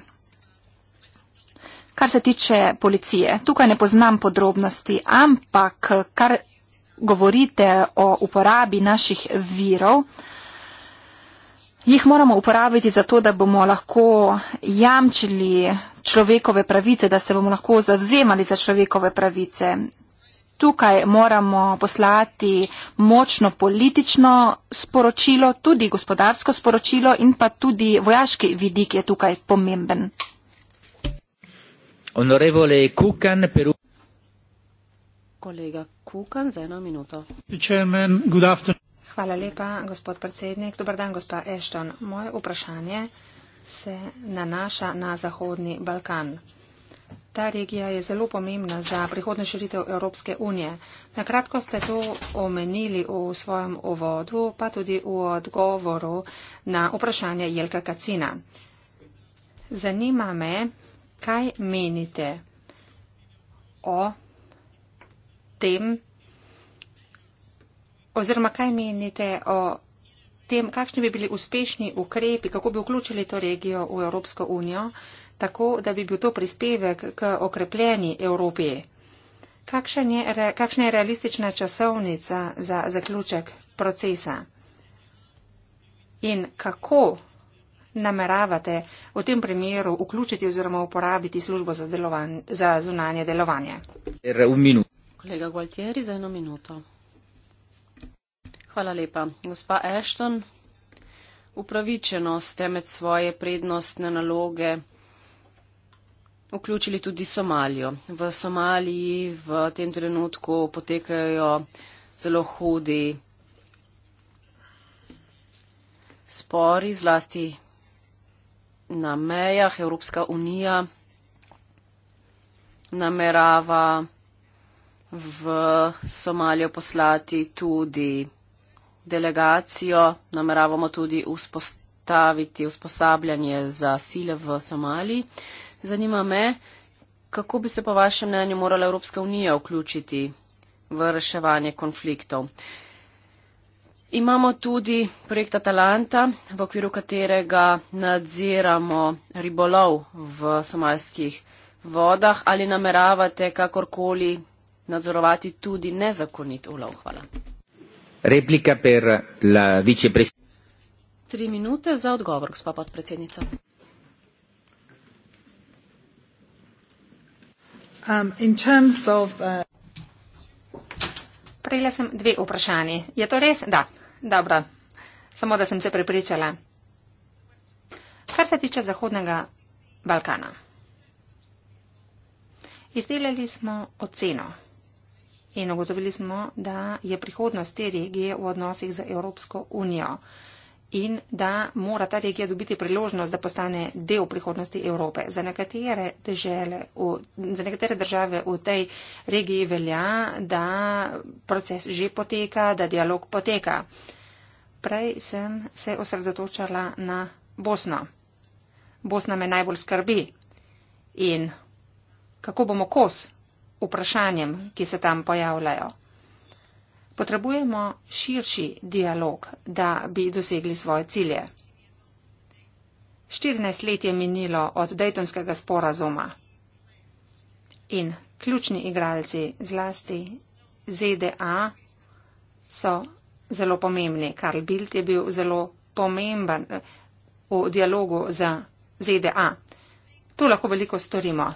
Kar se tiče policije, tukaj ne poznam podrobnosti, ampak kar govorite o uporabi naših virov, jih moramo uporabiti zato, da bomo lahko jamčili človekove pravice, da se bomo lahko zavzemali za človekove pravice. Tukaj moramo poslati močno politično sporočilo, tudi gospodarsko sporočilo in pa tudi vojaški vidik je tukaj pomemben. Kukan, Peru... Kolega Kukan, za eno minuto. Hvala lepa, gospod predsednik. Dobar dan, gospa Ešton. Moje vprašanje se nanaša na Zahodni Balkan ta regija je zelo pomembna za prihodno širitev Evropske unije. Nakratko ste to omenili v svojem uvodu, pa tudi v odgovoru na vprašanje Jelka Kacina. Zanima me, kaj menite o tem, oziroma kaj menite o tem, kakšni bi bili uspešni ukrepi, kako bi vključili to regijo v Evropsko unijo tako da bi bil to prispevek k okrepljeni Evropi. Kakšen je, kakšna je realistična časovnica za zaključek procesa? In kako nameravate v tem primeru vključiti oziroma uporabiti službo za, delovan, za zunanje delovanje? Kolega Gualtieri, za eno minuto. Hvala lepa. Gospa Ashton, upravičeno ste med svoje prednostne naloge vključili tudi Somalijo. V Somaliji v tem trenutku potekajo zelo hudi spori, zlasti na mejah. Evropska unija namerava v Somalijo poslati tudi delegacijo, nameravamo tudi vzpostaviti usposabljanje za sile v Somaliji. Zanima me, kako bi se po vašem mnenju morala Evropska unija vključiti v reševanje konfliktov. Imamo tudi projekt Atalanta, v okviru katerega nadziramo ribolov v somalskih vodah. Ali nameravate kakorkoli nadzorovati tudi nezakonit ulov? Hvala. Replika per la viceprezidentka. Tri minute za odgovor, gospod podpredsednica. Um, in terms of. Uh, Prejela sem dve vprašanje. Je to res? Da, dobro. Samo da sem se prepričala. Kar se tiče Zahodnega Balkana. Izdelali smo oceno in ugotovili smo, da je prihodnost te regije v odnosih z Evropsko unijo in da mora ta regija dobiti priložnost, da postane del prihodnosti Evrope. Za nekatere, dežele, v, za nekatere države v tej regiji velja, da proces že poteka, da dialog poteka. Prej sem se osredotočala na Bosno. Bosna me najbolj skrbi in kako bomo kos vprašanjem, ki se tam pojavljajo potrebujemo širši dialog, da bi dosegli svoje cilje. 14 let je minilo od Daytonskega sporazuma in ključni igralci zlasti ZDA so zelo pomembni. Karl Bild je bil zelo pomemben eh, v dialogu z ZDA. Tu lahko veliko storimo.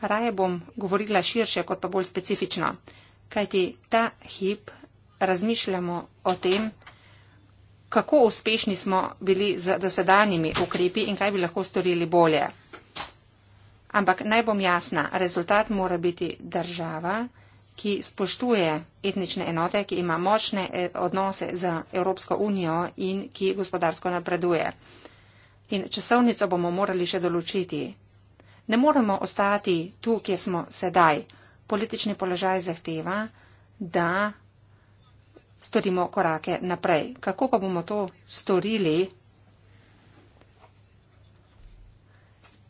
Raje bom govorila širše, kot pa bolj specifično. Kajti ta hip razmišljamo o tem, kako uspešni smo bili z dosedanjimi ukrepi in kaj bi lahko storili bolje. Ampak naj bom jasna, rezultat mora biti država, ki spoštuje etnične enote, ki ima močne e, odnose z Evropsko unijo in ki gospodarsko napreduje. In časovnico bomo morali še določiti. Ne moremo ostati tu, kjer smo sedaj politični položaj zahteva, da storimo korake naprej. Kako pa bomo to storili?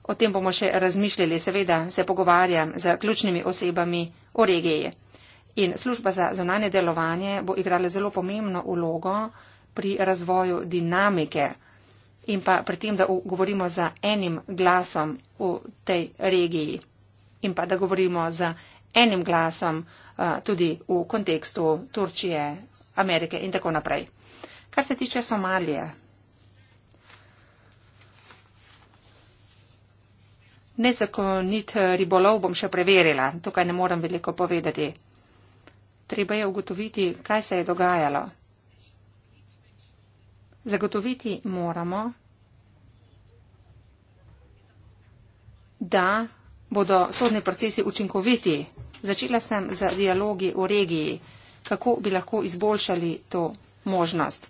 O tem bomo še razmišljali. Seveda se pogovarjam z ključnimi osebami v regiji. In služba za zonanje delovanje bo igrala zelo pomembno vlogo pri razvoju dinamike in pa pri tem, da govorimo za enim glasom v tej regiji in pa da govorimo za enim glasom eh, tudi v kontekstu Turčije, Amerike in tako naprej. Kar se tiče Somalije, nezakonit eh, ribolov bom še preverila, tukaj ne moram veliko povedati. Treba je ugotoviti, kaj se je dogajalo. Zagotoviti moramo, da bodo sodni procesi učinkoviti Začela sem z dialogi v regiji, kako bi lahko izboljšali to možnost.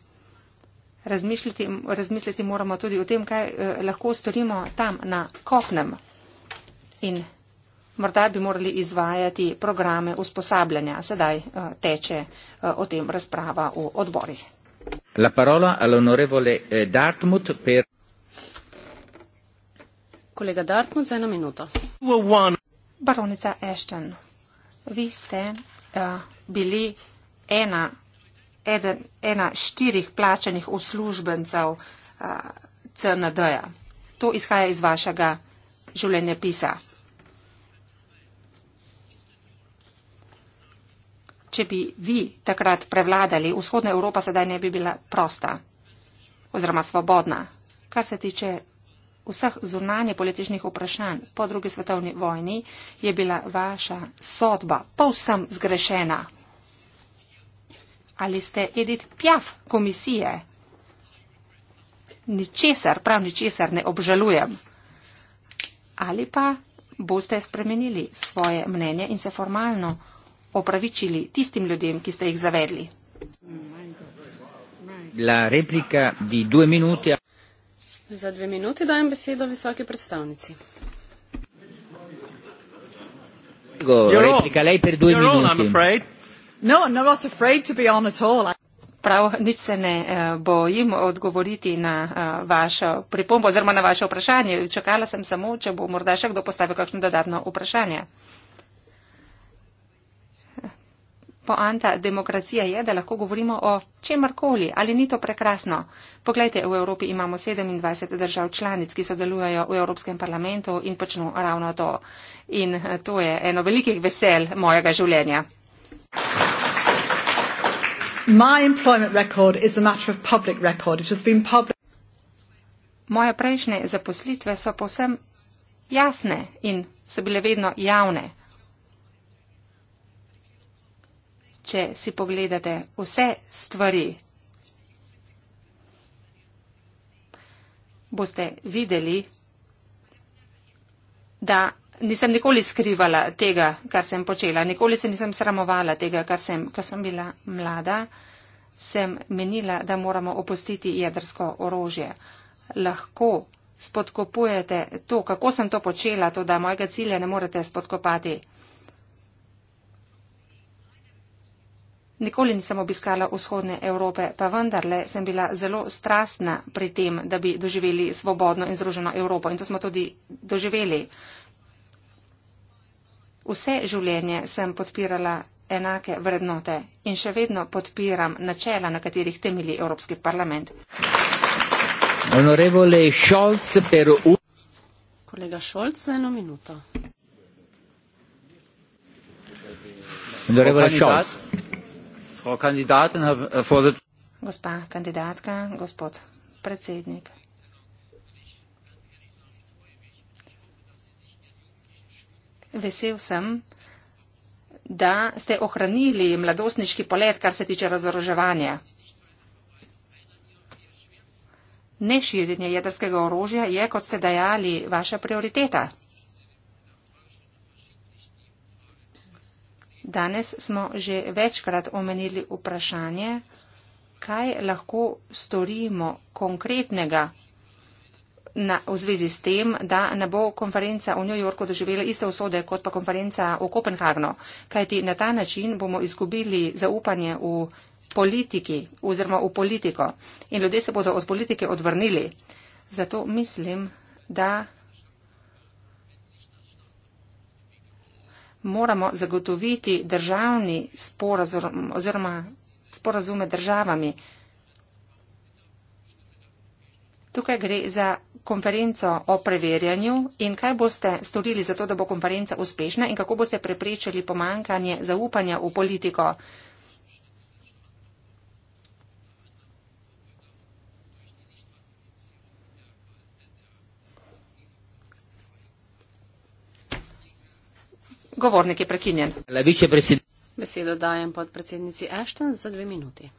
Razmišljati, razmisliti moramo tudi o tem, kaj eh, lahko storimo tam na kopnem. In morda bi morali izvajati programe usposabljanja. Sedaj eh, teče eh, o tem razprava v odborih. La parola all'onorevole eh, Dartmouth per. Kolega Dartmouth za eno minuto. Baronica Ashton vi ste uh, bili ena, eden, ena štirih plačanih uslužbencev uh, eh, CND-ja. To izhaja iz vašega življenjepisa. Če bi vi takrat prevladali, vzhodna Evropa sedaj ne bi bila prosta oziroma svobodna. Kar se tiče vseh zunanje političnih vprašanj po drugi svetovni vojni je bila vaša sodba povsem zgrešena. Ali ste edit pjav komisije? Ničesar, prav ničesar ne obžalujem. Ali pa boste spremenili svoje mnenje in se formalno opravičili tistim ljudem, ki ste jih zavedli? La replika di due minuti. Za dve minuti dajem besedo visoki predstavnici. No, Prav, nič se ne eh, bojim odgovoriti na eh, vašo pripombo oziroma na vaše vprašanje. Čakala sem samo, če bo morda še kdo postavil kakšno dodatno vprašanje. Poanta demokracije je, da lahko govorimo o čemarkoli, ali ni to prekrasno. Poglejte, v Evropi imamo 27 držav članic, ki sodelujejo v Evropskem parlamentu in počnu ravno to. In eh, to je eno velikih vesel mojega življenja. Moje prejšnje zaposlitve so povsem jasne in so bile vedno javne. če si pogledate vse stvari, boste videli, da nisem nikoli skrivala tega, kar sem počela, nikoli se nisem sramovala tega, kar sem, kar sem bila mlada, sem menila, da moramo opustiti jedrsko orožje. Lahko spodkopujete to, kako sem to počela, to, da mojega cilja ne morete spodkopati. Nikoli nisem obiskala vzhodne Evrope, pa vendarle sem bila zelo strastna pri tem, da bi doživeli svobodno in združeno Evropo. In to smo tudi doživeli. Vse življenje sem podpirala enake vrednote in še vedno podpiram načela, na katerih temelji Evropski parlament. Šolc, per... Kolega Šolc, za eno minuto. Frau Kandidatin, Herr Vorsitzender. Gospa kandidatka, gospod predsednik. Vesel sem, da ste ohranili mladostniški polet, kar se tiče razoroževanja. Neširjenje jedrskega orožja je, kot ste dejali, vaša prioriteta. Danes smo že večkrat omenili vprašanje, kaj lahko storimo konkretnega na, v zvezi s tem, da ne bo konferenca v New Yorku doživela iste usode kot pa konferenca v Kopenhagnu. Kajti na ta način bomo izgubili zaupanje v politiki oziroma v politiko in ljudje se bodo od politike odvrnili. Zato mislim, da moramo zagotoviti državni sporazum oziroma sporazume državami. Tukaj gre za konferenco o preverjanju in kaj boste storili za to, da bo konferenca uspešna in kako boste preprečili pomankanje zaupanja v politiko. Govornik je prekinjen. Besedo dajem podpredsednici Ashton za dve minuti.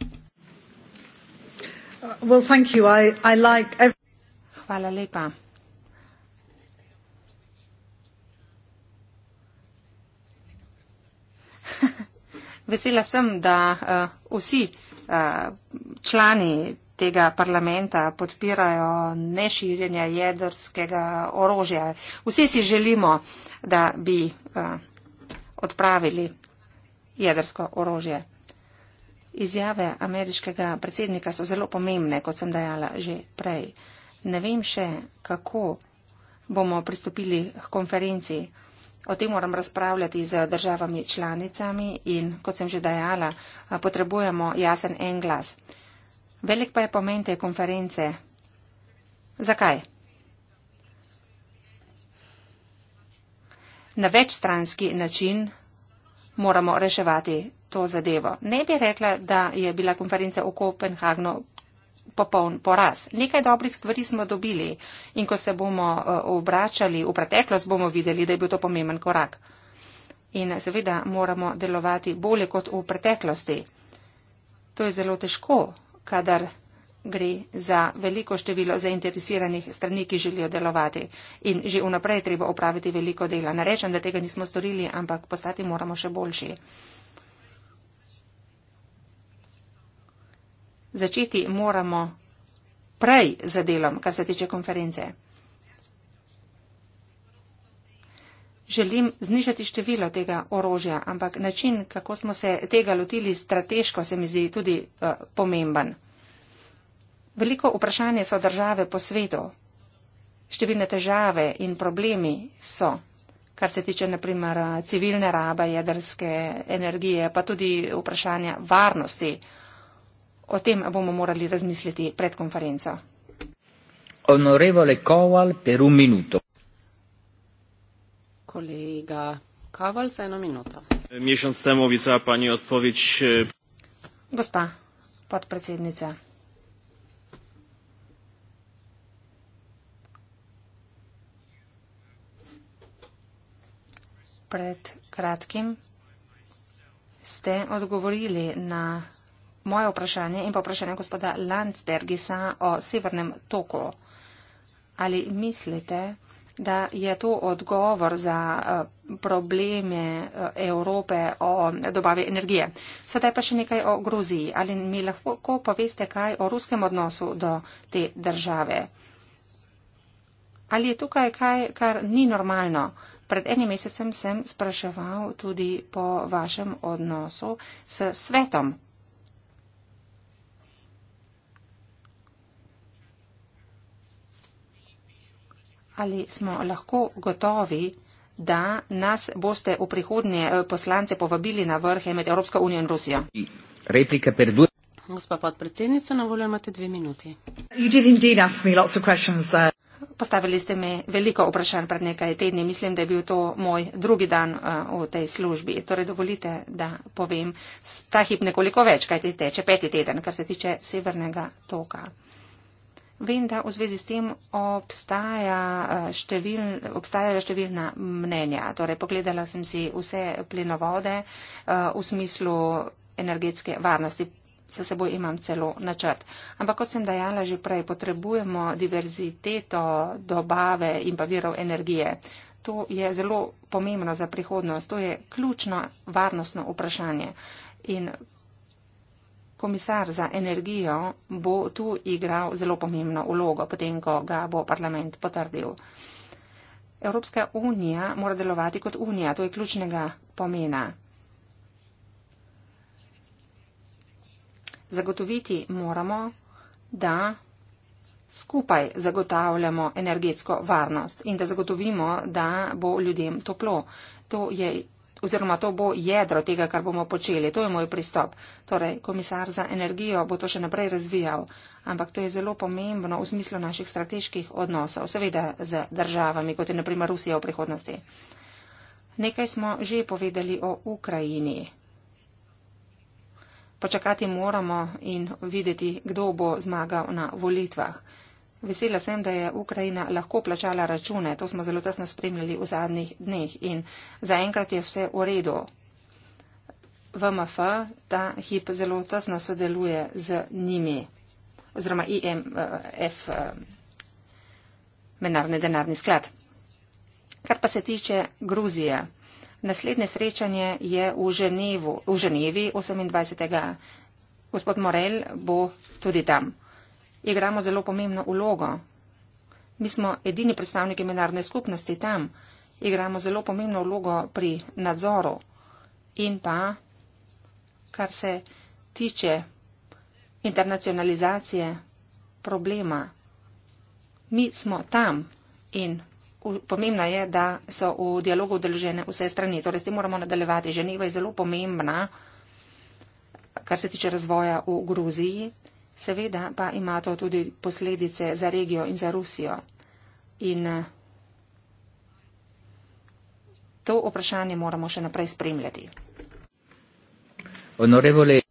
Uh, Hvala lepa. Vesela sem, da uh, vsi uh, člani tega parlamenta podpirajo neširjenje jedrskega orožja. Vsi si želimo, da bi uh, odpravili jedrsko orožje. Izjave ameriškega predsednika so zelo pomembne, kot sem dejala že prej. Ne vem še, kako bomo pristopili k konferenci. O tem moram razpravljati z državami članicami in, kot sem že dejala, potrebujemo jasen en glas. Velik pa je pomen te konference. Zakaj? na večstranski način moramo reševati to zadevo. Ne bi rekla, da je bila konferenca v Kopenhagnu popoln poraz. Nekaj dobrih stvari smo dobili in ko se bomo eh, obračali v preteklost, bomo videli, da je bil to pomemben korak. In seveda moramo delovati bolje kot v preteklosti. To je zelo težko, kadar gre za veliko število zainteresiranih strani, ki želijo delovati in že vnaprej treba opraviti veliko dela. Ne rečem, da tega nismo storili, ampak postati moramo še boljši. Začeti moramo prej za delom, kar se tiče konference. Želim znižati število tega orožja, ampak način, kako smo se tega lotili strateško, se mi zdi tudi uh, pomemben. Veliko vprašanje so države po svetu. Številne težave in problemi so, kar se tiče naprimer civilne rabe jedrske energije, pa tudi vprašanja varnosti. O tem bomo morali razmisliti pred konferenco. Honorevole Koval, per un minuto. Kolega Koval, za eno minuto. Mišljen s tem, obica, pa ni odpovič. E, Gospa podpredsednica. pred kratkim ste odgovorili na moje vprašanje in pa vprašanje gospoda Landsbergisa o severnem toku. Ali mislite, da je to odgovor za eh, probleme eh, Evrope o dobavi energije? Sedaj pa še nekaj o Gruziji. Ali mi lahko poveste kaj o ruskem odnosu do te države? Ali je tukaj kaj, kar ni normalno? Pred enim mesecem sem spraševal tudi po vašem odnosu s svetom. Ali smo lahko gotovi, da nas boste v prihodnje eh, poslance povabili na vrhe med Evropsko unijo in Rusijo? Replika perduje. Gospa podpredsednica, na voljo imate dve minuti postavili ste mi veliko vprašanj pred nekaj tedni. Mislim, da je bil to moj drugi dan eh, v tej službi. Torej, dovolite, da povem ta hip nekoliko več, kaj ti teče peti teden, kar se tiče Severnega toka. Vem, da v zvezi s tem obstaja eh, števil, obstajajo številna mnenja. Torej, pogledala sem si vse plinovode eh, v smislu energetske varnosti za seboj imam celo načrt. Ampak kot sem dejala že prej, potrebujemo diverziteto dobave in pa virov energije. To je zelo pomembno za prihodnost, to je ključno varnostno vprašanje. In komisar za energijo bo tu igral zelo pomembno vlogo, potem ko ga bo parlament potrdil. Evropska unija mora delovati kot unija, to je ključnega pomena. Zagotoviti moramo, da skupaj zagotavljamo energetsko varnost in da zagotovimo, da bo ljudem toplo. To je, oziroma to bo jedro tega, kar bomo počeli. To je moj pristop. Torej, komisar za energijo bo to še naprej razvijal, ampak to je zelo pomembno v smislu naših strateških odnosov, seveda z državami, kot je naprimer Rusija v prihodnosti. Nekaj smo že povedali o Ukrajini počakati moramo in videti, kdo bo zmagal na volitvah. Vesela sem, da je Ukrajina lahko plačala račune, to smo zelo tesno spremljali v zadnjih dneh in zaenkrat je vse v redu. VMF ta hip zelo tesno sodeluje z njimi oziroma IMF, eh, Menarni denarni sklad. Kar pa se tiče Gruzije, Naslednje srečanje je v, Ženevu, v Ženevi 28. Gospod Morel bo tudi tam. Igramo zelo pomembno ulogo. Mi smo edini predstavniki mednarodne skupnosti tam. Igramo zelo pomembno vlogo pri nadzoru in pa, kar se tiče internacionalizacije problema. Mi smo tam in pomembno je, da so v dialogu deležene vse strani. Torej, s tem moramo nadaljevati. Ženeva je zelo pomembna, kar se tiče razvoja v Gruziji. Seveda pa ima to tudi posledice za regijo in za Rusijo. In eh, to vprašanje moramo še naprej spremljati. Honorevole.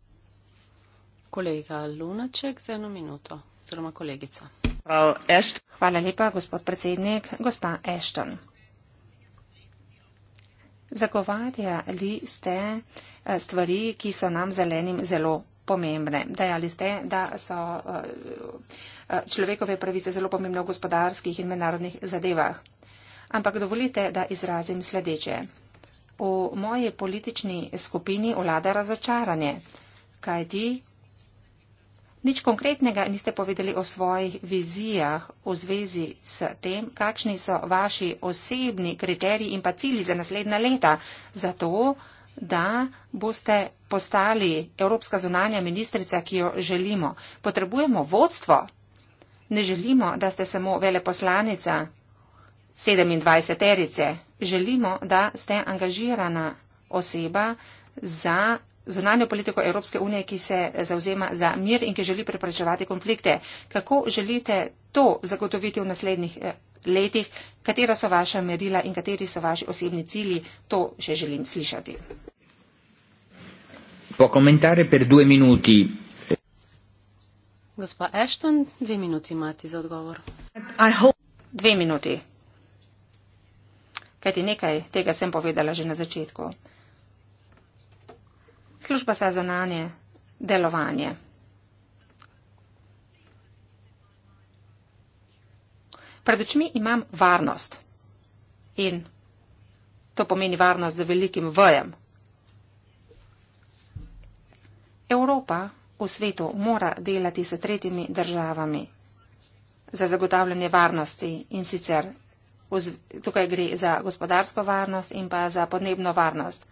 Kolega Lunaček za eno minuto, oziroma kolegica. Hvala lepa, gospod predsednik. Gospa Ashton. Zagovarjali ste eh, stvari, ki so nam zelenim zelo pomembne. Dajali ste, da so eh, eh, človekove pravice zelo pomembne v gospodarskih in mednarodnih zadevah. Ampak dovolite, da izrazim sledeče. V moji politični skupini vlada razočaranje, kajti nič konkretnega niste povedali o svojih vizijah v zvezi s tem, kakšni so vaši osebni kriteriji in pa cilji za naslednja leta, zato da boste postali Evropska zunanja ministrica, ki jo želimo. Potrebujemo vodstvo. Ne želimo, da ste samo veleposlanica 27 erice. Želimo, da ste angažirana oseba za zunanjo politiko Evropske unije, ki se zauzema za mir in ki želi preprečevati konflikte. Kako želite to zagotoviti v naslednjih eh, letih? Katera so vaša merila in kateri so vaši osebni cilji? To še želim slišati. Po komentare per due minuti. Gospa Ashton, dve minuti imate za odgovor. Dve minuti. Kajti nekaj tega sem povedala že na začetku služba za zonanje delovanje. Pred očmi imam varnost in to pomeni varnost za velikim vojem. Evropa v svetu mora delati s tretjimi državami za zagotavljanje varnosti in sicer tukaj gre za gospodarsko varnost in pa za podnebno varnost.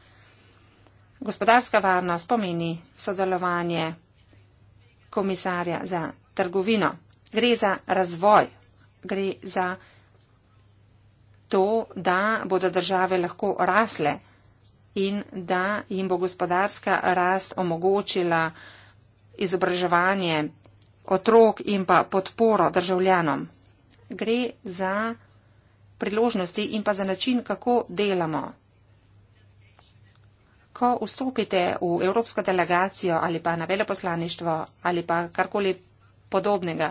Gospodarska varnost pomeni sodelovanje komisarja za trgovino. Gre za razvoj, gre za to, da bodo države lahko rasle in da jim bo gospodarska rast omogočila izobraževanje otrok in pa podporo državljanom. Gre za priložnosti in pa za način, kako delamo ko vstopite v evropsko delegacijo ali pa na veleposlaništvo ali pa karkoli podobnega,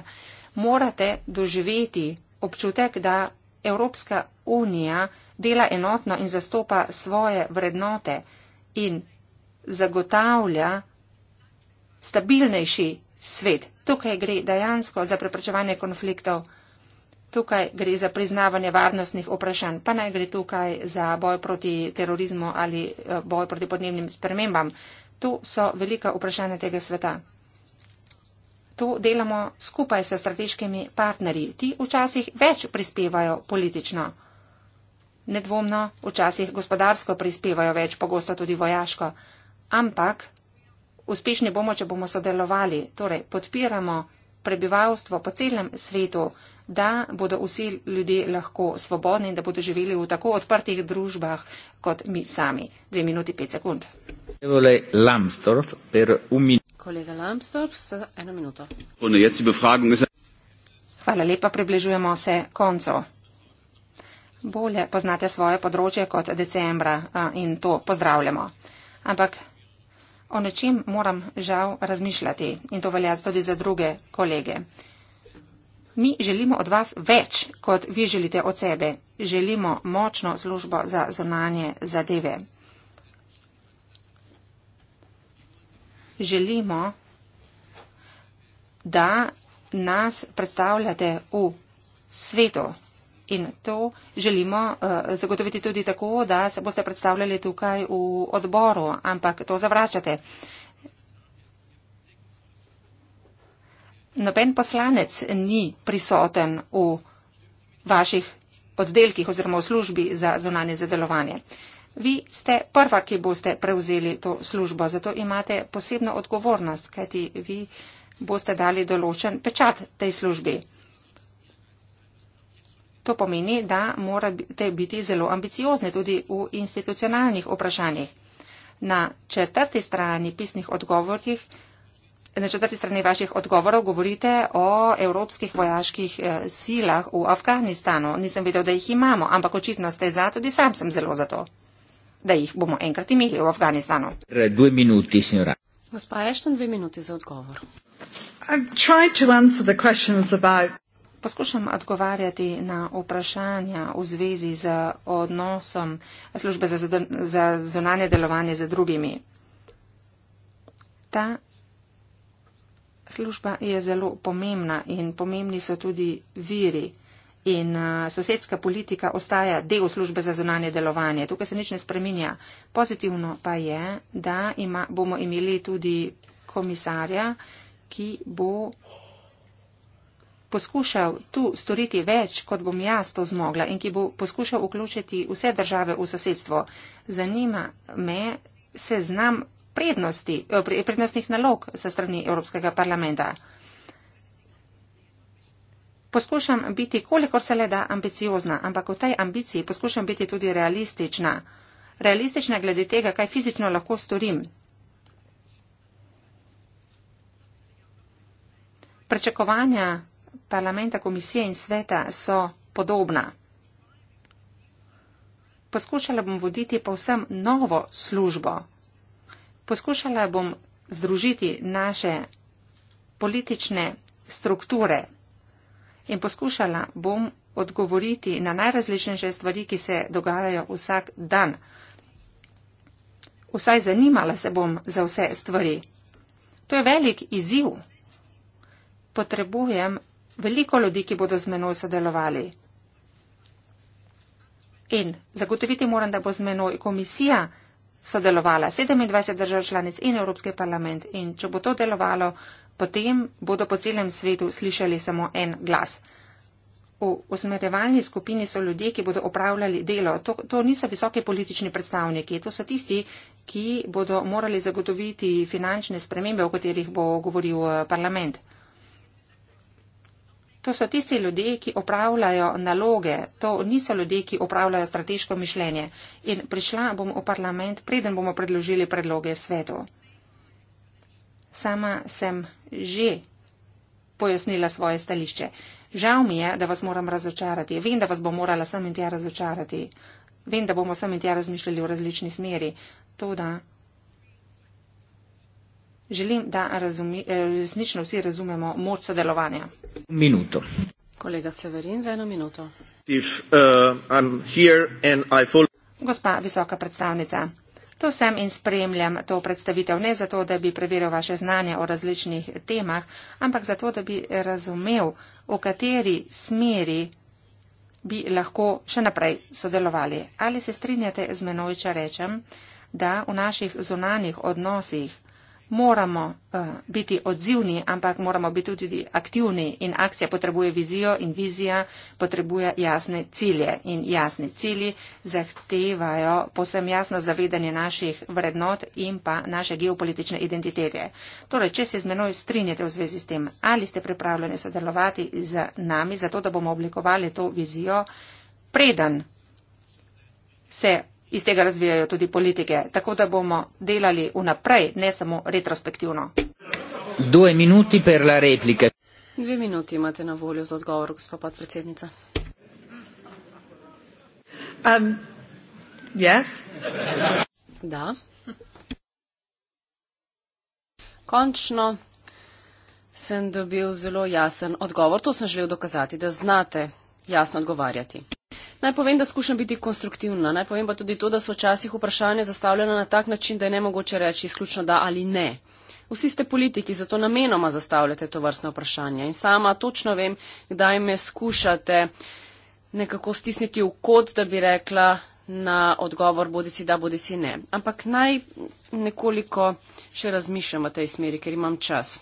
morate doživeti občutek, da Evropska unija dela enotno in zastopa svoje vrednote in zagotavlja stabilnejši svet. Tukaj gre dejansko za preprečevanje konfliktov. Tukaj gre za priznavanje varnostnih vprašanj, pa naj gre tukaj za boj proti terorizmu ali eh, boj proti podnebnim spremembam. Tu so velika vprašanja tega sveta. Tu delamo skupaj s strateškimi partnerji. Ti včasih več prispevajo politično. Nedvomno, včasih gospodarsko prispevajo več, pogosto tudi vojaško. Ampak uspešni bomo, če bomo sodelovali. Torej, podpiramo prebivalstvo po celem svetu da bodo vsi ljudje lahko svobodni in da bodo živeli v tako odprtih družbah kot mi sami. Dve minuti pet sekund. Kolega Lambsdorff, eno minuto. Hvala lepa, približujemo se koncu. Bolje poznate svoje področje kot decembra in to pozdravljamo. Ampak o nečem moram žal razmišljati in to velja tudi za druge kolege. Mi želimo od vas več, kot vi želite od sebe. Želimo močno službo za zonanje zadeve. Želimo, da nas predstavljate v svetu. In to želimo uh, zagotoviti tudi tako, da se boste predstavljali tukaj v odboru, ampak to zavračate. Uh, noben poslanec ni prisoten v vaših oddelkih oziroma v službi za zunanje zadelovanje. Vi ste prva, ki boste prevzeli to službo, zato imate posebno odgovornost, kajti vi boste dali določen pečat tej službi. To pomeni, da morate biti zelo ambiciozni tudi v institucionalnih vprašanjih. Na četrti strani pisnih odgovorjih Na četrti strani vaših odgovorov govorite o evropskih vojaških eh, silah v Afganistanu. Nisem vedel, da jih imamo, ampak očitno ste za, tudi sam sem zelo za to, da jih bomo enkrat imeli v Afganistanu. Torej, dve minuti, signora. Gospa Ešten, dve minuti za odgovor. Poskušam odgovarjati na vprašanja v zvezi z odnosom službe za zunanje delovanje z drugimi. Ta Služba je zelo pomembna in pomembni so tudi viri. In uh, sosedska politika ostaja del službe za zunanje delovanje. Tukaj se nič ne spreminja. Pozitivno pa je, da ima, bomo imeli tudi komisarja, ki bo poskušal tu storiti več, kot bom jaz to zmogla in ki bo poskušal vključiti vse države v sosedstvo. Zanima me, se znam prednosti, eh, prednostnih nalog sa strani Evropskega parlamenta. Poskušam biti kolikor se le da ambiciozna, ampak v tej ambiciji poskušam biti tudi realistična. Realistična glede tega, kaj fizično lahko storim. Prečakovanja parlamenta, komisije in sveta so podobna. Poskušala bom voditi povsem novo službo, Poskušala bom združiti naše politične strukture in poskušala bom odgovoriti na najrazličnejše stvari, ki se dogajajo vsak dan. Vsaj zanimala se bom za vse stvari. To je velik izziv. Potrebujem veliko ljudi, ki bodo z menoj sodelovali. In zagotoviti moram, da bo z menoj komisija sodelovala 27 držav članic in Evropski parlament. In če bo to delovalo, potem bodo po celem svetu slišali samo en glas. V usmerjevalni skupini so ljudje, ki bodo opravljali delo. To, to niso visoke politični predstavniki, to so tisti, ki bodo morali zagotoviti finančne spremembe, o katerih bo govoril eh, parlament. To so tisti ljudje, ki opravljajo naloge, to niso ljudje, ki opravljajo strateško mišljenje. In prišla bom v parlament, preden bomo predložili predloge svetu. Sama sem že pojasnila svoje stališče. Žal mi je, da vas moram razočarati. Vem, da vas bom morala sem in tja razočarati. Vem, da bomo sem in tja razmišljali v različni smeri. To da. Želim, da eh, resnično vsi razumemo moč sodelovanja. Minuto. Kolega Severin, za eno minuto. If, uh, follow... Gospa visoka predstavnica. To sem in spremljam to predstavitev ne zato, da bi preveril vaše znanje o različnih temah, ampak zato, da bi razumel, v kateri smeri bi lahko še naprej sodelovali. Ali se strinjate z menoj, če rečem, da v naših zunanjih odnosih moramo uh, biti odzivni, ampak moramo biti tudi aktivni in akcija potrebuje vizijo in vizija potrebuje jasne cilje in jasni cili zahtevajo posem jasno zavedanje naših vrednot in pa naše geopolitične identitete. Torej, če se z menoj strinjate v zvezi s tem, ali ste pripravljeni sodelovati z nami, zato da bomo oblikovali to vizijo, preden se iz tega razvijajo tudi politike. Tako da bomo delali vnaprej, ne samo retrospektivno. Dve minuti per la replika. Dve minuti imate na voljo za odgovor, gospod podpredsednica. Um, yes. Da. Končno sem dobil zelo jasen odgovor. To sem želel dokazati, da znate jasno odgovarjati. Naj povem, da skušam biti konstruktivna. Naj povem pa tudi to, da so včasih vprašanja zastavljena na tak način, da je ne mogoče reči izključno da ali ne. Vsi ste politiki, zato namenoma zastavljate to vrstno vprašanje. In sama točno vem, kdaj me skušate nekako stisniti v kot, da bi rekla na odgovor bodi si da, bodi si ne. Ampak naj nekoliko še razmišljam v tej smeri, ker imam čas.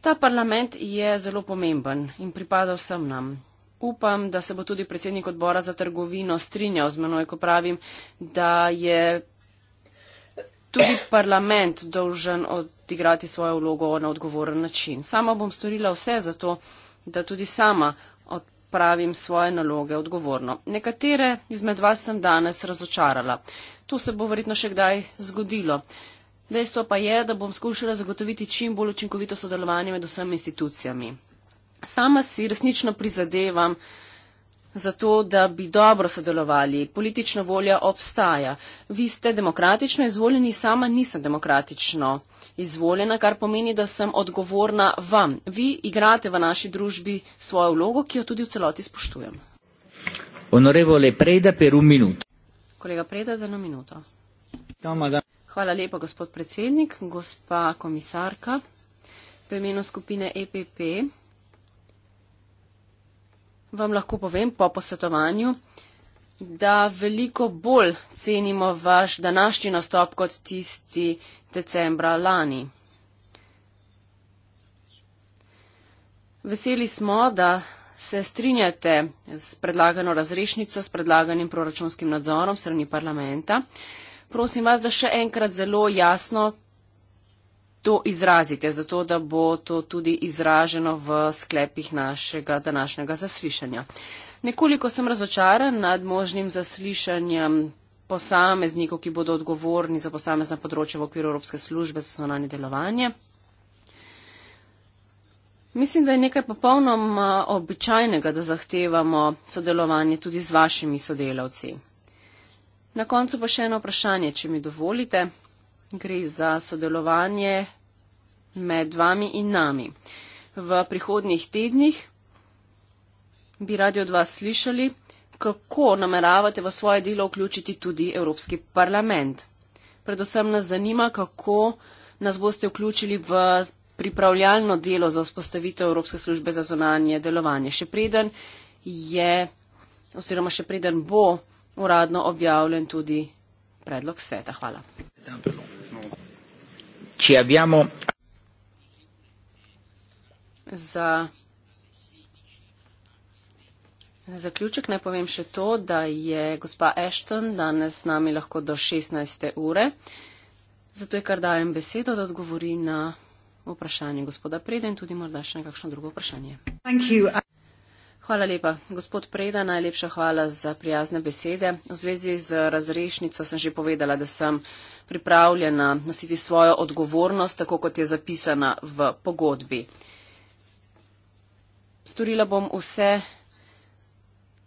Ta parlament je zelo pomemben in pripada vsem nam upam, da se bo tudi predsednik odbora za trgovino strinjal z menoj, ko pravim, da je tudi parlament dolžen odigrati svojo vlogo na odgovoren način. Sama bom storila vse za to, da tudi sama odpravim svoje naloge odgovorno. Nekatere izmed vas sem danes razočarala. To se bo verjetno še kdaj zgodilo. Dejstvo pa je, da bom skušala zagotoviti čim bolj učinkovito sodelovanje med vsemi institucijami. Sama si resnično prizadevam za to, da bi dobro sodelovali. Politična volja obstaja. Vi ste demokratično izvoljeni, sama nisem demokratično izvoljena, kar pomeni, da sem odgovorna vam. Vi igrate v naši družbi svojo vlogo, ki jo tudi v celoti spoštujem. Honorevole Preda, per un minuto. Kolega Preda, za eno minuto. Ja, Hvala lepa, gospod predsednik, gospa komisarka, v imenu skupine EPP vam lahko povem po posvetovanju, da veliko bolj cenimo vaš današnji nastop kot tisti decembra lani. Veseli smo, da se strinjate s predlagano razrešnico, s predlaganim proračunskim nadzorom strani parlamenta. Prosim vas, da še enkrat zelo jasno to izrazite, zato da bo to tudi izraženo v sklepih našega današnjega zaslišanja. Nekoliko sem razočaran nad možnim zaslišanjem posameznikov, ki bodo odgovorni za posamezna področja v okviru Evropske službe za zonanje delovanje. Mislim, da je nekaj popolnoma običajnega, da zahtevamo sodelovanje tudi z vašimi sodelavci. Na koncu pa še eno vprašanje, če mi dovolite gre za sodelovanje med vami in nami. V prihodnih tednih bi radi od vas slišali, kako nameravate v svoje delo vključiti tudi Evropski parlament. Predvsem nas zanima, kako nas boste vključili v pripravljalno delo za vzpostavitev Evropske službe za zonanje delovanje. Še preden je, oziroma še preden bo uradno objavljen tudi predlog sveta. Hvala. Dan, ci abbiamo za zaključek naj povem še to, da je gospa Ashton danes z nami lahko do 16. ure, zato je kar dajem besedo, da odgovori na vprašanje gospoda Preda in tudi morda še na kakšno drugo vprašanje. Hvala lepa. Gospod Preda, najlepša hvala za prijazne besede. V zvezi z razrešnico sem že povedala, da sem pripravljena nositi svojo odgovornost, tako kot je zapisana v pogodbi. Storila bom vse,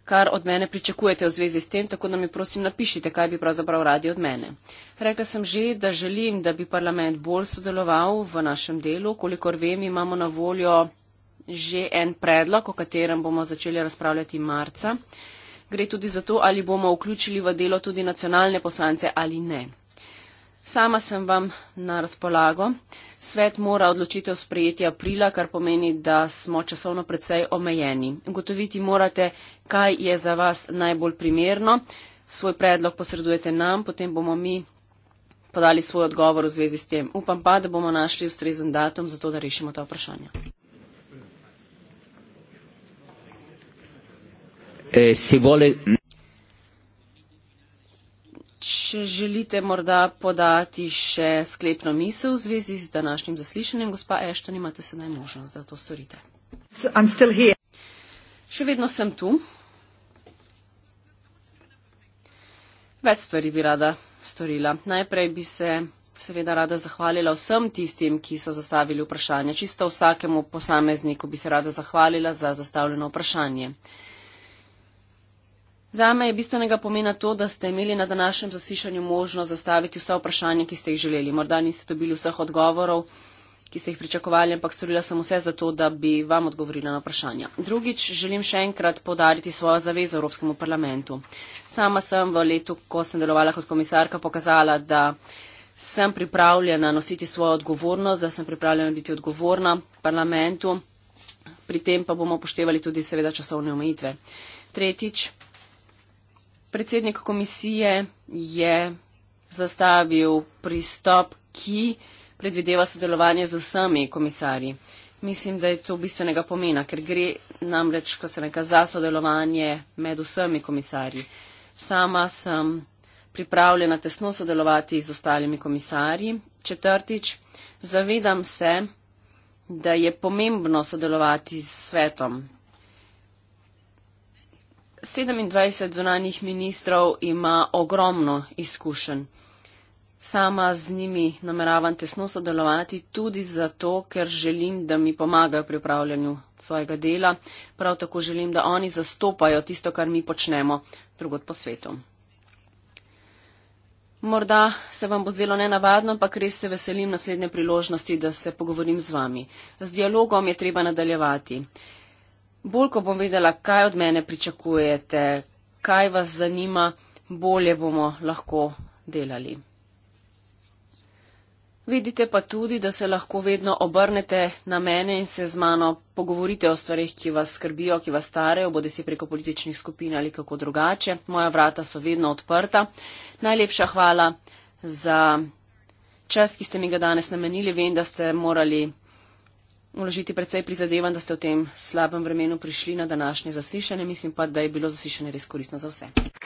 kar od mene pričakujete v zvezi s tem, tako da mi prosim napišite, kaj bi pravzaprav radi od mene. Rekla sem že, da želim, da bi parlament bolj sodeloval v našem delu, kolikor vem, imamo na voljo že en predlog, o katerem bomo začeli razpravljati marca. Gre tudi za to, ali bomo vključili v delo tudi nacionalne poslance ali ne. Sama sem vam na razpolago. Svet mora odločitev sprejeti aprila, kar pomeni, da smo časovno precej omejeni. Gotoviti morate, kaj je za vas najbolj primerno. Svoj predlog posredujete nam, potem bomo mi podali svoj odgovor v zvezi s tem. Upam pa, da bomo našli ustrezen datum za to, da rešimo ta vprašanja. Eh, če želite morda podati še sklepno misel v zvezi z današnjim zaslišanjem, gospa Ešton, imate sedaj možnost, da to storite. Še vedno sem tu. Več stvari bi rada storila. Najprej bi se seveda rada zahvalila vsem tistim, ki so zastavili vprašanje. Čisto vsakemu posamezniku bi se rada zahvalila za zastavljeno vprašanje. Zame je bistvenega pomena to, da ste imeli na današnjem zaslišanju možnost zastaviti vsa vprašanja, ki ste jih želeli. Morda niste dobili vseh odgovorov, ki ste jih pričakovali, ampak storila sem vse za to, da bi vam odgovorila na vprašanja. Drugič, želim še enkrat podariti svojo zavezo Evropskemu parlamentu. Sama sem v letu, ko sem delovala kot komisarka, pokazala, da sem pripravljena nositi svojo odgovornost, da sem pripravljena biti odgovorna parlamentu, pri tem pa bomo upoštevali tudi seveda časovne omejitve. Tretjič, predsednik komisije je zastavil pristop, ki predvideva sodelovanje z vsemi komisarji. Mislim, da je to bistvenega pomena, ker gre namreč, kot se reka, za sodelovanje med vsemi komisarji. Sama sem pripravljena tesno sodelovati z ostalimi komisarji. Četrtič, zavedam se, da je pomembno sodelovati s svetom 27 zunanih ministrov ima ogromno izkušenj. Sama z njimi nameravam tesno sodelovati tudi zato, ker želim, da mi pomagajo pri upravljanju svojega dela. Prav tako želim, da oni zastopajo tisto, kar mi počnemo drugot po svetu. Morda se vam bo zdelo nenavadno, ampak res se veselim naslednje priložnosti, da se pogovorim z vami. Z dialogom je treba nadaljevati. Bolj, ko bom vedela, kaj od mene pričakujete, kaj vas zanima, bolje bomo lahko delali. Vidite pa tudi, da se lahko vedno obrnete na mene in se z mano pogovorite o stvarih, ki vas skrbijo, ki vas starejo, bodi si preko političnih skupin ali kako drugače. Moja vrata so vedno odprta. Najlepša hvala za čas, ki ste mi ga danes namenili. Vem, da ste morali vložiti predvsej prizadevan, da ste v tem slabem vremenu prišli na današnje zaslišanje. Mislim pa, da je bilo zaslišanje res koristno za vse.